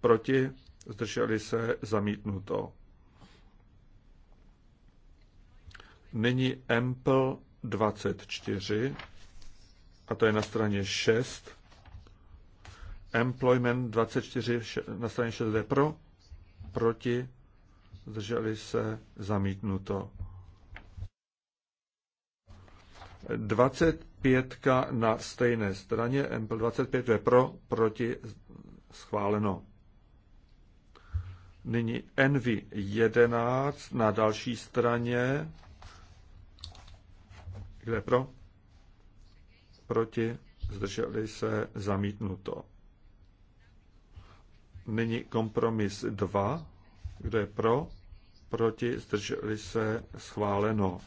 Proti, zdrželi se, zamítnuto. Nyní Ample 24 a to je na straně 6. Employment 24 na straně 6 je pro, proti, zdrželi se, zamítnuto. 25 na stejné straně, Empl 25 je pro, proti, schváleno. Nyní NV 11 na další straně, kde pro, proti, zdrželi se, zamítnuto. Nyní kompromis 2, kdo je pro, proti, zdrželi se, schváleno.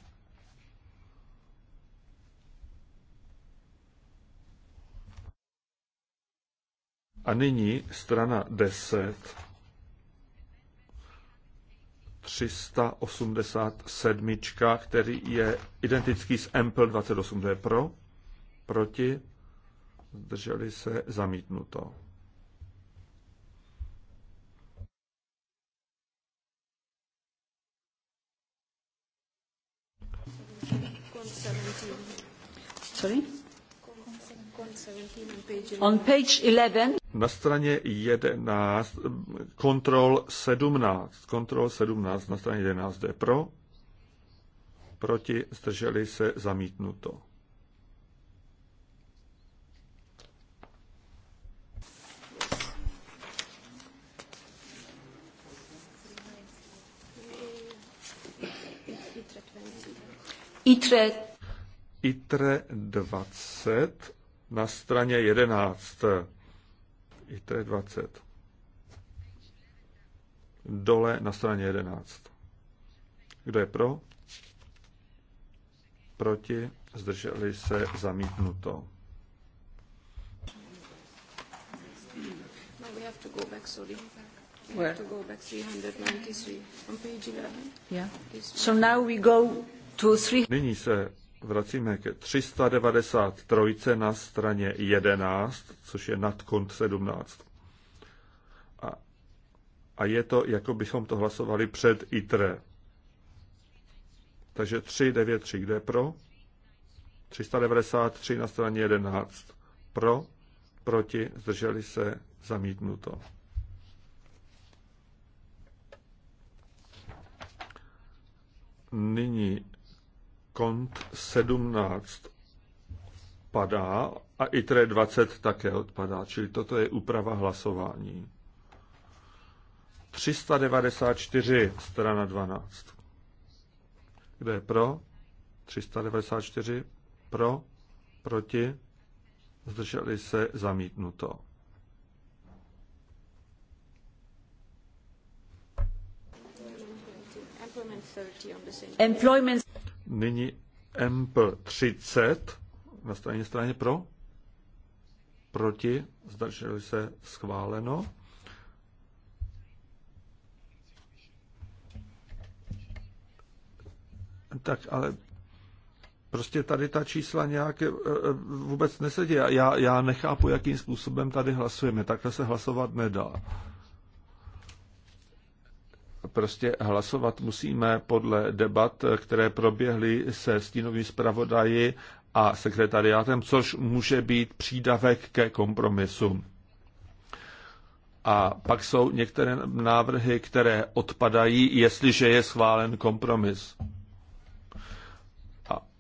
A nyní strana 10, 387, který je identický s Ample 28, kdo je pro, proti, zdrželi se, zamítnuto.
Sorry? On page 11.
Na straně 11, kontrol 17, kontrol 17 na straně 11 jde pro, proti, zdrželi se, zamítnuto. ITRE. ITRE 20 na straně 11. ITRE 20. Dole na straně 11. Kdo je pro? Proti? Zdrželi se zamítnuto.
No,
Where? to go back 393 on page 11. Yeah. So now we go
Nyní se vracíme ke 393 na straně 11, což je nad kont 17. A, a je to, jako bychom to hlasovali před ITRE. Takže 393, kde je pro? 393 na straně 11. Pro, proti, zdrželi se, zamítnuto. Nyní kont 17 padá a ITRE 20 také odpadá, čili toto je úprava hlasování. 394, strana 12. Kde je pro? 394, pro, proti, zdrželi se, zamítnuto.
Employment
Nyní MP30 na straně straně pro, proti, zdrželi se schváleno. Tak ale prostě tady ta čísla nějak eh, eh, vůbec nesedí. Já, já nechápu, jakým způsobem tady hlasujeme. Takhle se hlasovat nedá. Prostě hlasovat musíme podle debat, které proběhly se stínovým zpravodaji a sekretariátem, což může být přídavek ke kompromisu. A pak jsou některé návrhy, které odpadají, jestliže je schválen kompromis.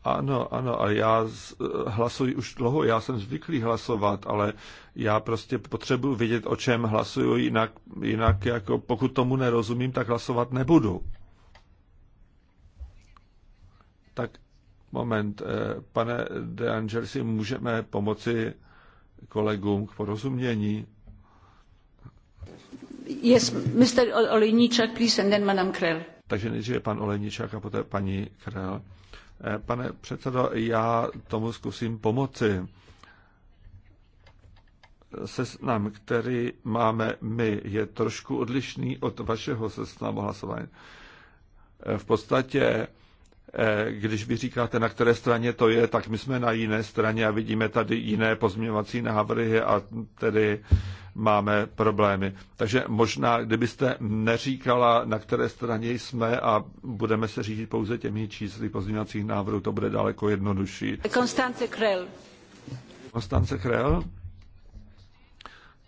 Ano, ano, a já eh, hlasuji už dlouho, já jsem zvyklý hlasovat, ale já prostě potřebuji vědět, o čem hlasuju, jinak, jinak jako pokud tomu nerozumím, tak hlasovat nebudu. Tak moment, eh, pane De Angelisi, můžeme pomoci kolegům k porozumění?
Yes, Mr. Olejníčak, please, and then Madame Krell.
Takže nejdříve pan Olejníčak a poté paní Krell. Eh, pane předsedo, já tomu zkusím pomoci. Seznam, který máme my, je trošku odlišný od vašeho seznamu hlasování. Eh, v podstatě Eh, když vy říkáte, na které straně to je, tak my jsme na jiné straně a vidíme tady jiné pozměňovací návrhy a tedy máme problémy. Takže možná, kdybyste neříkala, na které straně jsme a budeme se řídit pouze těmi čísly pozměňovacích návrhů, to bude daleko jednodušší.
Konstance Krell.
Konstance Krell?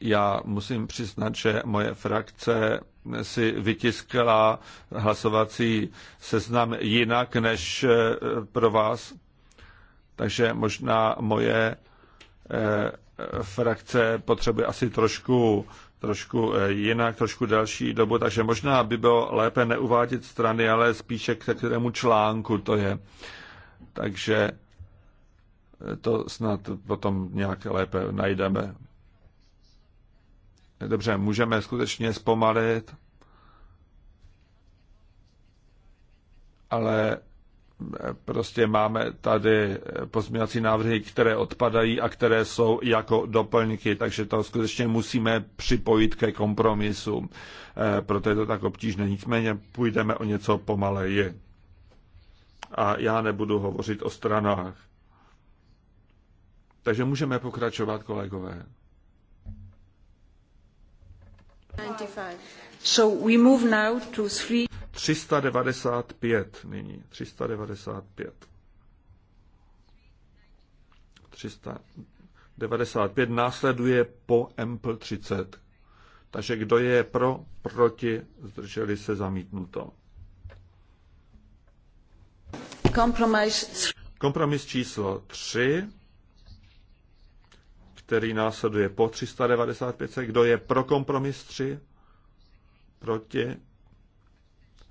Já musím přiznat, že moje frakce si vytiskla hlasovací seznam jinak než eh, pro vás. Takže možná moje eh, frakce potřebuje asi trošku, trošku eh, jinak, trošku další dobu, takže možná by bylo lépe neuvádět strany, ale spíše k kterému článku to je. Takže to snad potom nějak lépe najdeme. Dobře, můžeme skutečně zpomalit, ale prostě máme tady pozměňovací návrhy, které odpadají a které jsou jako doplňky, takže to skutečně musíme připojit ke kompromisu. Eh, proto je to tak obtížné. Nicméně půjdeme o něco pomaleji. A já nebudu hovořit o stranách. Takže můžeme pokračovat, kolegové. 395 nyní. 395. 395 následuje po Ample 30. Takže kdo je pro, proti, zdrželi se zamítnuto.
Kompromis,
Kompromis číslo 3 který následuje po 395. Kdo je pro kompromis 3? Proti?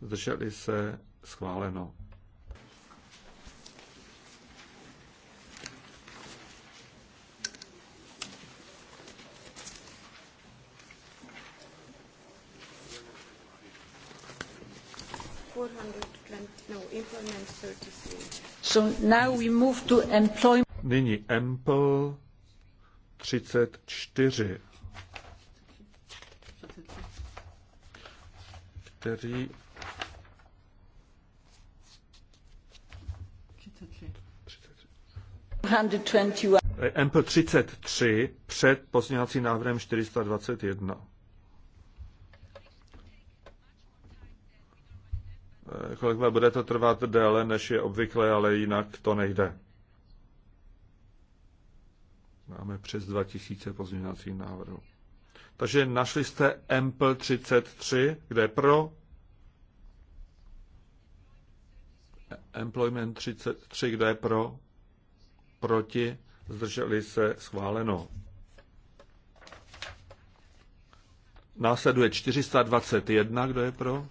Zdrželi se? Schváleno. No, so now we move to employment. Nyní Ample 34, který
121.
MP 33 před pozměňovacím návrhem 421. Eh, Kolik bude to trvat déle, než je obvykle, ale jinak to nejde. Máme přes 2000 pozměňovacích návrhů. Takže našli jste MPL 33, kde je pro? Employment 33, kde je pro? Proti? Zdrželi se schváleno. Následuje 421, kdo je pro?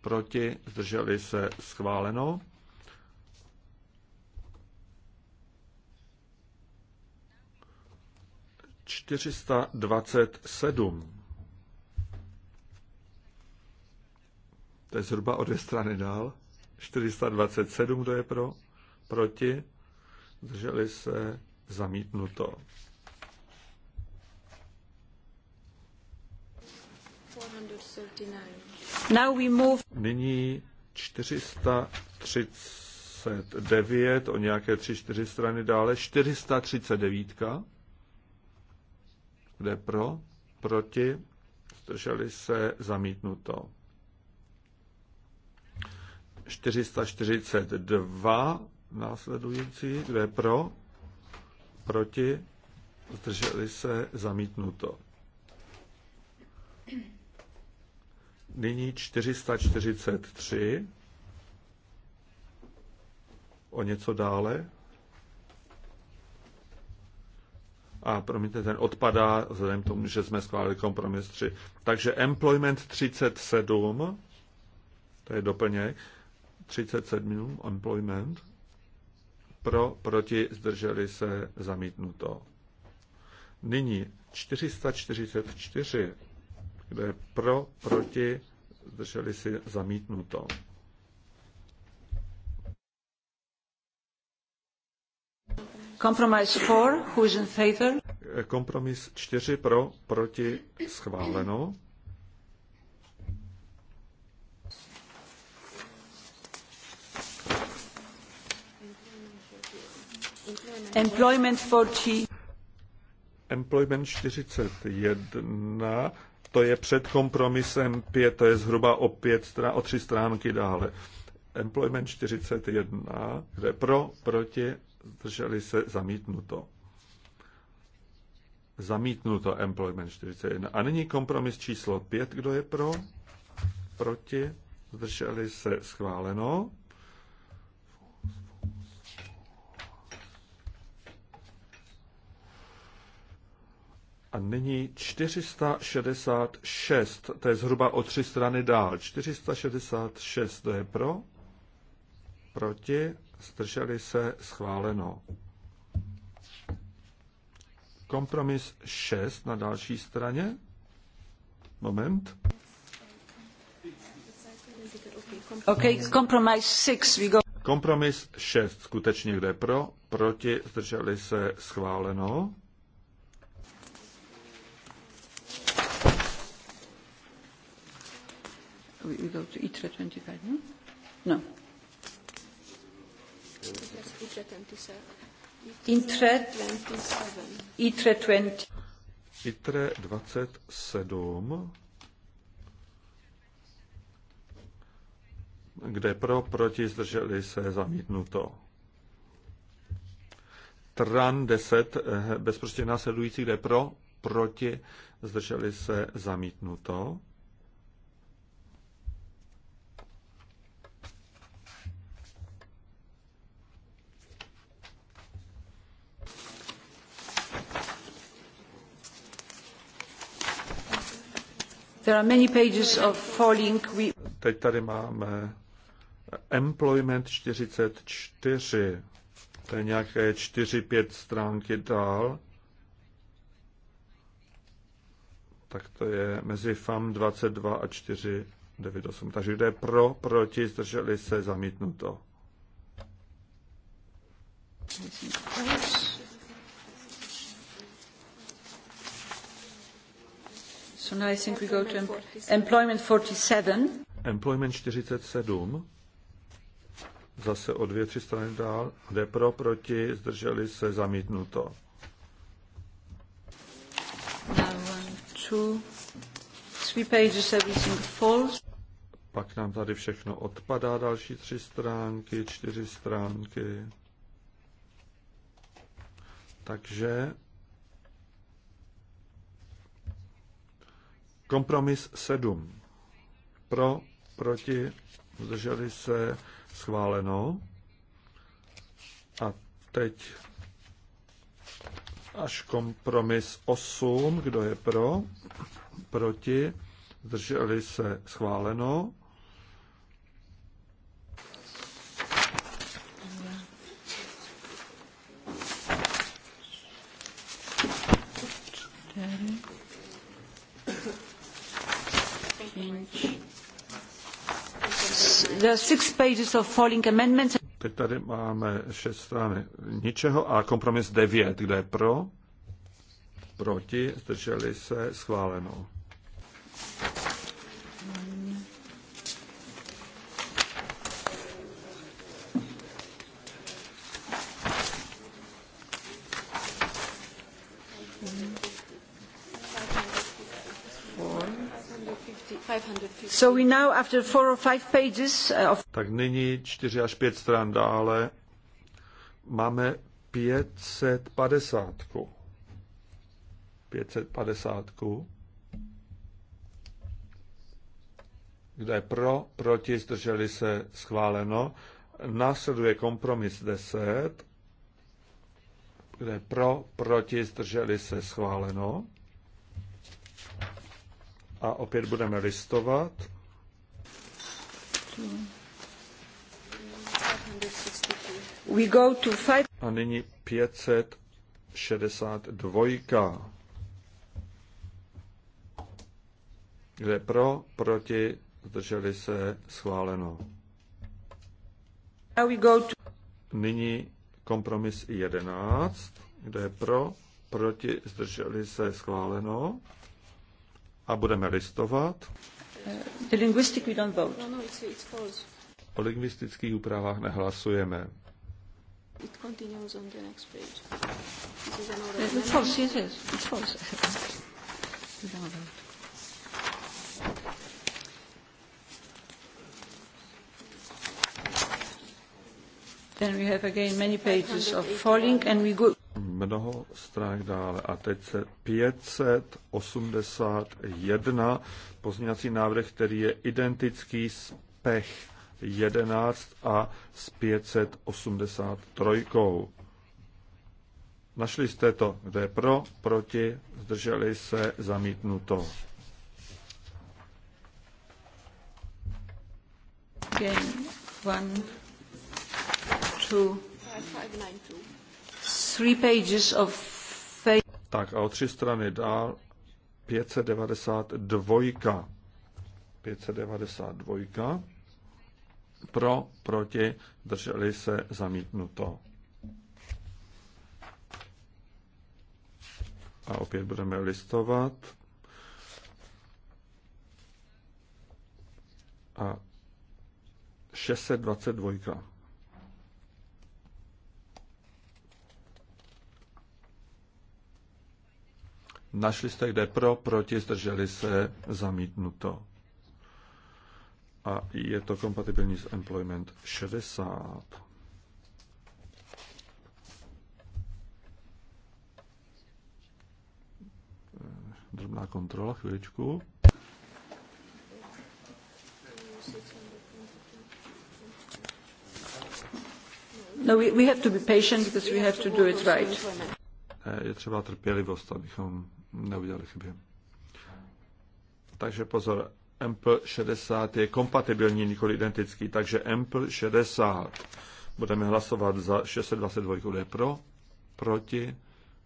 Proti? Zdrželi se schváleno. 427. To je zhruba o dvě strany dál. 427, kdo je pro, proti, zdrželi se, zamítnuto. Now we move. Nyní 439, o nějaké tři čtyři strany dále, 439. Kde pro? Proti? Zdrželi se zamítnuto. 442 následující. Kde pro? Proti? Zdrželi se zamítnuto. Nyní 443. O něco dále. a promiňte, ten odpadá vzhledem k tomu, že jsme schválili kompromis 3. Takže employment 37, to je doplněk, 37 employment, pro, proti, zdrželi se, zamítnuto. Nyní 444, kde pro, proti, zdrželi si, zamítnuto.
Compromise 4, who is in favor?
Kompromis 4 pro, proti, schváleno.
Employment 40.
Employment 41, to je před kompromisem 5, to je zhruba o, pět strán, o tři stránky dále. Employment 41, kde pro, proti, zdrželi se zamítnuto. Zamítnuto Employment 41. A nyní kompromis číslo 5. Kdo je pro? Proti? Zdrželi se schváleno. A nyní 466, to je zhruba o tři strany dál. 466, to je pro, proti, zdrželi se, schváleno. Kompromis 6 na další straně. Moment. Okay, kompromis 6. We go. Kompromis 6 skutečně kde pro, proti, zdrželi se, schváleno.
We go to ITRE 25, no? No. ITRE 27. ITRE
27. Kde pro, proti, zdrželi se, zamítnuto. TRAN 10, eh, bezprostředně následující, kde pro, proti, zdrželi se, zamítnuto. Teď tady máme Employment 44. To je nějaké 4-5 stránky dál. Tak to je mezi FAM 22 a 498. Takže kde je pro, proti, zdrželi se, zamítnuto.
Thank So now I think we go to employment 47.
Employment 47. Zase o dvě, tři strany dál. Jde pro, proti, zdrželi se, zamítnuto.
Now one, two, three pages, everything falls.
Pak nám tady všechno odpadá, další tři stránky, čtyři stránky. Takže Kompromis 7. Pro, proti, zdrželi se, schváleno. A teď až kompromis 8. Kdo je pro? Proti, zdrželi se, schváleno.
Tady.
Teď tady máme šest stran ničeho a kompromis devět, kde je pro, proti, zdrželi se, schváleno.
So we now after four or five pages uh,
of... Tak nyní čtyři až pět stran dále máme 550. 550. Kde je pro, proti, zdrželi se, schváleno. Následuje kompromis 10, kde je pro, proti, zdrželi se, schváleno a opět budeme listovat.
We go to five...
A nyní 562. Kde pro, proti, zdrželi se, schváleno. we go to... Nyní kompromis 11, kde pro, proti, zdrželi se, schváleno a budeme listovat.
The linguistic we don't vote. No, no, it's, it's
O lingvistických úpravách nehlasujeme.
It continues on the next page.
This is
it's, false, yes, yes, it's false. Then we have again many pages of falling and we go
mnoho stránek dále. A teď se 581 pozměňovací návrh, který je identický s PECH 11 a s 583. Našli jste to, kde je pro, proti, zdrželi se, zamítnuto.
Game one, two. Five,
five, nine, two
three pages of
tak a o tři strany dál 592. 592. Pro, proti, drželi se zamítnuto. A opět budeme listovat. A 622. Našli jste, kde pro, proti, zdrželi se, zamítnuto. A je to kompatibilní s Employment 60. Drobná kontrola, chviličku.
No, we, we have to be patient because we have to do it right.
Eh, je třeba trpělivost, abychom neudělali chyby. Takže pozor, Ample 60 je kompatibilní, nikoli identický, takže Ample 60. Budeme hlasovat za 622, kdo je pro, proti,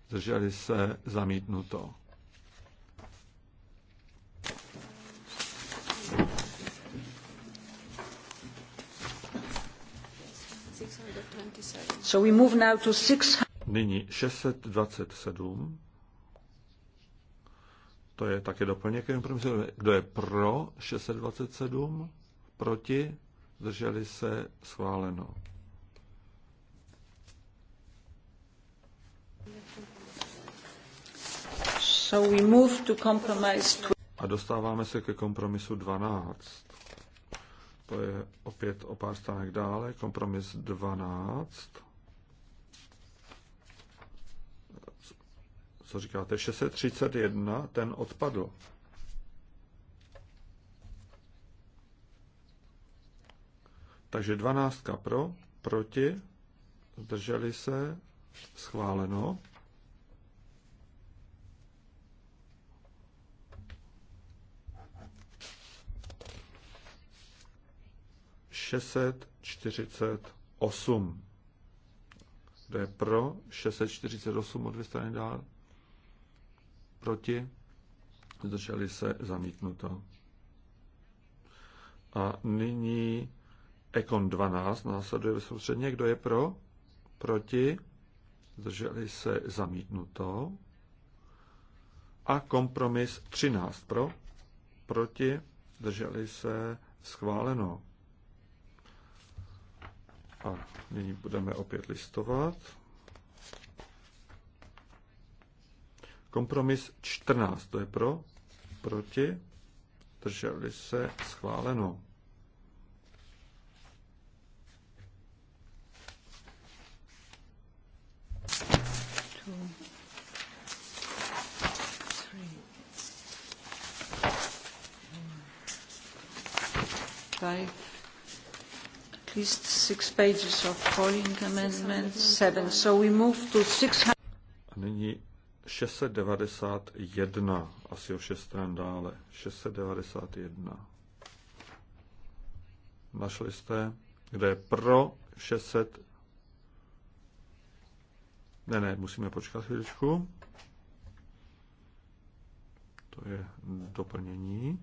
zdrželi se, zamítnuto.
So we move now to six...
Nyní 627. To je také doplněk Kdo je pro 627? Proti? Zdrželi se? Schváleno.
So we move to compromise to...
A dostáváme se ke kompromisu 12. To je opět o pár stánek dále. Kompromis 12. co říkáte, 631, ten odpadl. Takže 12 pro, proti, zdrželi se, schváleno. Šestset čtyřicet osm. Kdo je pro? 648 od dvě strany dál proti, zdrželi se zamítnuto. A nyní Ekon 12 následuje bezprostředně. Kdo je pro? Proti? Zdrželi se zamítnuto. A kompromis 13 pro? Proti? Zdrželi se schváleno. A nyní budeme opět listovat. Kompromis 14, to je pro, proti, drželi se, schváleno.
five, at least six pages of seven. So we move to A
nyní 691, asi o 6 stran dále. 691. Našli jste, kde je pro 600. Ne, ne, musíme počkat chvíličku. To je doplnění.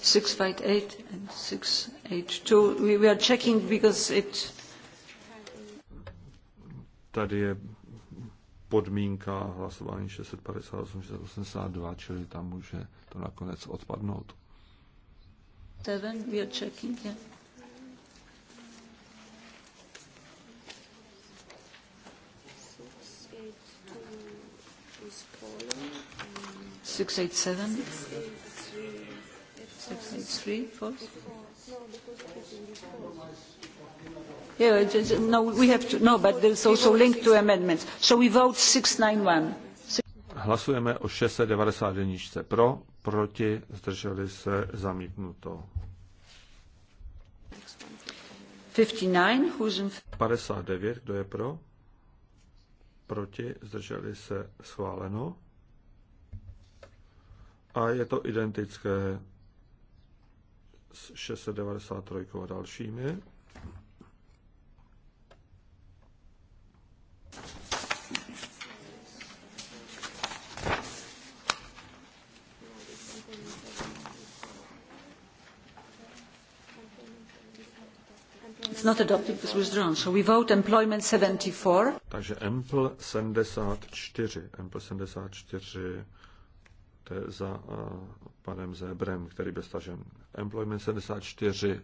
658 and 682. We, we are checking because it...
Tady je podmínka hlasování 658, 682, čili tam může to nakonec odpadnout.
Seven, we are checking, yeah.
Six eight seven.
Six eight three, Four. Yeah, it's, no, we have to, no, but there's also linked to amendments. So we vote 691.
Hlasujeme o 691 pro, proti, zdrželi se, zamítnuto.
59, who's in...
59, kdo je pro? Proti, zdrželi se, schváleno. A je to identické s 693 a dalšími.
not adopted, was withdrawn. So we vote employment 74.
Takže empl 74, empl 74 to je za eh, panem Zebrem, který byl stažen. Employment 74,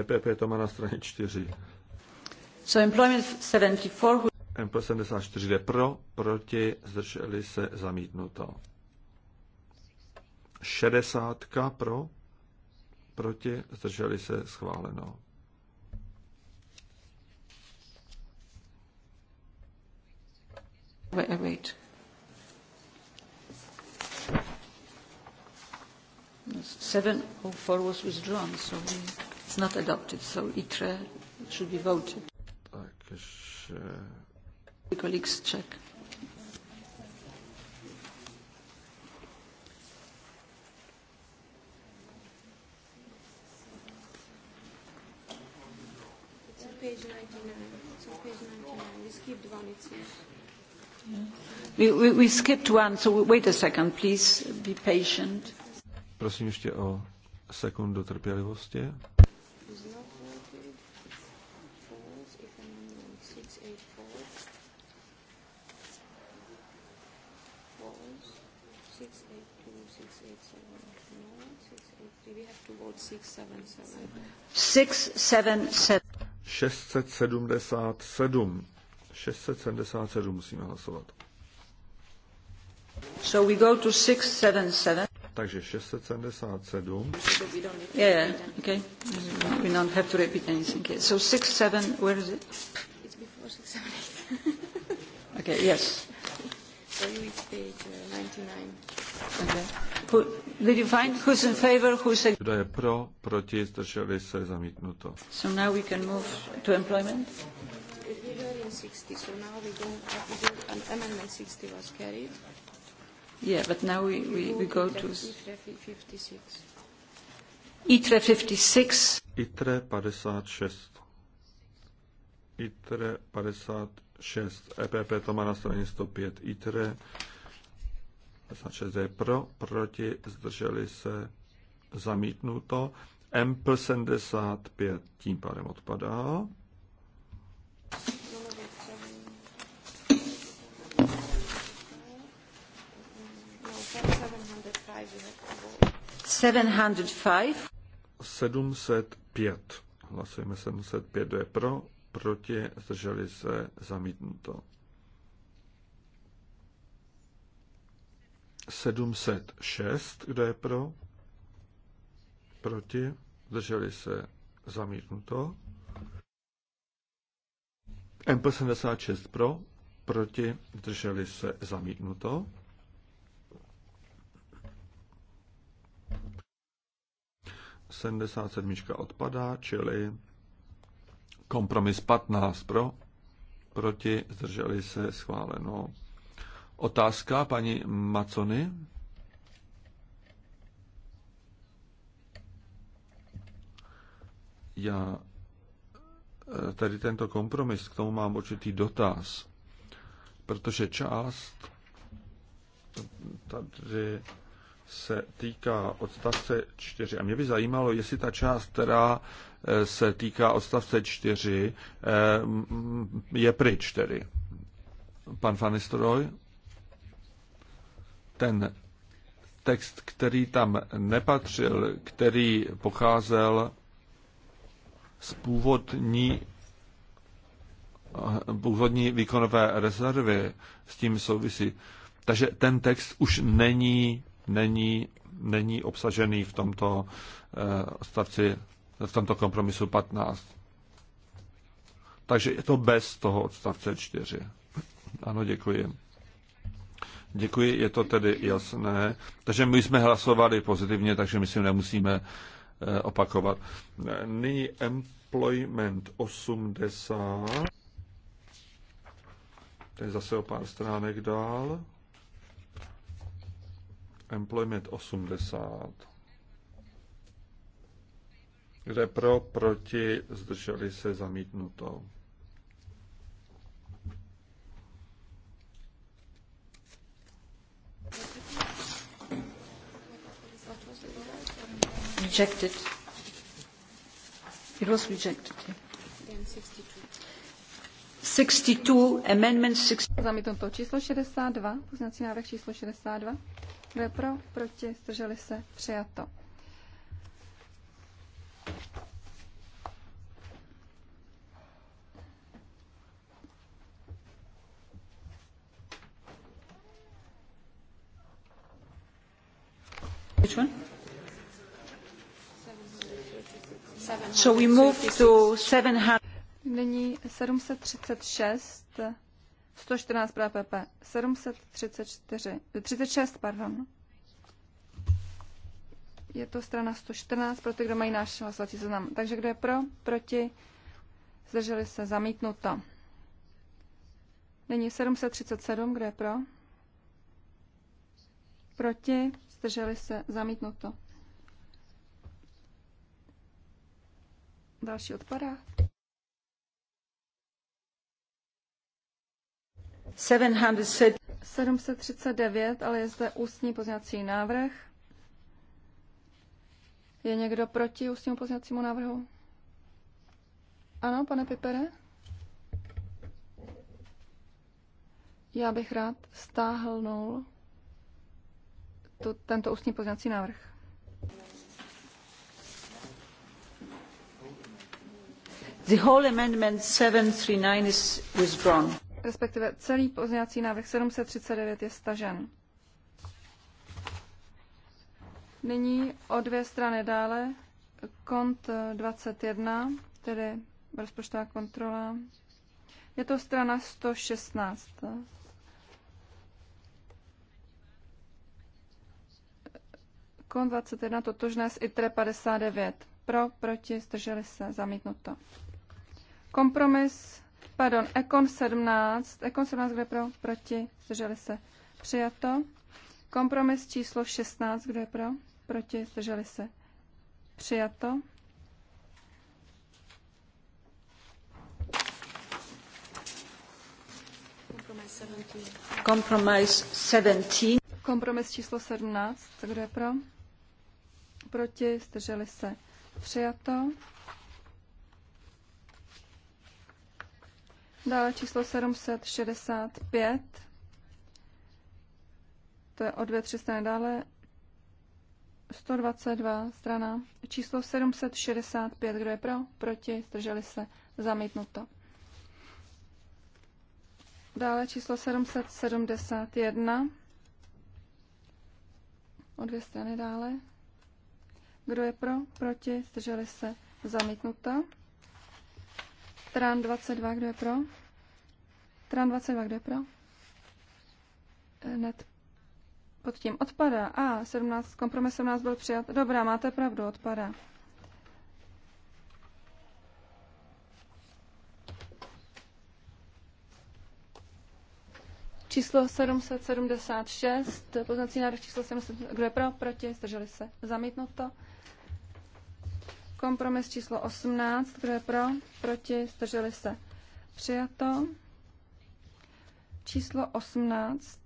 EPP eh, e to má na straně 4.
So Employment 74...
Empl 74 jde pro, proti, zdrželi se, zamítnuto. 60 pro, proti, zdrželi se, schváleno.
Wait, wait. 704 was withdrawn, so we, it's not adopted, so ITRE should be voted.
Takže... The
colleagues check. It's on 99. It's on 99. We skipped one, it seems. Yeah. We, we, we skipped one, so wait a second, please be patient.
Prosím ještě o sekundu trpělivosti.
Six, seven, seven.
677. 677 musíme hlasovat.
So we go to 677.
Takže 677.
Yeah, okay. We don't have to repeat anything. So 67, where is it?
It's before
okay, yes.
page uh, 99. Okay. did you find who's in favor, who's against?
Kdo je pro, proti, zdrželi se, zamítnuto.
So now we can move to employment? 60, so now we go, amendment 60 was carried. Yeah, but now we, we, we go to... ITRE 56. ITRE 56.
ITRE 56. EPP to má na straně 105. ITRE 56 je pro, proti, zdrželi se, zamítnuto. M 75 tím pádem odpadá.
705.
705. Hlasujeme 705. Kdo je pro? Proti? Zdrželi se? Zamítnuto. 706. Kdo je pro? Proti? Zdrželi se? Zamítnuto. MP76 pro? Proti? Zdrželi se? Zamítnuto. 77 odpadá, čili kompromis 15 pro, proti, zdrželi se, schváleno. Otázka paní Macony. Já eh, tady tento kompromis, k tomu mám určitý dotaz, protože část tady se týká odstavce 4. A mě by zajímalo, jestli ta část, která eh, se týká odstavce 4, eh, je pryč tedy. Pan Fanistroj? Ten text, který tam nepatřil, který pocházel z původní eh, původní výkonové rezervy s tím souvisí. Takže ten text už není není, není obsažený v tomto eh, odstavci, v tomto kompromisu 15. Takže je to bez toho odstavce 4. Ano, děkuji. Děkuji, je to tedy jasné. Takže my jsme hlasovali pozitivně, takže my si nemusíme eh, opakovat. Nyní Employment 80. To je zase o pár stránek dál. Employment 80. Kde pro, proti, zdrželi se zamítnuto.
Rejected. It was
rejected. sixty 62. 62, amendment 6... Zamítnuto číslo 62, poznací návrh číslo 62. Kdo je pro? Proti? Zdrželi se? Přijato. Which one? So we move to 700. Nyní 736 114 pro EPP, 734, 36, pardon. Je to strana 114 pro ty, kdo mají náš hlasovací seznam. Takže kdo je pro, proti, zdrželi se, zamítnuto. Nyní 737, kdo je pro, proti, zdrželi se, zamítnuto. Další odpadá. 739, ale je zde ústní pozněcí návrh. Je někdo proti ústnímu pozněcímu návrhu? Ano, pane Pipere? Já bych rád stáhlnul tu, tento ústní pozněcí návrh. The whole amendment 739 is withdrawn respektive celý pozměňovací návrh 739 je stažen. Nyní o dvě strany dále kont 21, tedy rozpočtová kontrola. Je to strana 116. Kont 21 totožné s ITRE 59. Pro, proti, zdrželi se, zamítnuto. Kompromis Pardon, Ekon 17. Ekon 17, kde pro? Proti. Zdrželi se. Přijato. Kompromis číslo 16, kdo je pro? Proti. Zdrželi se. Přijato.
Kompromis 17.
Kompromis číslo 17. Kdo je pro? Proti? Zdrželi se. Přijato. Dále číslo 765. To je o dvě, tři strany dále. 122 strana. Číslo 765. Kdo je pro? Proti? Zdrželi se? Zamítnuto. Dále číslo 771. O dvě strany dále. Kdo je pro? Proti? Zdrželi se? Zamítnuto. Tran 22, kdo je pro? Tran 22, kdo je pro? Eh, Net pod tím odpadá. A, 17, kompromis 17 byl přijat. Dobrá, máte pravdu, odpadá. Číslo 776, eh, poznací návrh číslo 776, kdo je pro, proti, zdrželi se, zamítnout to. Kompromis číslo 18, kdo je pro, proti, zdrželi se. Přijato. Číslo 18.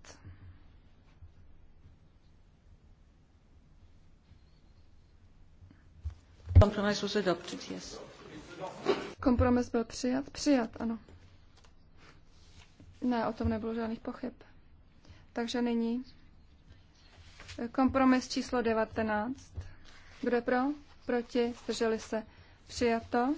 Kompromis was přijat, yes.
Kompromis byl přijat? Přijat, ano. Ne, o tom nebylo žádných pochyb. Takže nyní kompromis číslo 19. Kdo je pro? proti, zdrželi se, přijato.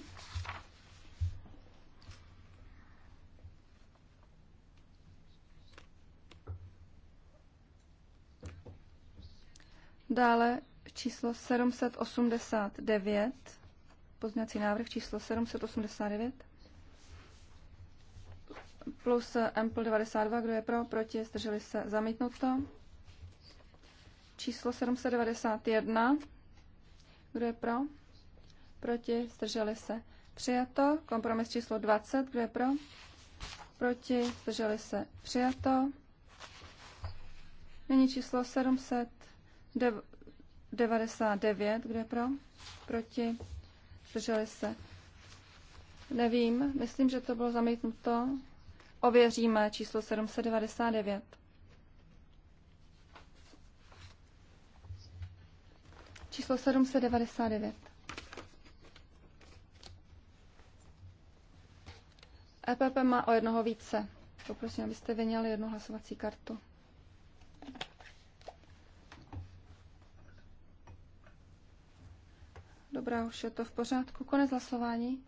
Dále číslo 789, pozměňovací návrh číslo 789 plus Ample 92, kdo je pro, proti, zdrželi se, zamítnuto. Číslo 791, kdo je pro? Proti? Zdrželi se. Přijato. Kompromis číslo 20. Kdo je pro? Proti? Zdrželi se. Přijato. Nyní číslo 799. Kdo je pro? Proti? Zdrželi se. Nevím. Myslím, že to bylo zamítnuto. Ověříme číslo 799. Číslo 799. EPP má o jednoho více. Poprosím, abyste vyněli jednu hlasovací kartu. Dobrá, už je to v pořádku. Konec hlasování.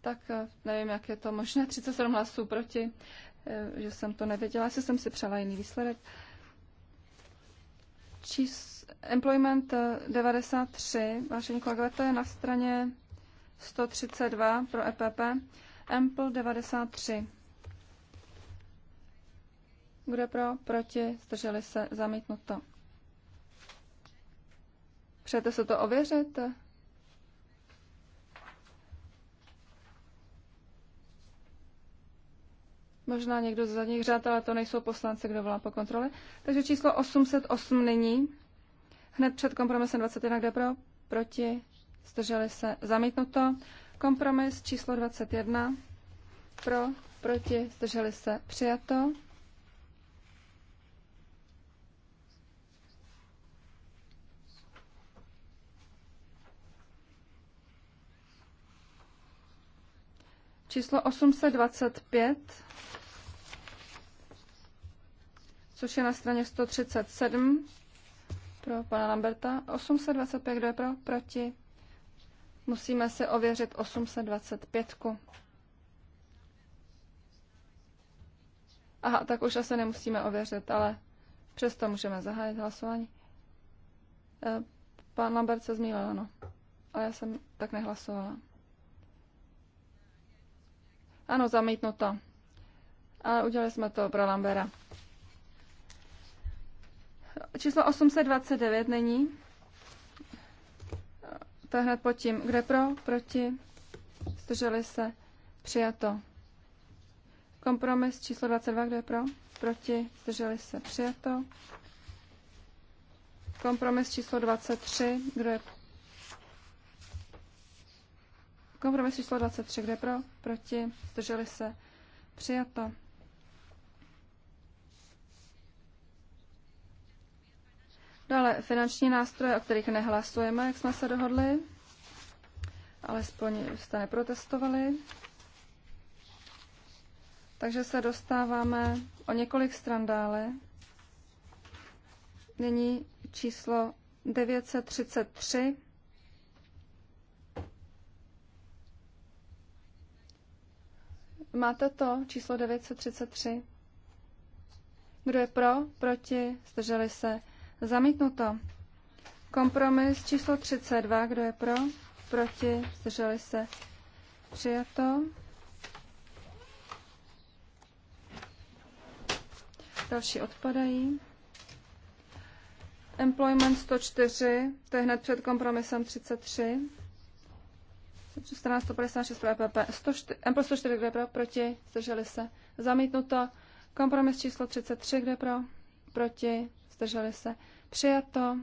Tak eh, nevím, jak je to možné. 37 hlasů proti, eh, že jsem to nevěděla, jestli jsem si přela jiný výsledek. Čís, employment 93, eh, vážení kolegové, to je na straně 132 pro EPP. Ample 93. Kdo pro, proti, zdrželi se, zamítnuto. Přejete se to ověřit? Možná někdo z zadních řád, ale to nejsou poslanci, kdo volá po kontrole. Takže číslo 808 nyní. Hned před kompromisem 21, kde pro, proti, zdrželi se, zamítnuto. Kompromis číslo 21, pro, proti, zdrželi se, přijato. Číslo 825 což je na straně 137 pro pana Lamberta. 825, kdo je pro? Proti. Musíme si ověřit 825. -ku. Aha, tak už asi nemusíme ověřit, ale přesto můžeme zahájit hlasování. E, pan Lambert se zmílil, ano. Ale já jsem tak nehlasovala. Ano, zamítnuto. Ale udělali jsme to pro Lambera. Číslo 829 není. To je hned pod tím. Kde pro? Proti? Zdrželi se? Přijato. Kompromis číslo 22. Kde je pro? Proti? Zdrželi se? Přijato. Kompromis číslo 23. Kdo je Kompromis číslo 23. Kde pro? Proti? Zdrželi se? Přijato. Dále finanční nástroje, o kterých nehlasujeme, jak jsme se dohodli. Alespoň jste neprotestovali. Takže se dostáváme o několik stran dále. Nyní číslo 933. Máte to, číslo 933? Kdo je pro, proti, zdrželi se, Zamítnuto. Kompromis číslo 32. Kdo je pro? Proti? Zdrželi se? Přijato. Další odpadají. Employment 104, to je hned před kompromisem 33. 1456 pro EPP. 104, employment 104, kde pro? Proti? Zdrželi se? Zamítnuto. Kompromis číslo 33, kde pro? Proti? zdrželi se, přijato.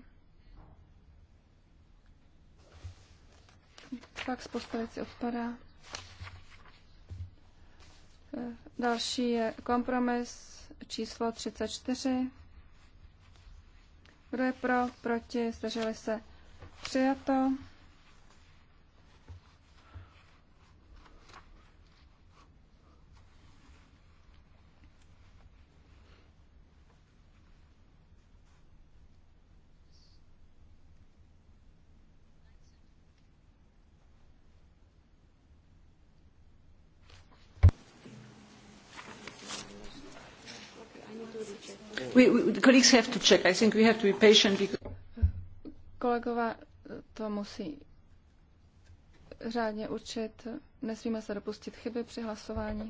Tak z postavici odpadá. Eh, další je kompromis číslo 34. Kdo je pro, proti, zdrželi se, přijato. to Kolegové to musí řádně určit. Nesmíme se dopustit chyby při hlasování.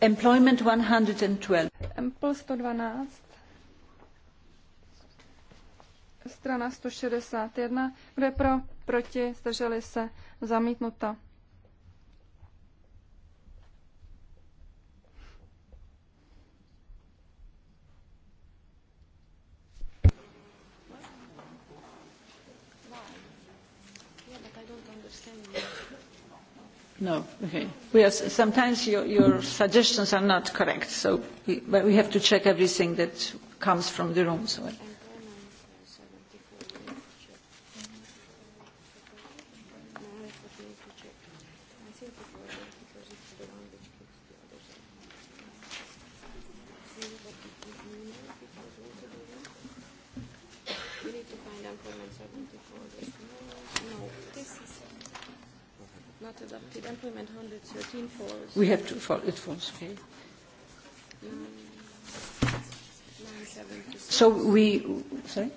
Employment 112. Employment 112.
112 strana 161, kde pro, proti, zdrželi se, zamítnuta.
No, okay. We are, sometimes your, your suggestions are not correct, so we, but we have to check everything that comes from the room. So. Amendment 113 falls. We have to fall. It falls. Okay.
So we, sorry?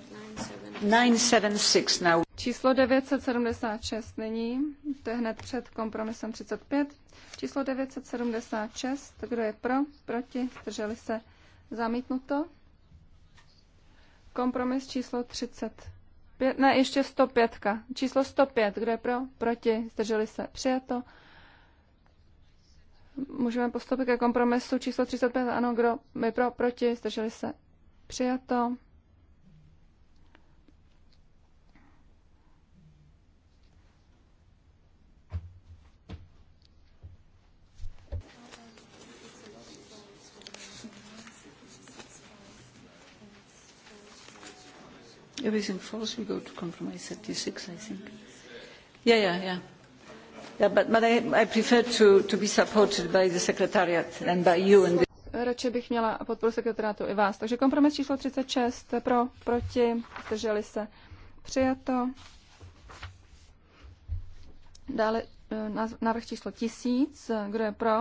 976 now. Číslo 976 nyní, to je hned před kompromisem 35. Číslo 976, kdo je pro, proti, zdrželi se, zamítnuto. Kompromis číslo 35, ne, ještě 105. Číslo 105, kdo je pro, proti, zdrželi se, přijato. Můžeme postoupit ke kompromisu číslo 35. Ano, kdo my pro, proti, zdrželi se. Přijato.
Everything falls, we go to compromise 36, I think. Yeah, yeah, yeah.
Radši bych měla podporu sekretariátu i vás. Takže kompromis číslo 36 pro, proti, zdrželi se. Přijato. Dále eh, návrh číslo 1000. Kdo je pro?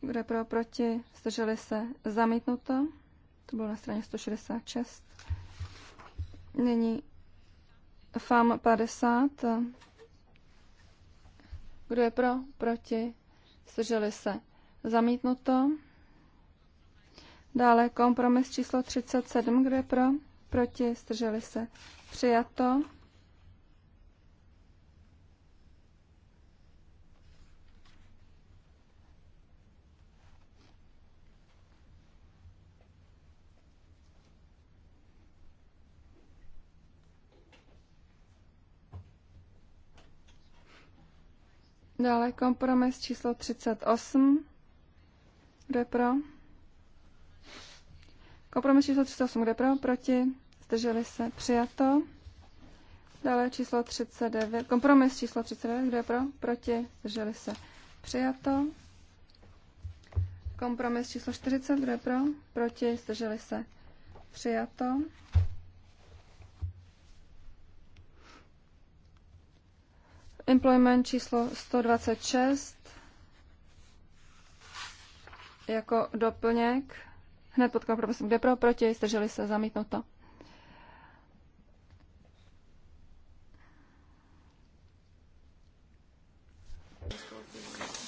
Kdo je pro, proti, zdrželi se. Zamítnuto. To bylo na straně 166. Nyní FAM 50. Kdo je pro? Proti? Zdrželi se. Zamítnuto. Dále kompromis číslo 37. Kdo je pro? Proti? Zdrželi se. Přijato. Dále kompromis číslo 38. Kdo je pro? Kompromis číslo 38. Kdo je pro? Proti? Zdrželi se? Přijato. Dále číslo 39. Kompromis číslo 39. Kdo je pro? Proti? Zdrželi se? Přijato. Kompromis číslo 40. Kdo je pro? Proti? Zdrželi se? Přijato. Employment číslo 126 jako doplněk hned pod kompromisem, kde pro, proti, zdrželi se, zamítnuto.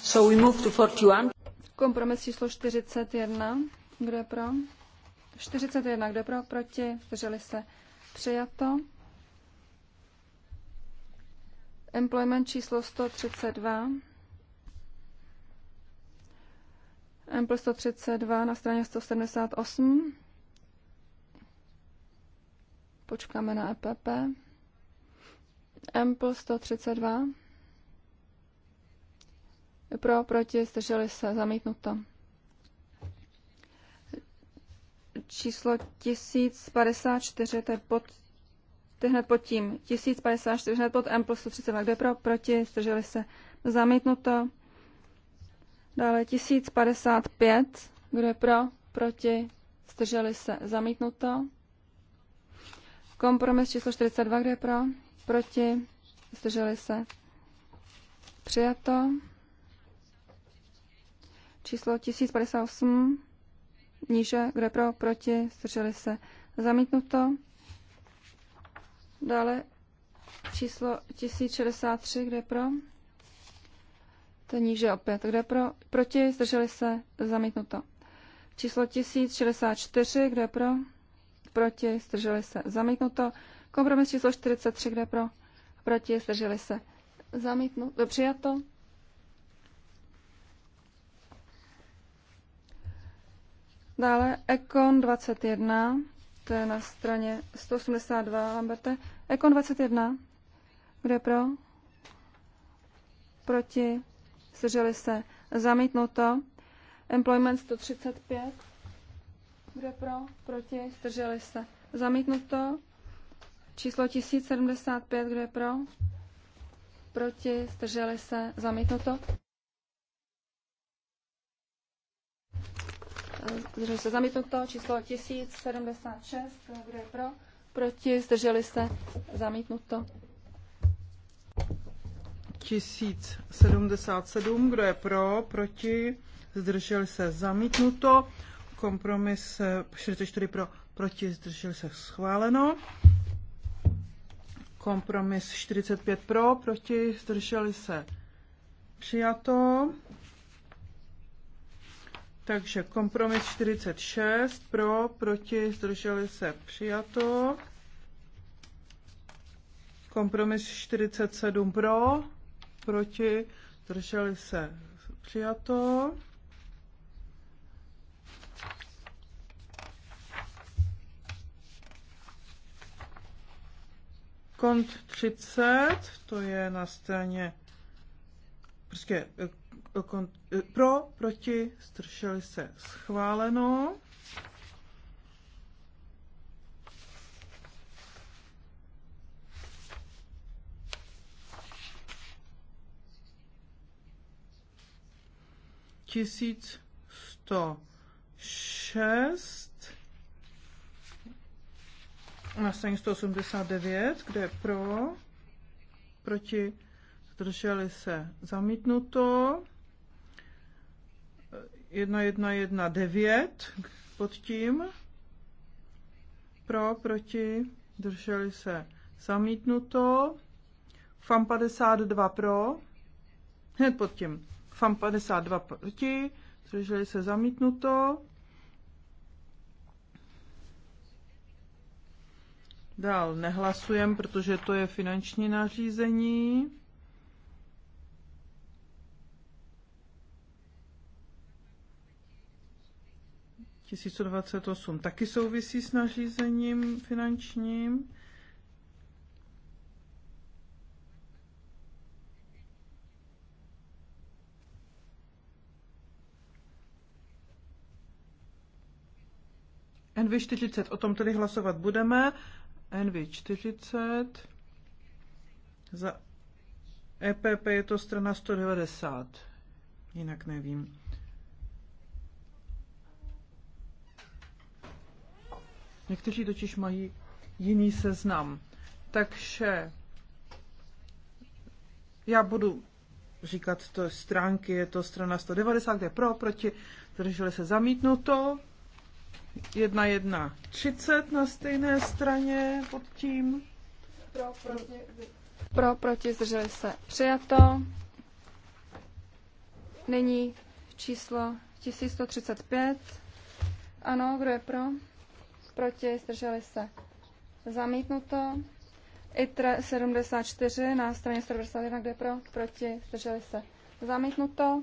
So we move to 41. Kompromis číslo 41, kde pro? 41, kde pro, proti, zdrželi se, přijato. Employment číslo 132. Employ 132 na straně 178. Počkáme na EPP. Empl 132. Pro, proti, zdrželi se, zamítnuto. Číslo 1054, to je pod ty hned pod tím 1054, hned pod M plus 132, kde pro, proti, zdrželi se zamítnuto. Dále 1055, kde pro, proti, zdrželi se zamítnuto. Kompromis číslo 42, kde pro, proti, zdrželi se přijato. Číslo 1058, níže, kde pro, proti, zdrželi se zamítnuto. Dále číslo 1063, kde je pro? To je níže opět. Kde je pro? Proti? Zdrželi se? Zamítnuto. Číslo 1064, kde je pro? Proti? Zdrželi se? Zamítnuto. Kompromis číslo 43, kde je pro? Proti? Zdrželi se? Zamítnuto. E, přijato. Dále Ekon 21 to je na straně 182, Lamberte. Ekon 21, kdo je pro? Proti? seželi se. Zamítnuto. Employment 135. Kdo je pro? Proti? seželi se. Zamítnuto. Číslo 1075. kde je pro? Proti? Zdrželi se. Zamítnuto. zdrželi se zamítnuto, číslo 1076, kdo je pro, proti, zdrželi se zamítnuto.
1077, kdo je pro, proti, zdrželi se zamítnuto, kompromis 44 eh, pro, proti, zdrželi se schváleno. Kompromis 45 pro, proti, zdrželi se přijato. Takže kompromis 46 pro, proti, zdrželi se přijato. Kompromis 47 pro, proti, zdrželi se přijato. Kont 30, to je na straně, prostě Eh, pro, proti, stršeli se schváleno. Tisíc sto šest na straně 189, kde je pro, proti, zdrželi se zamítnuto. 1119 pod tím. Pro, proti, drželi se zamítnuto. FAM 52 pro, hned pod tím. FAM 52 proti, drželi se zamítnuto. Dál nehlasujem, protože to je finanční nařízení. 1028 taky souvisí s nařízením finančním. NV40, o tom tedy hlasovat budeme. NV40 za EPP je to strana 190. Jinak nevím. Někteří totiž mají jiný seznam. Takže já budu říkat to stránky, je to strana 190, kde pro, proti, drželi se zamítnuto, 1.1.30
na stejné straně pod tím. Pro, proti, pro, proti zdrželi se přijato. Nyní číslo 1135. Ano, kdo je pro? proti, zdrželi se zamítnuto. ITRE 74 na straně 191, kde pro, proti, zdrželi se zamítnuto.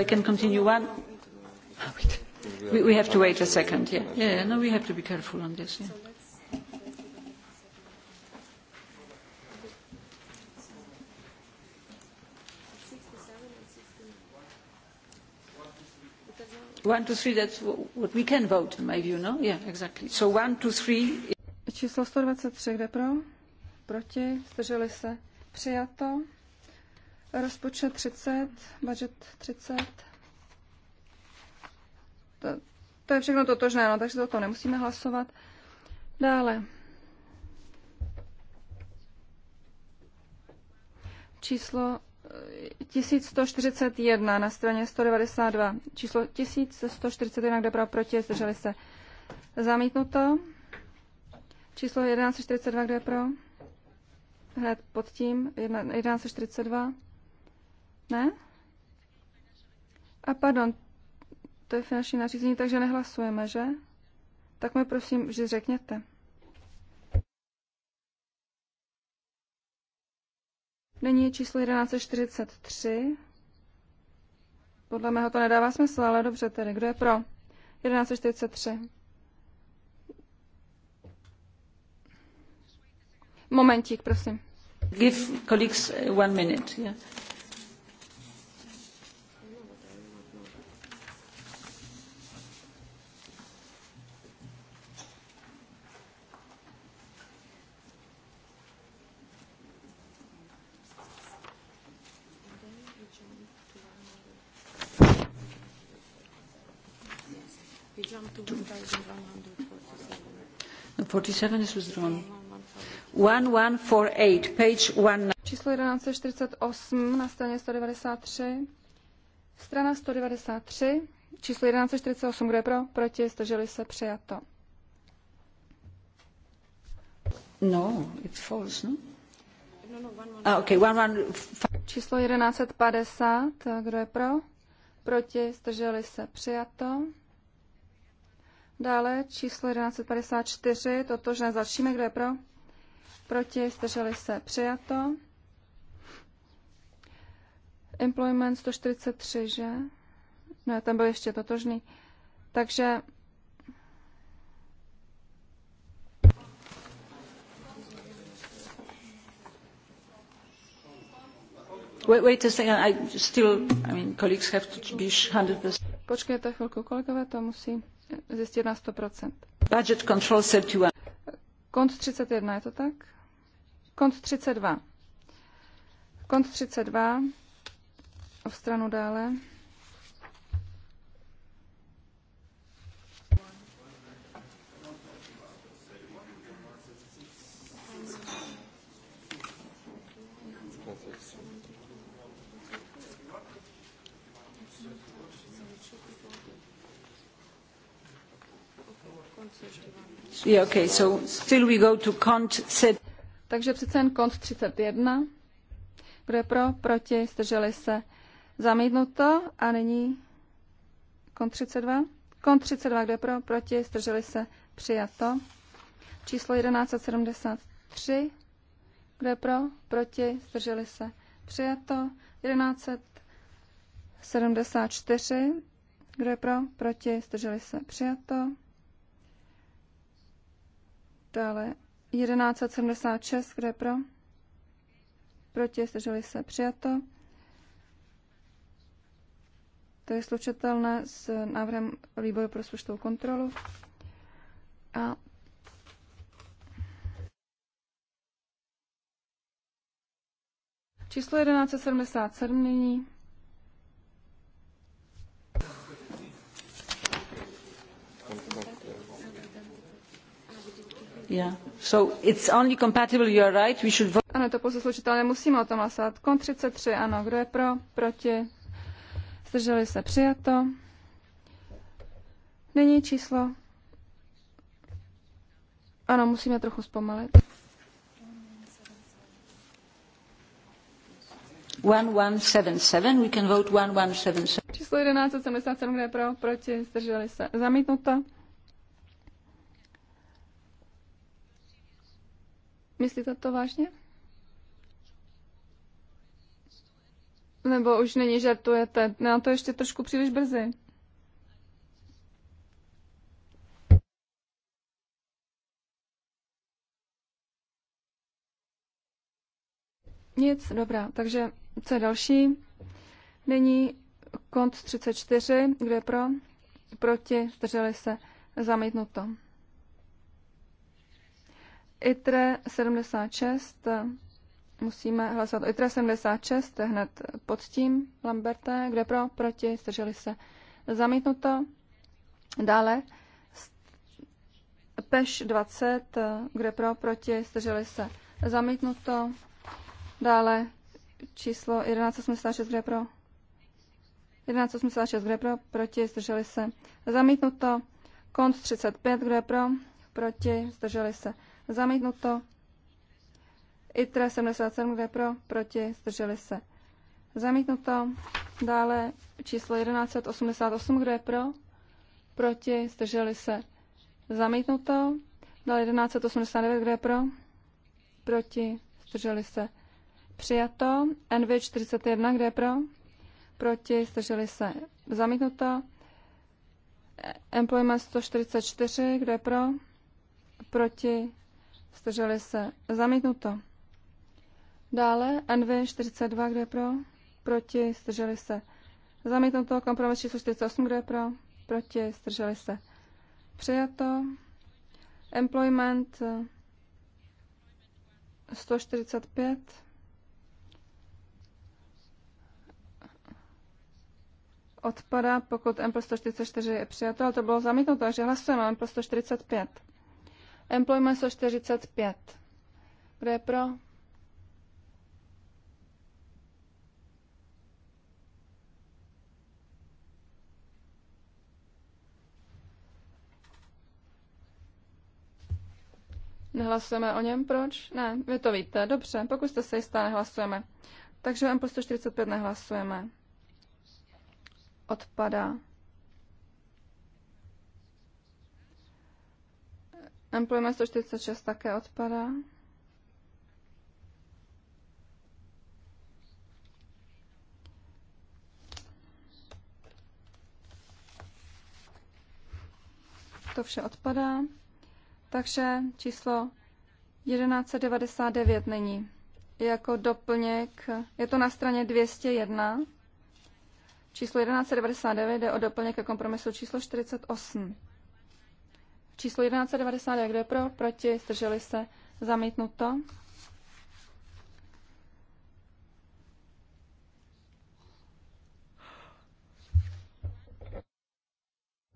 I can continue one. Oh,
ah, wait. We, have to wait a second. yeah, yeah.
No, we have to be careful on this. Yeah. One, two, three, that's what we can vote, in my view, no? Yeah, exactly. So one, two, three.
Číslo 123, kde pro? Proti? Zdrželi se? Přijato. Rozpočet 30, budget 30 to, to je všechno totožné, no, takže toto nemusíme hlasovat. Dále. Číslo 1141 eh, na straně 192. Číslo 1141, kde pro proti, zdrželi se. Zamítnuto. Číslo 1142, kde pro? Hned pod tím, 1142. Ne? A pardon, to je finanční nařízení, takže nehlasujeme, že? Tak mi prosím, že řekněte. Není je číslo 1143. Podle mého to nedává smysl, ale dobře tedy. Kdo je pro? 1143. Momentík, prosím. Give
colleagues eh, one minute. Yeah. 1148,
Číslo 1148 na straně 193. Strana 193, číslo 1148, kdo je pro, proti, zdrželi se, přijato.
No, it falls, no? no, no one, one, ah, okay, one, one,
číslo 1150, kdo je pro, proti, zdrželi se, přijato. Dále číslo 1154, toto že dalšími, kdo je pro? Proti, zdrželi se, přijato. Employment 143, že? No, tam byl ještě totožný. Takže
Wait, wait a second, I still, I mean, colleagues have to be 100%.
Počkejte chvilku, kolegové to musí zjistit na 100%.
Budget control 31.
Kont 31, je to tak? Kont 32. Kont 32, o stranu dále. Takže přece jen kont 31. Kdo je pro, proti, zdrželi se. Zamítnuto a nyní kont 32. Kont 32, kdo je pro, proti, zdrželi se. Přijato. Číslo 1173. Kdo je pro, proti, zdrželi se. Přijato. 1174. Kdo je pro, proti, zdrželi se. Přijato. Dále 1176, kde pro? Proti, zdrželi se, přijato. To je slučitelné s návrhem výboru pro sluštou kontrolu. A číslo 1177 nyní. Ano, to pouze slučitelné, musíme o tom hlasovat. Kon 33, ano, kdo je pro, proti, zdrželi se, přijato. Není číslo. Ano, musíme trochu zpomalit.
1177, we can vote 1177.
Číslo 1177, kde je pro, proti, zdrželi se, zamítnuto. Myslíte to vážně? Nebo už není žartujete? Na to ještě trošku příliš brzy. Nic, dobrá. Takže co je další? Není kont 34, kde pro? Proti, zdrželi se, zamítnuto. ITRE 76, musíme hlasovat o ITRE 76, hned pod tím Lamberté, kde pro, proti, strželi se zamítnuto. Dále PEŠ 20, kde pro, proti, strželi se zamítnuto. Dále číslo 1186, kde pro, 1186, kde pro, proti, strželi se zamítnuto. Kont 35, kde pro, proti, zdrželi se Zamítnuto. ITRE 77, kde pro, proti, zdrželi se. Zamítnuto. Dále číslo 1188, kde pro, proti, zdrželi se. Zamítnuto. Dále 1189, kde pro, proti, zdrželi se. Přijato. NV 41, kde pro, proti, zdrželi se. Zamítnuto. Employment 144, kde pro, proti, Zdrželi se. Zamítnuto. Dále NV42, kde je pro? Proti. Zdrželi se. Zamítnuto. Kompromis číslo 48, kde je pro? Proti. Zdrželi se. Přijato. Employment 145. Eh, Odpada, pokud M 144 je přijato, ale to bylo zamítnuto, takže hlasujeme M 145. Employment 145. Kdo je pro? Nehlasujeme o něm, proč? Ne, vy to víte, dobře, pokud jste se jistá, nehlasujeme. Takže M 145 nehlasujeme. Odpadá. Employment 146 také odpadá. To vše odpadá. Takže číslo 1199 není. Jako doplněk, je to na straně 201. Číslo 1199 jde o doplněk ke kompromisu číslo 48. Číslo 1190, kdo je pro, proti, zdrželi se, zamítnuto.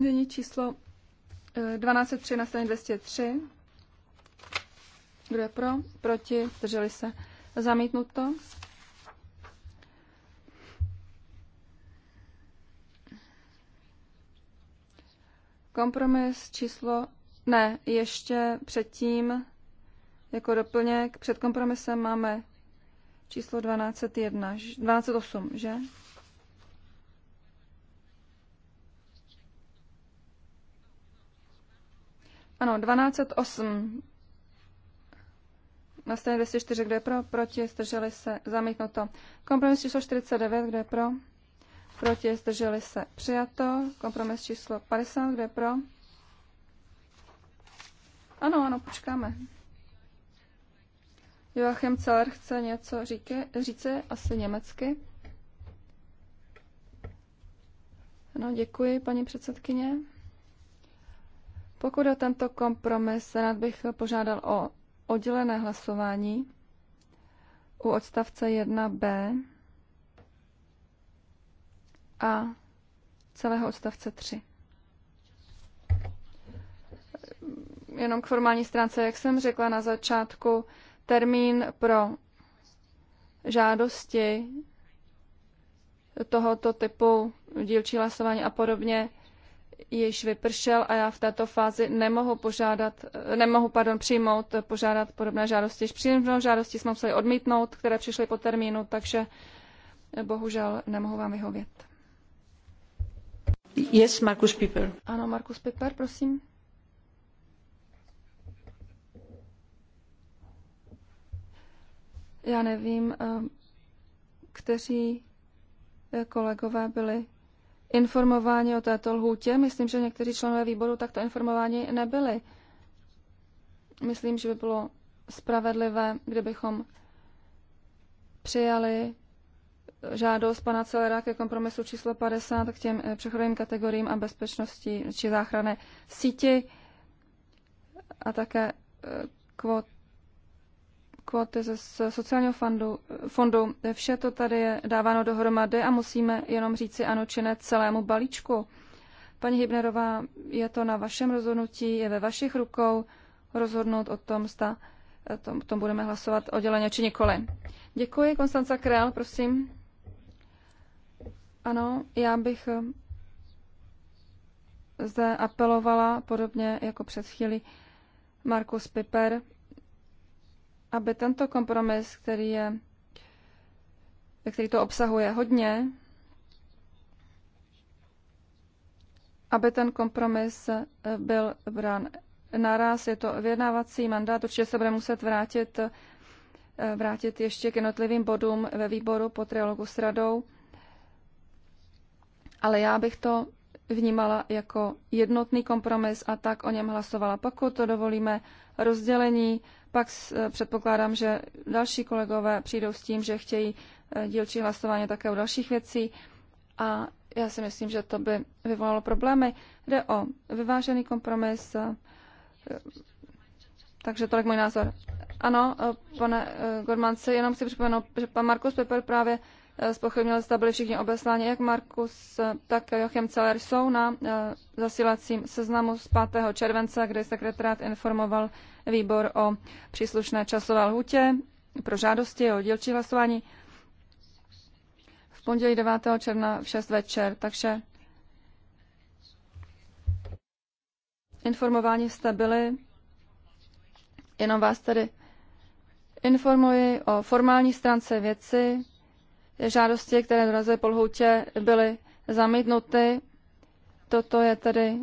Nyní číslo 1203 na straně 203. Kdo je pro? Proti? Zdrželi se? Zamítnuto. Kompromis číslo, ne, ještě předtím, jako doplněk, před kompromisem máme číslo 1201, 1208, že? Ano, 1208. Na straně 204, kde je pro, proti, zdrželi se, zamítnuto. Kompromis číslo 49, kde je pro, proti, zdrželi se, přijato. Kompromis číslo 50, kde pro? Ano, ano, počkáme. Joachim Celer chce něco říky, říci, asi německy. Ano, děkuji, paní předsedkyně. Pokud o tento kompromis, Senát bych požádal o oddělené hlasování u odstavce 1b a celého odstavce 3. Jenom k formální stránce, jak jsem řekla na začátku, termín pro žádosti tohoto typu dílčí hlasování a podobně již vypršel a já v této fázi nemohu požádat, nemohu, pardon, přijmout, požádat podobné žádosti. Již příjemnou žádosti jsme museli odmítnout, které přišly po termínu, takže bohužel nemohu vám vyhovět. Ano, prosím. Já nevím, eh, kteří eh, kolegové byli informováni o této lhůtě. Myslím, že někteří členové výboru takto informováni nebyli. Myslím, že by bylo spravedlivé, kdybychom přijali žádost pana Celera ke kompromisu číslo 50 k těm eh, přechodovým kategoriím a bezpečnosti či záchrané síti a také eh, kvot, kvoty ze sociálního fondu, fondu. Vše to tady je dáváno dohromady a musíme jenom říci ano či ne celému balíčku. Paní Hybnerová, je to na vašem rozhodnutí, je ve vašich rukou rozhodnout o tom, zda eh, tom, tom budeme hlasovat odděleně či nikoli. Děkuji, Konstanca Král, prosím. Ano, já bych eh, zde apelovala, podobně jako před chvíli Markus Piper, aby tento kompromis, který je který to obsahuje hodně, aby ten kompromis eh, byl brán naraz. Je to vyjednávací mandát, určitě se bude muset vrátit, eh, vrátit ještě k jednotlivým bodům ve výboru po trialogu s radou ale já bych to vnímala jako jednotný kompromis a tak o něm hlasovala. Pokud to dovolíme rozdělení, pak eh, předpokládám, že další kolegové přijdou s tím, že chtějí eh, dílčí hlasování také u dalších věcí a já si myslím, že to by vyvolalo problémy. Jde o vyvážený kompromis, eh, takže tolik můj názor. Ano, pane Gormance, jenom si připomenu, že pan Markus Pepper právě Eh, spochybnil, zda byli všichni obesláni, jak Markus, eh, tak Jochem Celer jsou na eh, zasílacím seznamu z 5. července, kde sekretariat informoval výbor o příslušné časové lhutě pro žádosti o dílčí hlasování v pondělí 9. června v 6 večer, takže informováni jste byli, jenom vás tedy informuji o formální stránce věci, žádosti, které dorazily po lhoutě, byly zamítnuty. Toto je tedy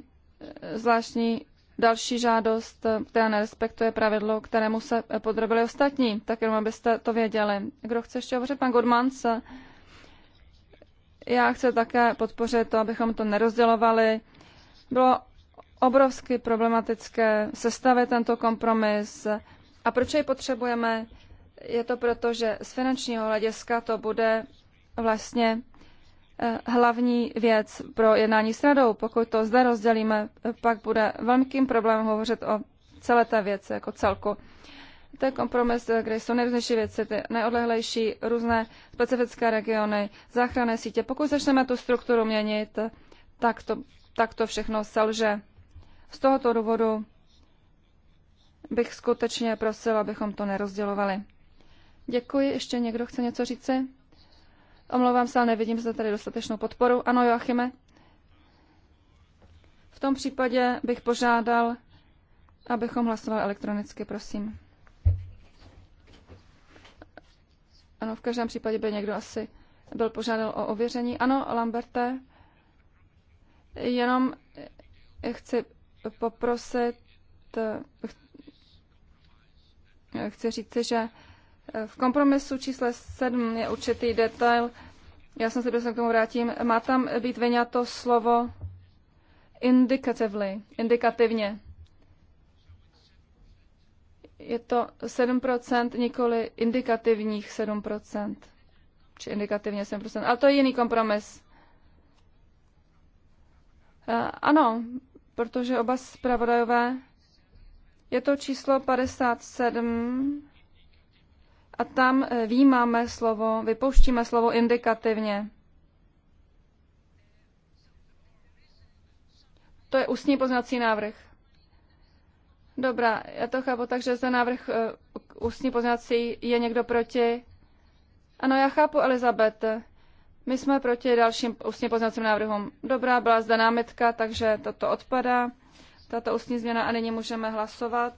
eh, zvláštní další žádost, eh, která nerespektuje pravidlo, kterému se eh, podrobili ostatní, tak jenom abyste to věděli. Kdo chce ještě hovořit? Pan Godmans. Já chci také podpořit to, abychom to nerozdělovali. Bylo obrovsky problematické sestavit tento kompromis. A proč jej potřebujeme? Je to proto, že z finančního hlediska to bude vlastně eh, hlavní věc pro jednání s radou. Pokud to zde rozdělíme, pak bude velkým problémem hovořit o celé té věci jako celku. To je kompromis, kde jsou nejrůznější věci, ty nejodlehlejší, různé specifické regiony, záchranné sítě. Pokud začneme tu strukturu měnit, tak to, tak to všechno selže. Z tohoto důvodu bych skutečně prosil, abychom to nerozdělovali. Děkuji. Ještě někdo chce něco říci? Omlouvám se, ale nevidím zde tady dostatečnou podporu. Ano, Joachime? V tom případě bych požádal, abychom hlasovali elektronicky, prosím. Ano, v každém případě by někdo asi byl požádal o ověření. Ano, Lamberte, jenom chci poprosit, chci říci, že v kompromisu čísle 7 je určitý detail, já jsem se se k tomu vrátím, má tam být vyňato slovo indicatively, indikativně. Je to 7%, nikoli indikativních 7%, či indikativně 7%, ale to je jiný kompromis. Eh, ano, protože oba zpravodajové, je to číslo 57, a tam eh, výjímáme slovo, vypouštíme slovo indikativně. To je ústní poznací návrh. Dobrá, já to chápu, takže ten návrh eh, ústní poznací je někdo proti. Ano, já chápu, Elizabet. My jsme proti dalším ústně poznacím návrhům. Dobrá, byla zde námitka, takže toto odpadá. Tato ústní změna a nyní můžeme hlasovat.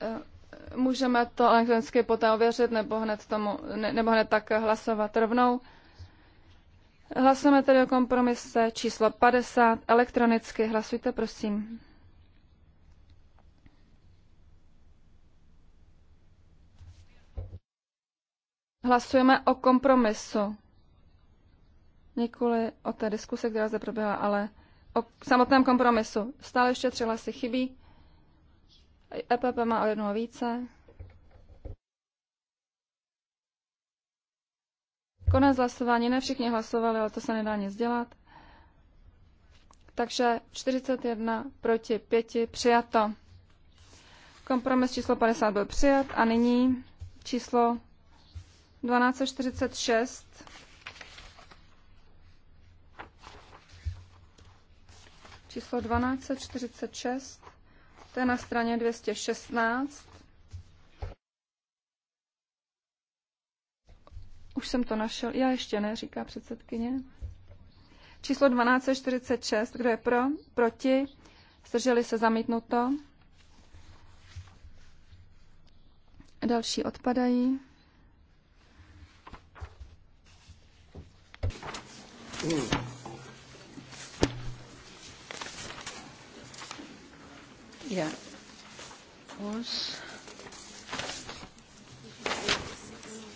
Eh, Můžeme to elektronicky poté ověřit nebo hned, tomu, ne, nebo hned tak hlasovat rovnou. Hlasujeme tedy o kompromise číslo 50 elektronicky. Hlasujte, prosím. Hlasujeme o kompromisu. Nikoli o té diskuse, která zde proběhla, ale o samotném kompromisu. Stále ještě tři hlasy chybí. EPP má o jednoho více. Konec hlasování. Ne všichni hlasovali, ale to se nedá nic dělat. Takže 41 proti 5 přijato. Kompromis číslo 50 byl přijat a nyní číslo 1246. Číslo 1246. To je na straně 216. Už jsem to našel. Já ještě ne, říká předsedkyně. Číslo 1246. Kdo je pro? Proti? Zdrželi se zamítnuto. Další odpadají.
Mm.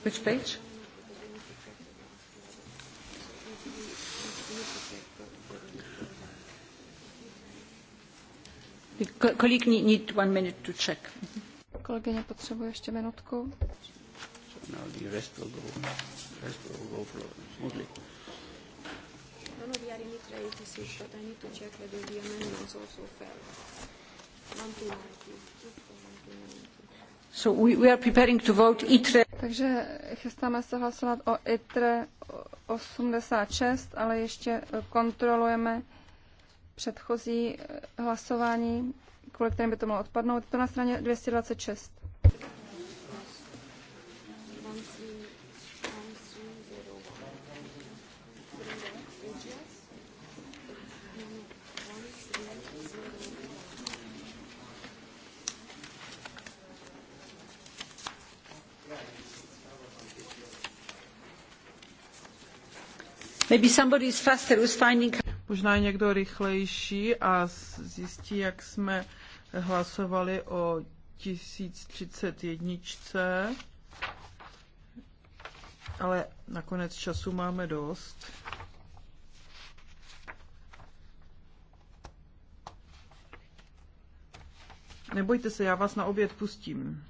Which page? The need one minute to check. Mm-hmm. Kolegyně potřebuje ještě minutku. So no, now the rest will go, rest will go smoothly.
No, no, the need to check whether the amendments also fell.
So we, we are preparing to vote ITRE.
Takže chystáme se hlasovat o ITRE 86, ale ještě kontrolujeme předchozí hlasování, kvůli kterým by to mělo odpadnout. to na straně 226.
Možná je někdo rychlejší a zjistí, jak jsme hlasovali o 1031. Ale nakonec času máme dost. Nebojte se, já vás na oběd pustím.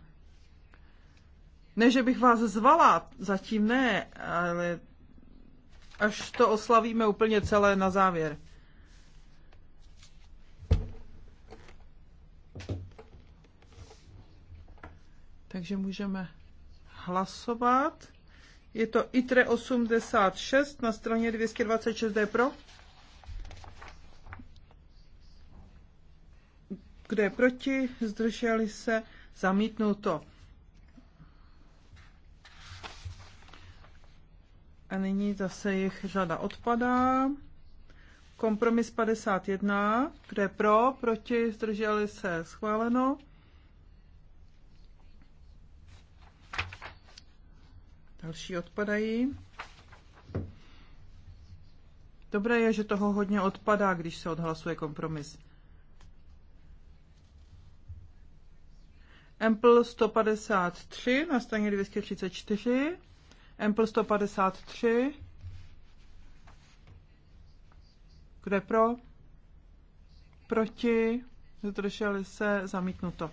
Ne, že bych vás zvala, zatím ne, ale až to oslavíme úplně celé na závěr. Takže můžeme hlasovat. Je to ITRE 86 na straně 226 D pro. Kdo je proti? Zdrželi se? Zamítnuto. A nyní zase jich řada odpadá. Kompromis 51, kde je pro, proti, zdrželi se, schváleno. Další odpadají. Dobré je, že toho hodně odpadá, když se odhlasuje kompromis. Ample 153 na straně 234. Ample 153. Kdo je pro? Proti? Zdrželi se? Zamítnuto.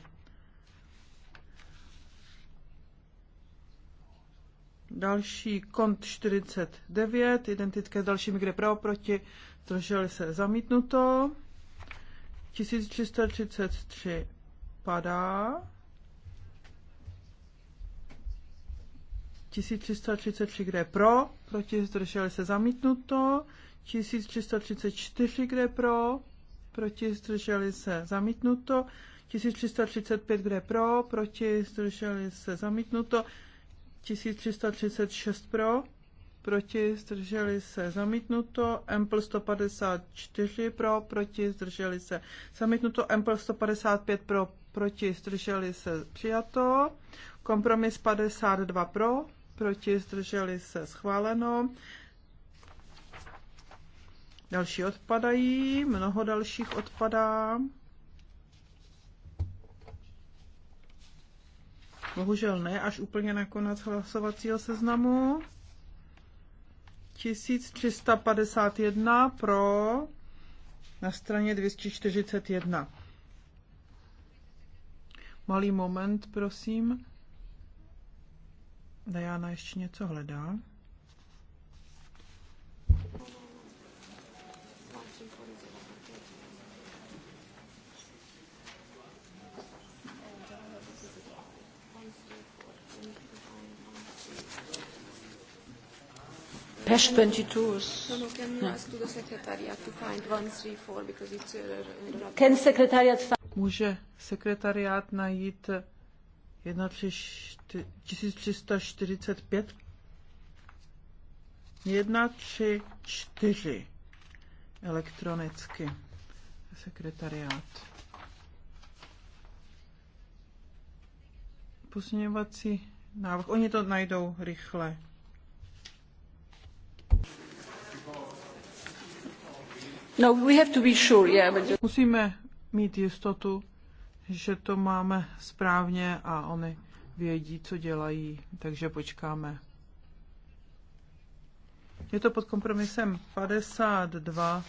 Další kont 49, identické s dalšími, kde pro, proti, zdrželi se zamítnuto. 1333 padá. 1333, kde je pro, proti zdrželi se zamítnuto, 1334, kde je pro, proti zdrželi se zamítnuto, 1335, kde je pro, proti zdrželi se zamítnuto, 1336 pro, proti zdrželi se zamítnuto, Ample 154 pro, proti zdrželi se zamítnuto, Ample 155 pro, proti zdrželi se přijato, kompromis 52 pro, proti, zdrželi se schváleno. Další odpadají, mnoho dalších odpadá. Bohužel ne, až úplně na konec hlasovacího seznamu. 1351 pro na straně 241. Malý moment, prosím. Diana ještě něco hledá.
Pesh no, no,
no. uh, 22.
Může sekretariát najít tři čtyři elektronicky sekretariát. Posměvací návrh. Oni to najdou rychle. No, we have to be sure, yeah, but... Musíme mít jistotu že to máme správně a oni vědí, co dělají, takže počkáme. Je to pod kompromisem 52.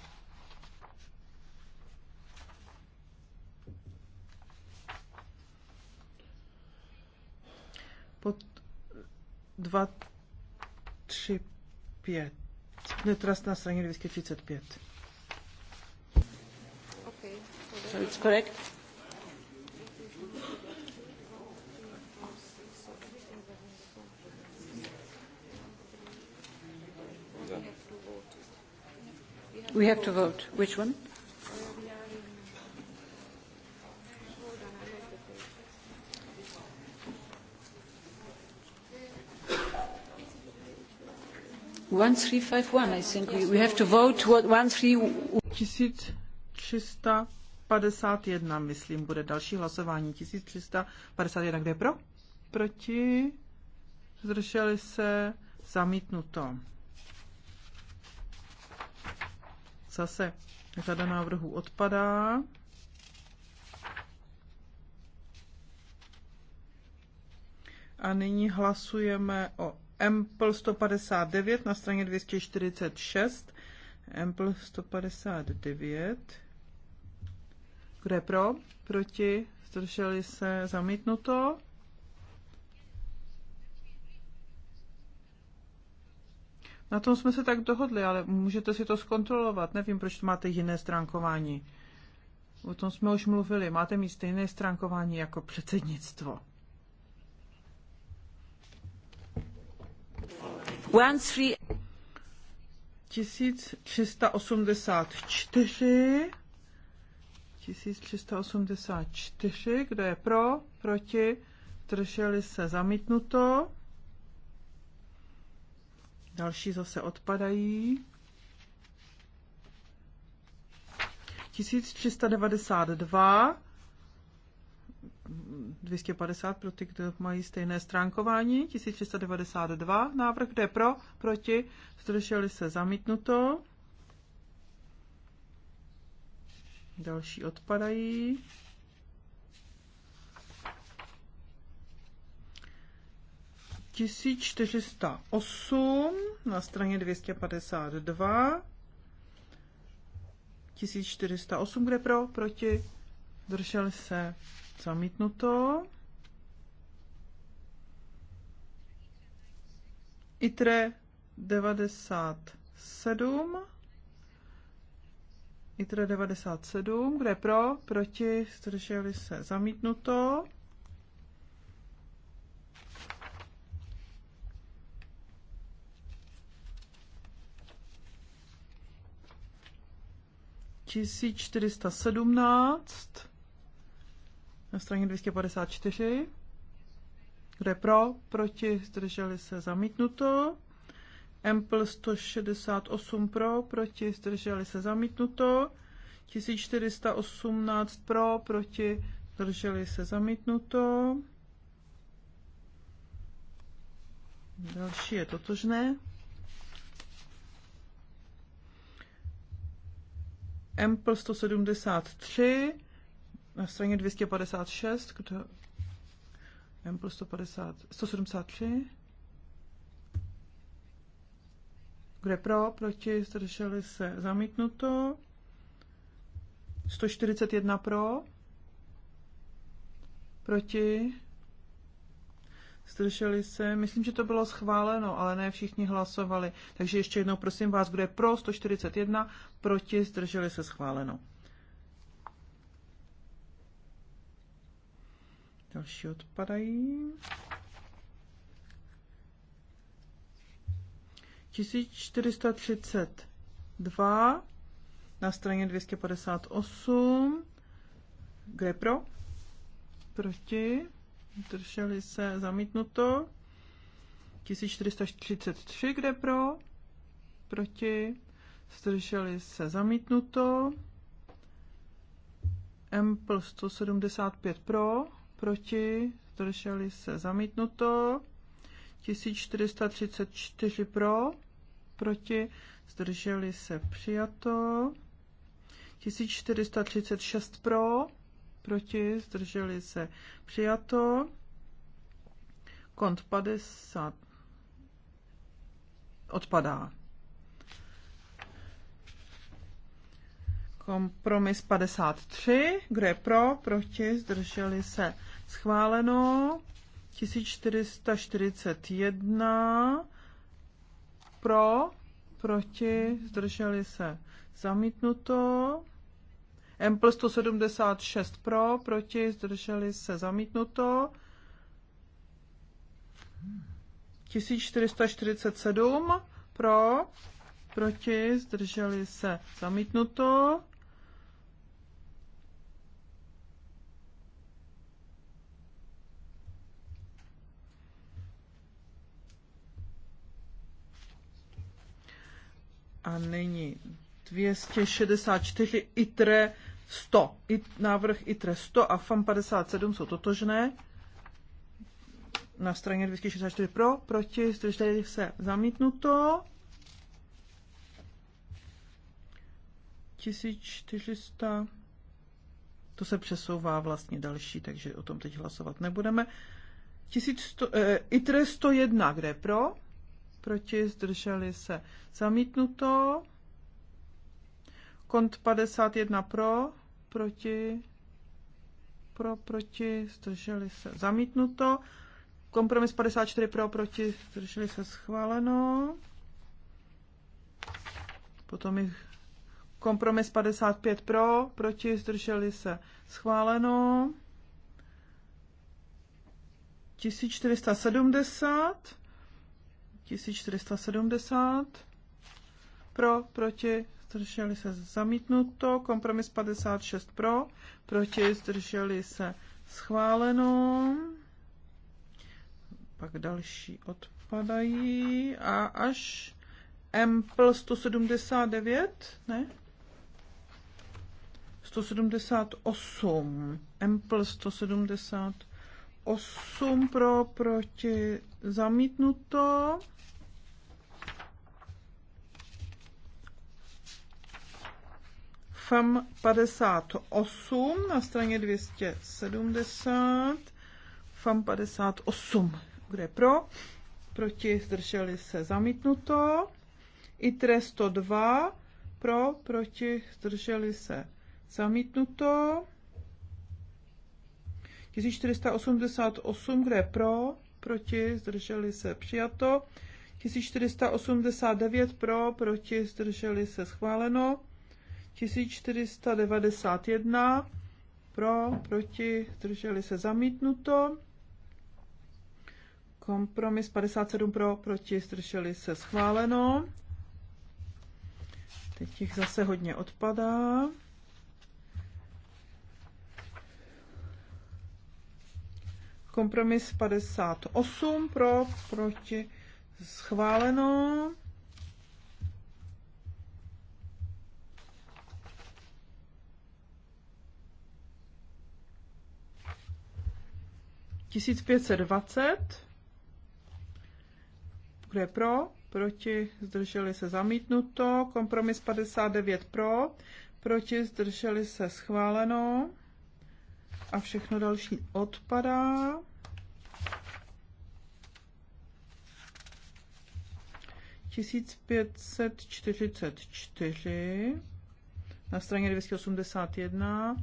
Pod 2, 3, 5. Ne, trast na straně 235.
Okay. So it's correct?
We have to vote. Which
one? One three five one. I think we, we have to
vote what one three. 1351, myslím, bude další hlasování. 1351, kde je pro? Proti? Zdrželi se? Zamítnuto. Zase řada návrhů odpadá. A nyní hlasujeme o Ample 159 na straně 246. Ample 159. Kdo je pro? Proti? Zdrželi se? Zamítnuto. Na tom jsme se tak dohodli, ale můžete si to zkontrolovat. Nevím, proč to máte jiné stránkování. O tom jsme už mluvili. Máte mít stejné stránkování jako předsednictvo. tisíc free... 1384 1384, kdo je pro, proti, drželi se zamítnuto. Další zase odpadají. 1392 250 pro ty, kdo mají stejné stránkování, 1392 návrh, kde pro, proti, zdrželi se zamítnuto. Další odpadají. 1408 na straně 252. 1408, kde pro, proti, držel se zamítnuto. ITRE 97. ITRE 97, kde pro, proti, zdrželi se zamítnuto. 1417 na straně 254. Kdo je pro, proti, zdrželi se zamítnuto. Empl 168 pro, proti, zdrželi se zamítnuto. 1418 pro, proti, zdrželi se zamítnuto. Další je totožné. Ample 173 na straně 256, kdo Ample 150, 173. Kde pro, proti, zdrželi se, zamítnuto. 141 pro, proti, Zdrželi se? Myslím, že to bylo schváleno, ale ne všichni hlasovali. Takže ještě jednou prosím vás, kdo je pro 141, proti, zdrželi se schváleno. Další odpadají. 1432 na straně 258. Kde pro? Proti Drželi se zamítnuto. 1433, kde pro? Proti. Zdrželi se zamítnuto. m plus 175 pro, proti, zdrželi se zamítnuto. 1434 pro, proti, zdrželi se přijato. 1436 pro, proti, zdrželi se přijato. Kont 50 odpadá. Kompromis 53, kdo je pro, proti, zdrželi se schváleno. 1441 pro, proti, zdrželi se zamítnuto. Empl 176 pro, proti, zdrželi se zamítnuto. 1447 pro, proti, zdrželi se zamítnuto. A nyní 264 ITRE 100, i, návrh ITRE 100 a FAM 57 jsou totožné. Na straně 264 pro, proti, zdrželi se zamítnuto. 1400, to se přesouvá vlastně další, takže o tom teď hlasovat nebudeme. 1100, eh, ITRE 101, kde pro? Proti, zdrželi se zamítnuto. Kont 51 pro, proti, pro, proti, zdrželi se, zamítnuto. Kompromis 54 pro, proti, zdrželi se, schváleno. Potom jich kompromis 55 pro, proti, zdrželi se, schváleno. 1470, 1470, pro, proti, zdrželi se zamítnuto, kompromis 56 pro, proti zdrželi se schváleno, pak další odpadají a až plus 179, ne? 178, plus 178 pro, proti zamítnuto, FEM 58 na straně 270. FAM 58. Kde pro? Proti zdrželi se zamítnuto. ITRE 102. Pro, proti zdrželi se zamítnuto. 1488, kde pro, proti zdrželi se přijato. 1489 pro, proti zdrželi se schváleno. 1491 pro, proti, drželi se zamítnuto. Kompromis 57 pro, proti, zdrželi se schváleno. Teď jich zase hodně odpadá. Kompromis 58 pro, proti, schváleno. 1520. Kdo je pro? Proti? Zdrželi se zamítnuto. Kompromis 59 pro. Proti? Zdrželi se schváleno. A všechno další odpadá. Tisíc pětset čtyřicet čtyři na straně 281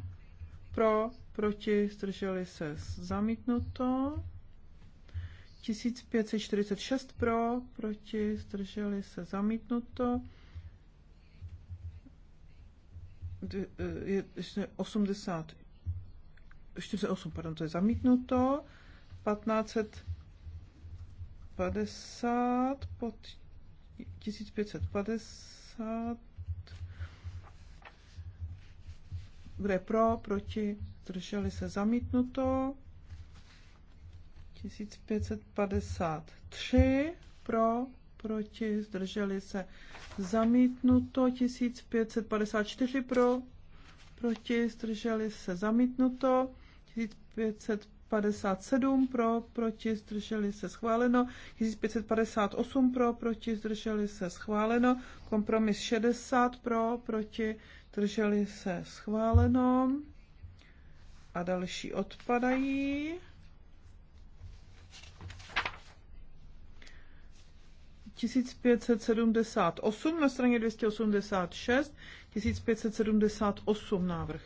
pro proti, zdrželi se zamítnuto. 1546 pro, proti, zdrželi se zamítnuto. 80, 48, e, pardon, to je zamítnuto. 1550 pod 1550 je pro, proti, zdrželi se zamítnuto. 1553 pro, proti, zdrželi se zamítnuto. 1554 pro, proti, zdrželi se zamítnuto. 1557 pro, proti, zdrželi se schváleno. 1558 pro, proti, zdrželi se schváleno. Kompromis 60 pro, proti, Drželi se schváleno. A další odpadají. Tisíc osm na straně 286, 1578 návrh.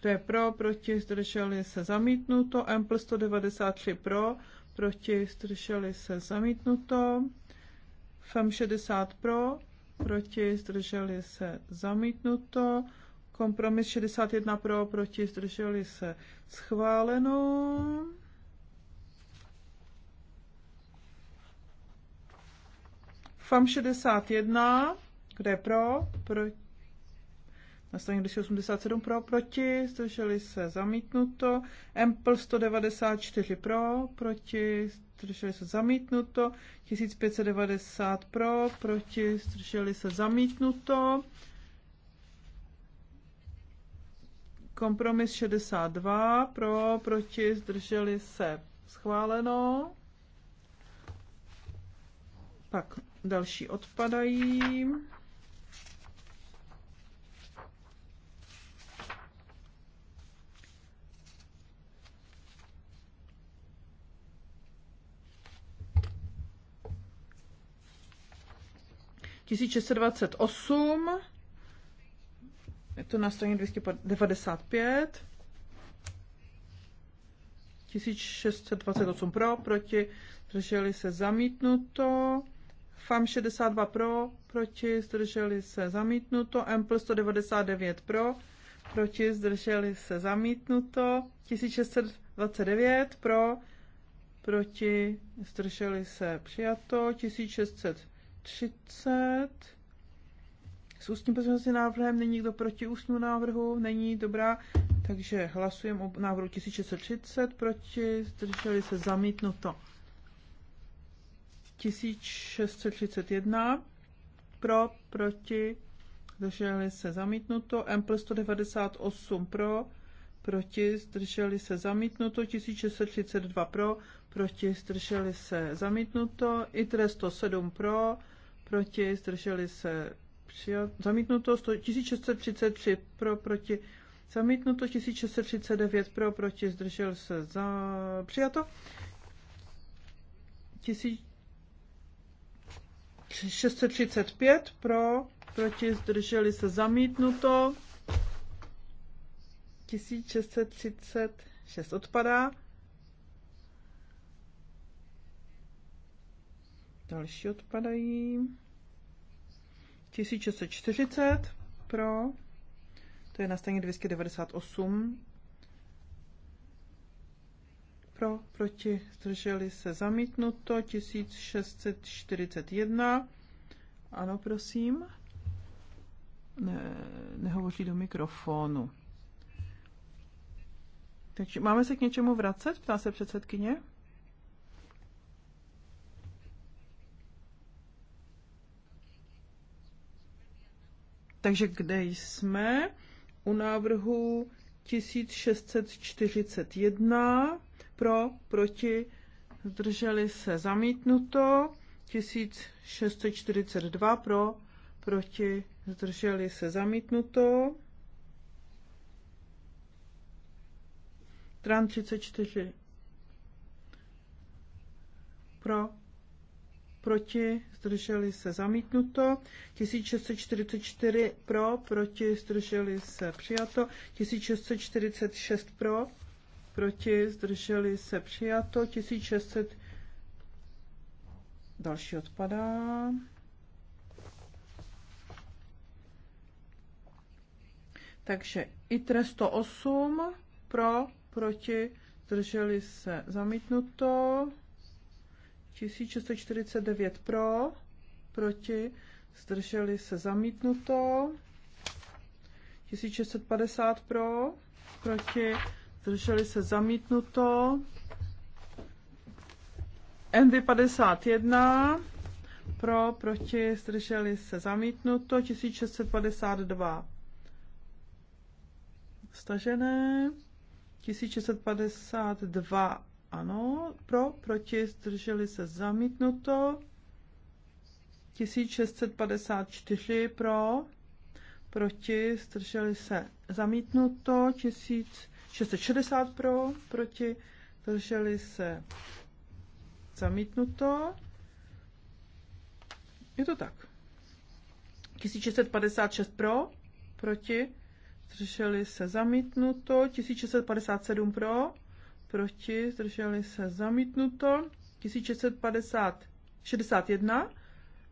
Kdo je pro, proti, zdrželi se zamítnuto, M plus 193 pro, proti, zdrželi se zamítnuto, FEM 60 pro, proti, zdrželi se zamítnuto. Kompromis 61 pro, proti, zdrželi se schváleno. FAM 61, kde pro, proti na straně 287 pro, proti, zdrželi se zamítnuto, Ample 194 pro, proti, zdrželi se zamítnuto, 1590 pro, proti, zdrželi se zamítnuto, kompromis 62 pro, proti, zdrželi se schváleno, pak další odpadají. 1628, je to na straně 295, 1628 pro, proti, zdrželi se zamítnuto, FAM 62 pro, proti, zdrželi se zamítnuto, Ample 199 pro, proti, zdrželi se zamítnuto, 1629 pro, proti, zdrželi se přijato, 1600 30. S ústním pozměňovacím návrhem není nikdo proti ústnímu návrhu, není dobrá, takže hlasujeme o návrhu 1630, proti, zdrželi se zamítnuto. 1631, pro, proti, zdrželi se zamítnuto, M plus 198 pro, proti, zdrželi se zamítnuto, 1632 pro, proti, zdrželi se zamítnuto, ITRE 107 pro, proti, zdrželi se přijat, zamítnuto 1633 pro, proti, zamítnuto 1639 pro, proti, zdržel se za, přijato 1635 pro, proti, zdrželi se zamítnuto 1636 odpadá Další odpadají. 1640 pro. To je na straně 298. Pro, proti, zdrželi se zamítnuto. 1641. Ano, prosím. Ne, nehovoří do mikrofonu. Takže máme se k něčemu vracet? Ptá se předsedkyně. Takže kde jsme? U návrhu 1641 pro, proti, zdrželi se zamítnuto, 1642 pro, proti, zdrželi se zamítnuto, Tran 34 pro, proti, zdrželi se zamítnuto, 1644 pro, proti, zdrželi se přijato, 1646 pro, proti, zdrželi se přijato, 1600 další odpadá. Takže ITRE 108 pro, proti, zdrželi se zamítnuto. 1649 pro, proti, zdrželi se zamítnuto. 1650 pro, proti, zdrželi se zamítnuto. NV51 pro, proti, zdrželi se zamítnuto. 1652 stažené. 1652 ano, pro, proti, zdrželi se zamítnuto. 1654 pro, proti, zdrželi se zamítnuto. 1660 pro, proti, zdrželi se zamítnuto. Je to tak. 1656 pro, proti, zdrželi se zamítnuto. 1657 pro, proti, zdrželi se zamítnuto. 1650,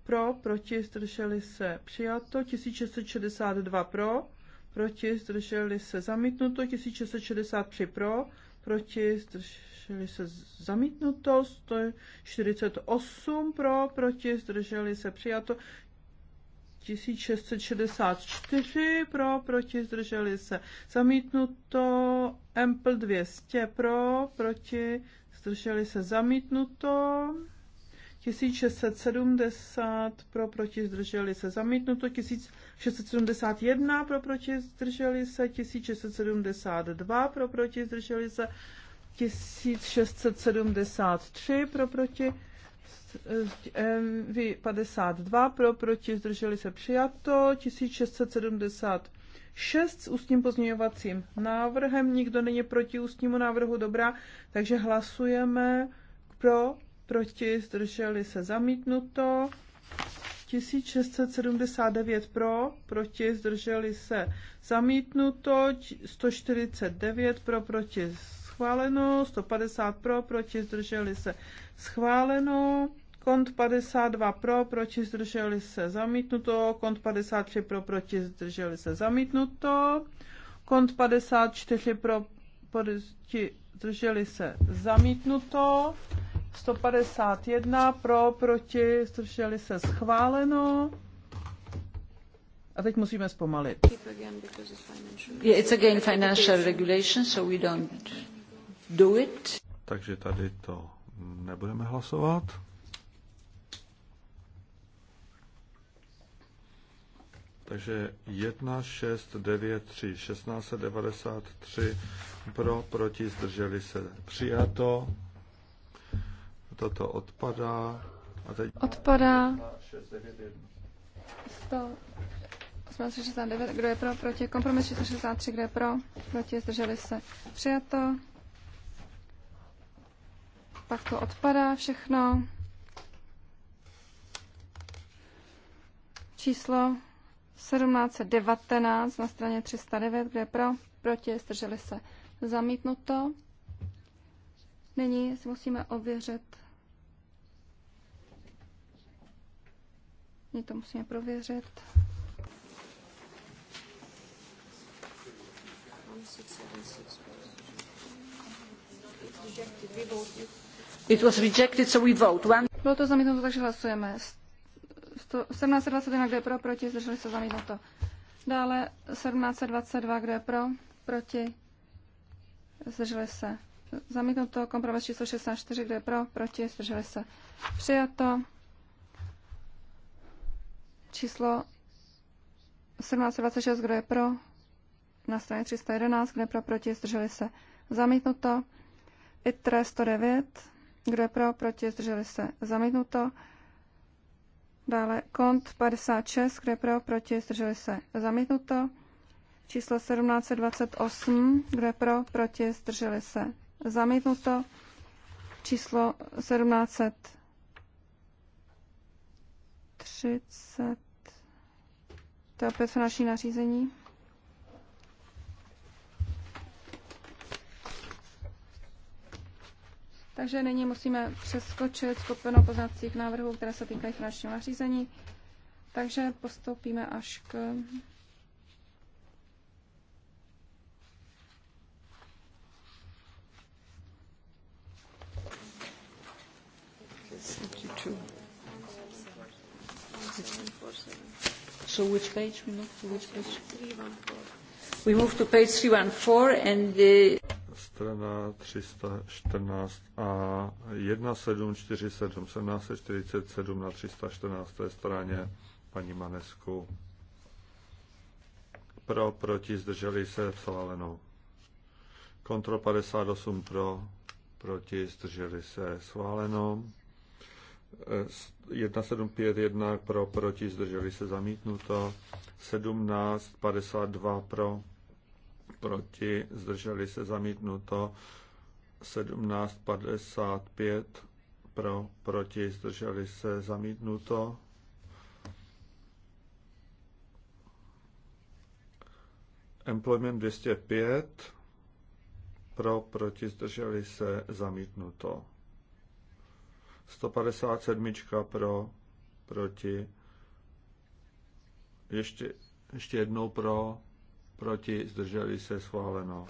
pro, proti, zdrželi se přijato. 1662 pro, proti, zdrželi se zamítnuto. 1663 pro, proti, zdrželi se zamítnuto. 148 pro, proti, zdrželi se přijato. 1664 pro, proti, zdrželi se. Zamítnuto Ample 200 pro, proti, zdrželi se. Zamítnuto 1670 pro, proti, zdrželi se. Zamítnuto 1671 pro, proti, zdrželi se. 1672 pro, proti, zdrželi se. 1673 pro, proti, MV52 pro, proti, zdrželi se přijato, 1676 s ústním pozměňovacím návrhem, nikdo není proti ústnímu návrhu, dobrá, takže hlasujeme pro, proti, zdrželi se zamítnuto, 1679 pro, proti, zdrželi se zamítnuto, 149 pro, proti, schváleno, 150 pro, proti zdrželi se schváleno, kont 52 pro, proti zdrželi se zamítnuto, kont 53 pro, proti zdrželi se zamítnuto, kont 54 pro, proti zdrželi se zamítnuto, 151 pro, proti zdrželi se schváleno, a teď musíme zpomalit. Yeah, it's again financial regulation, so we don't
do it.
Takže tady to nebudeme hlasovat. Takže 1, 6, 9, 3, 16, 93 pro, proti, zdrželi se. Přijato. Toto odpadá. A teď odpadá.
169, kdo je pro, proti, kompromis 663, kdo je pro, proti, zdrželi se. Přijato pak to odpadá všechno. Číslo 1719 na straně 309, kde je pro, proti, strželi se zamítnuto. Nyní si musíme ověřit. Nyní to musíme prověřit.
rejected. We It was rejected, so we vote.
One... Bylo to zamítnuto, takže hlasujeme. 1721, kde je pro, proti, zdrželi se zamítnuto. Dále 1722, kde je pro, proti, zdrželi se. Zamítnuto kompromis číslo 64, kde je pro, proti, zdrželi se. Přijato číslo 1726, kdo je pro, na straně 311, kde pro, proti, zdrželi se. Zamítnuto. ITRE 109, kdo je pro? Proti? Zdrželi se? Zamítnuto. Dále kont 56, je pro, proti, zdrželi se, zamítnuto. Číslo 1728, je pro, proti, zdrželi se, zamítnuto. Číslo 1730, to je opět finanční nařízení. Takže nyní musíme přeskočit skupinu poznacích návrhů, které se týkají finančního nařízení. Takže postoupíme až k
So which page we move to which page? We move to page 314 and the
strana 314 a 1747, 1747 na 314 straně paní Manesku. Pro, proti, zdrželi se, schváleno. Kontrol 58 pro, proti, zdrželi se, schváleno. 1751 eh, pro, proti, zdrželi se, zamítnuto. 1752 pro, proti, zdrželi se zamítnuto 1755 pro, proti, zdrželi se zamítnuto. Employment 205 pro, proti, zdrželi se zamítnuto. 157 pro, proti, ještě, ještě jednou pro, proti, zdrželi se, schváleno.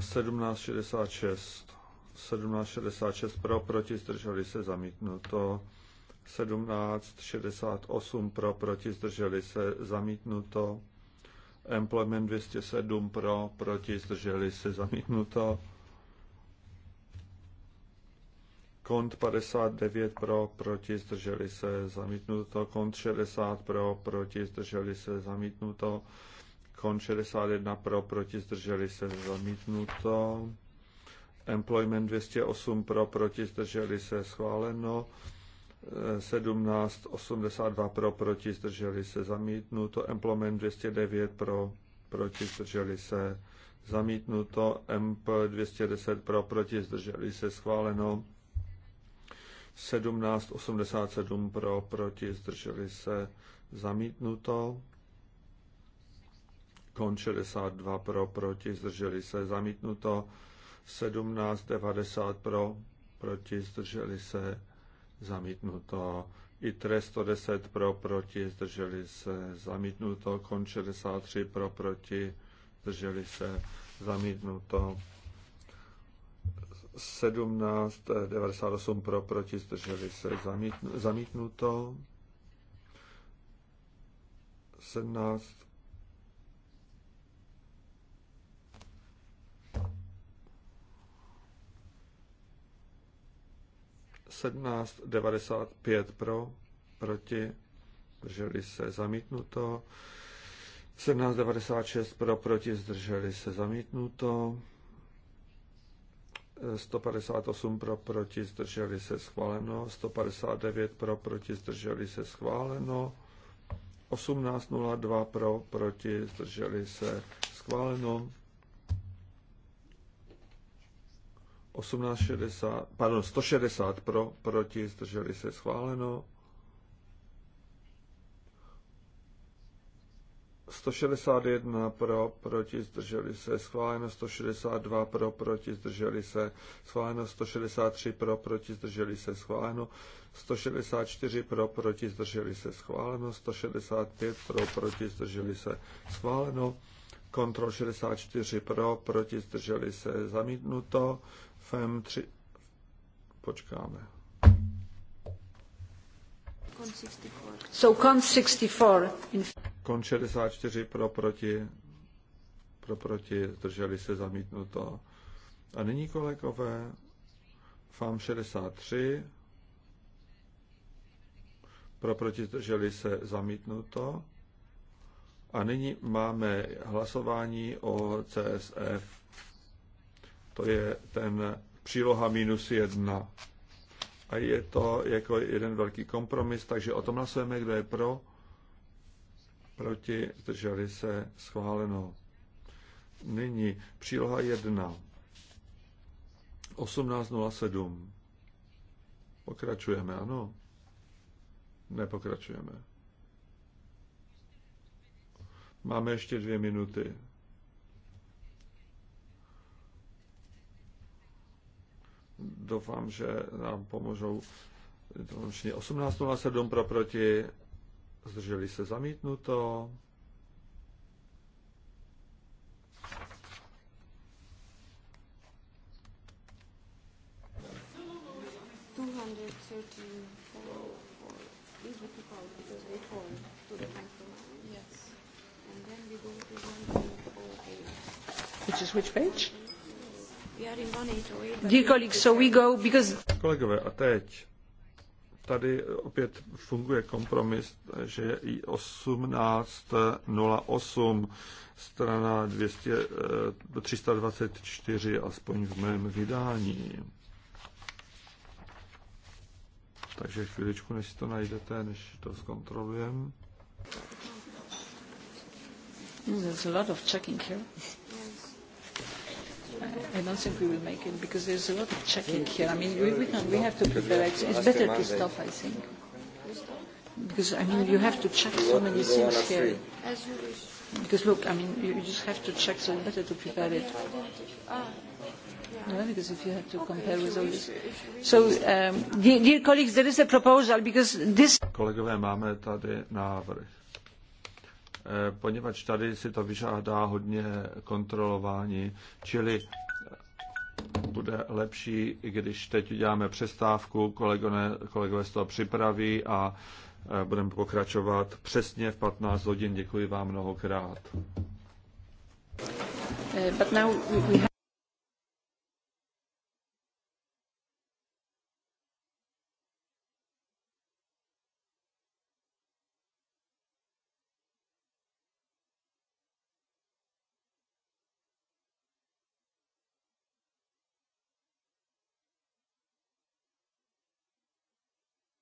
Sedmnáct šedesát šest. 1766 pro, proti, zdrželi se, zamítnuto. 1768 pro, proti, zdrželi se, zamítnuto. Employment 207 pro, proti, zdrželi se, zamítnuto. Kont 59 pro, proti, zdrželi se, zamítnuto. Kont 60 pro, proti, zdrželi se, zamítnuto. Kont 61 pro, proti, zdrželi se, zamítnuto. Employment 208 pro, proti, zdrželi se, schváleno. 17, eh, 82 pro, proti, zdrželi se, zamítnuto. Employment 209 pro, proti, zdrželi se, zamítnuto. MP 210 pro, proti, zdrželi se, schváleno. 1787 pro, proti, zdrželi se, zamítnuto. Kon 62 pro, proti, zdrželi se, zamítnuto. 1790 pro, proti, zdrželi se, zamítnuto. i ITRE 110 pro, proti, zdrželi se, zamítnuto. Kon 63 pro, proti, zdrželi se, zamítnuto. 17, 98 eh, pro, proti, zdrželi se, zamítnu, zamítnuto. 17, sedmnáct devadesát pět pro, proti, zdrželi se, zamítnuto. 1796 pro, proti, zdrželi se, zamítnuto. 158 pro, proti, zdrželi se schváleno, 159 pro, proti, zdrželi se schváleno, 18.02 pro, proti, zdrželi se schváleno, 1860, pardon, 160 pro, proti, zdrželi se schváleno, 161 pro, proti, zdrželi se, schváleno 162 pro, proti, zdrželi se, schváleno 163 pro, proti, zdrželi se, schváleno 164 pro, proti, zdrželi se, schváleno 165 pro, proti, zdrželi se, schváleno kontrol 64 pro, proti, zdrželi se, zamítnuto FEM 3, počkáme.
So CON 64. In...
Kon 64 pro proti, pro proti, zdrželi se zamítnuto. A nyní kolegové, FAM 63, pro proti, zdrželi se zamítnuto. A nyní máme hlasování o CSF. To je ten příloha minus jedna. A je to jako jeden velký kompromis, takže o tom hlasujeme, kdo je pro, proti, zdrželi se, schváleno. Nyní příloha 1, 18.07. Pokračujeme, ano? Nepokračujeme. Máme ještě dvě minuty. Doufám, že nám pomůžou. 18.07 pro proti zdrželi se zamítnuto. Which is which page?
Dear colleagues, so we go because...
Kolegové, a teď tady opět funguje kompromis, že je i 18.08, strana 200, 324, eh, aspoň v mém vydání. Takže chvíličku, než si to najdete, než to zkontrolujeme.
There's a lot of checking here. I don't think we will make it because there's a lot of checking here. I mean, we, we, can, we have to prepare. It's, it's better to stop, I think. Because, I mean, you have to check so many things here. As you wish. Because, look, I mean, you, you just have to check, so it's better to prepare it. Yeah, because if you have to compare with all this. So, um, dear, dear colleagues, there is a proposal because this...
Kolegové, máme tady návrh. Eh, poněvadž tady si to vyžádá hodně kontrolování, čili eh, bude lepší, když teď uděláme přestávku, kolegové, kolegové z toho připraví a eh, budeme pokračovat přesně v 15 hodin. Děkuji vám mnohokrát.
But now we have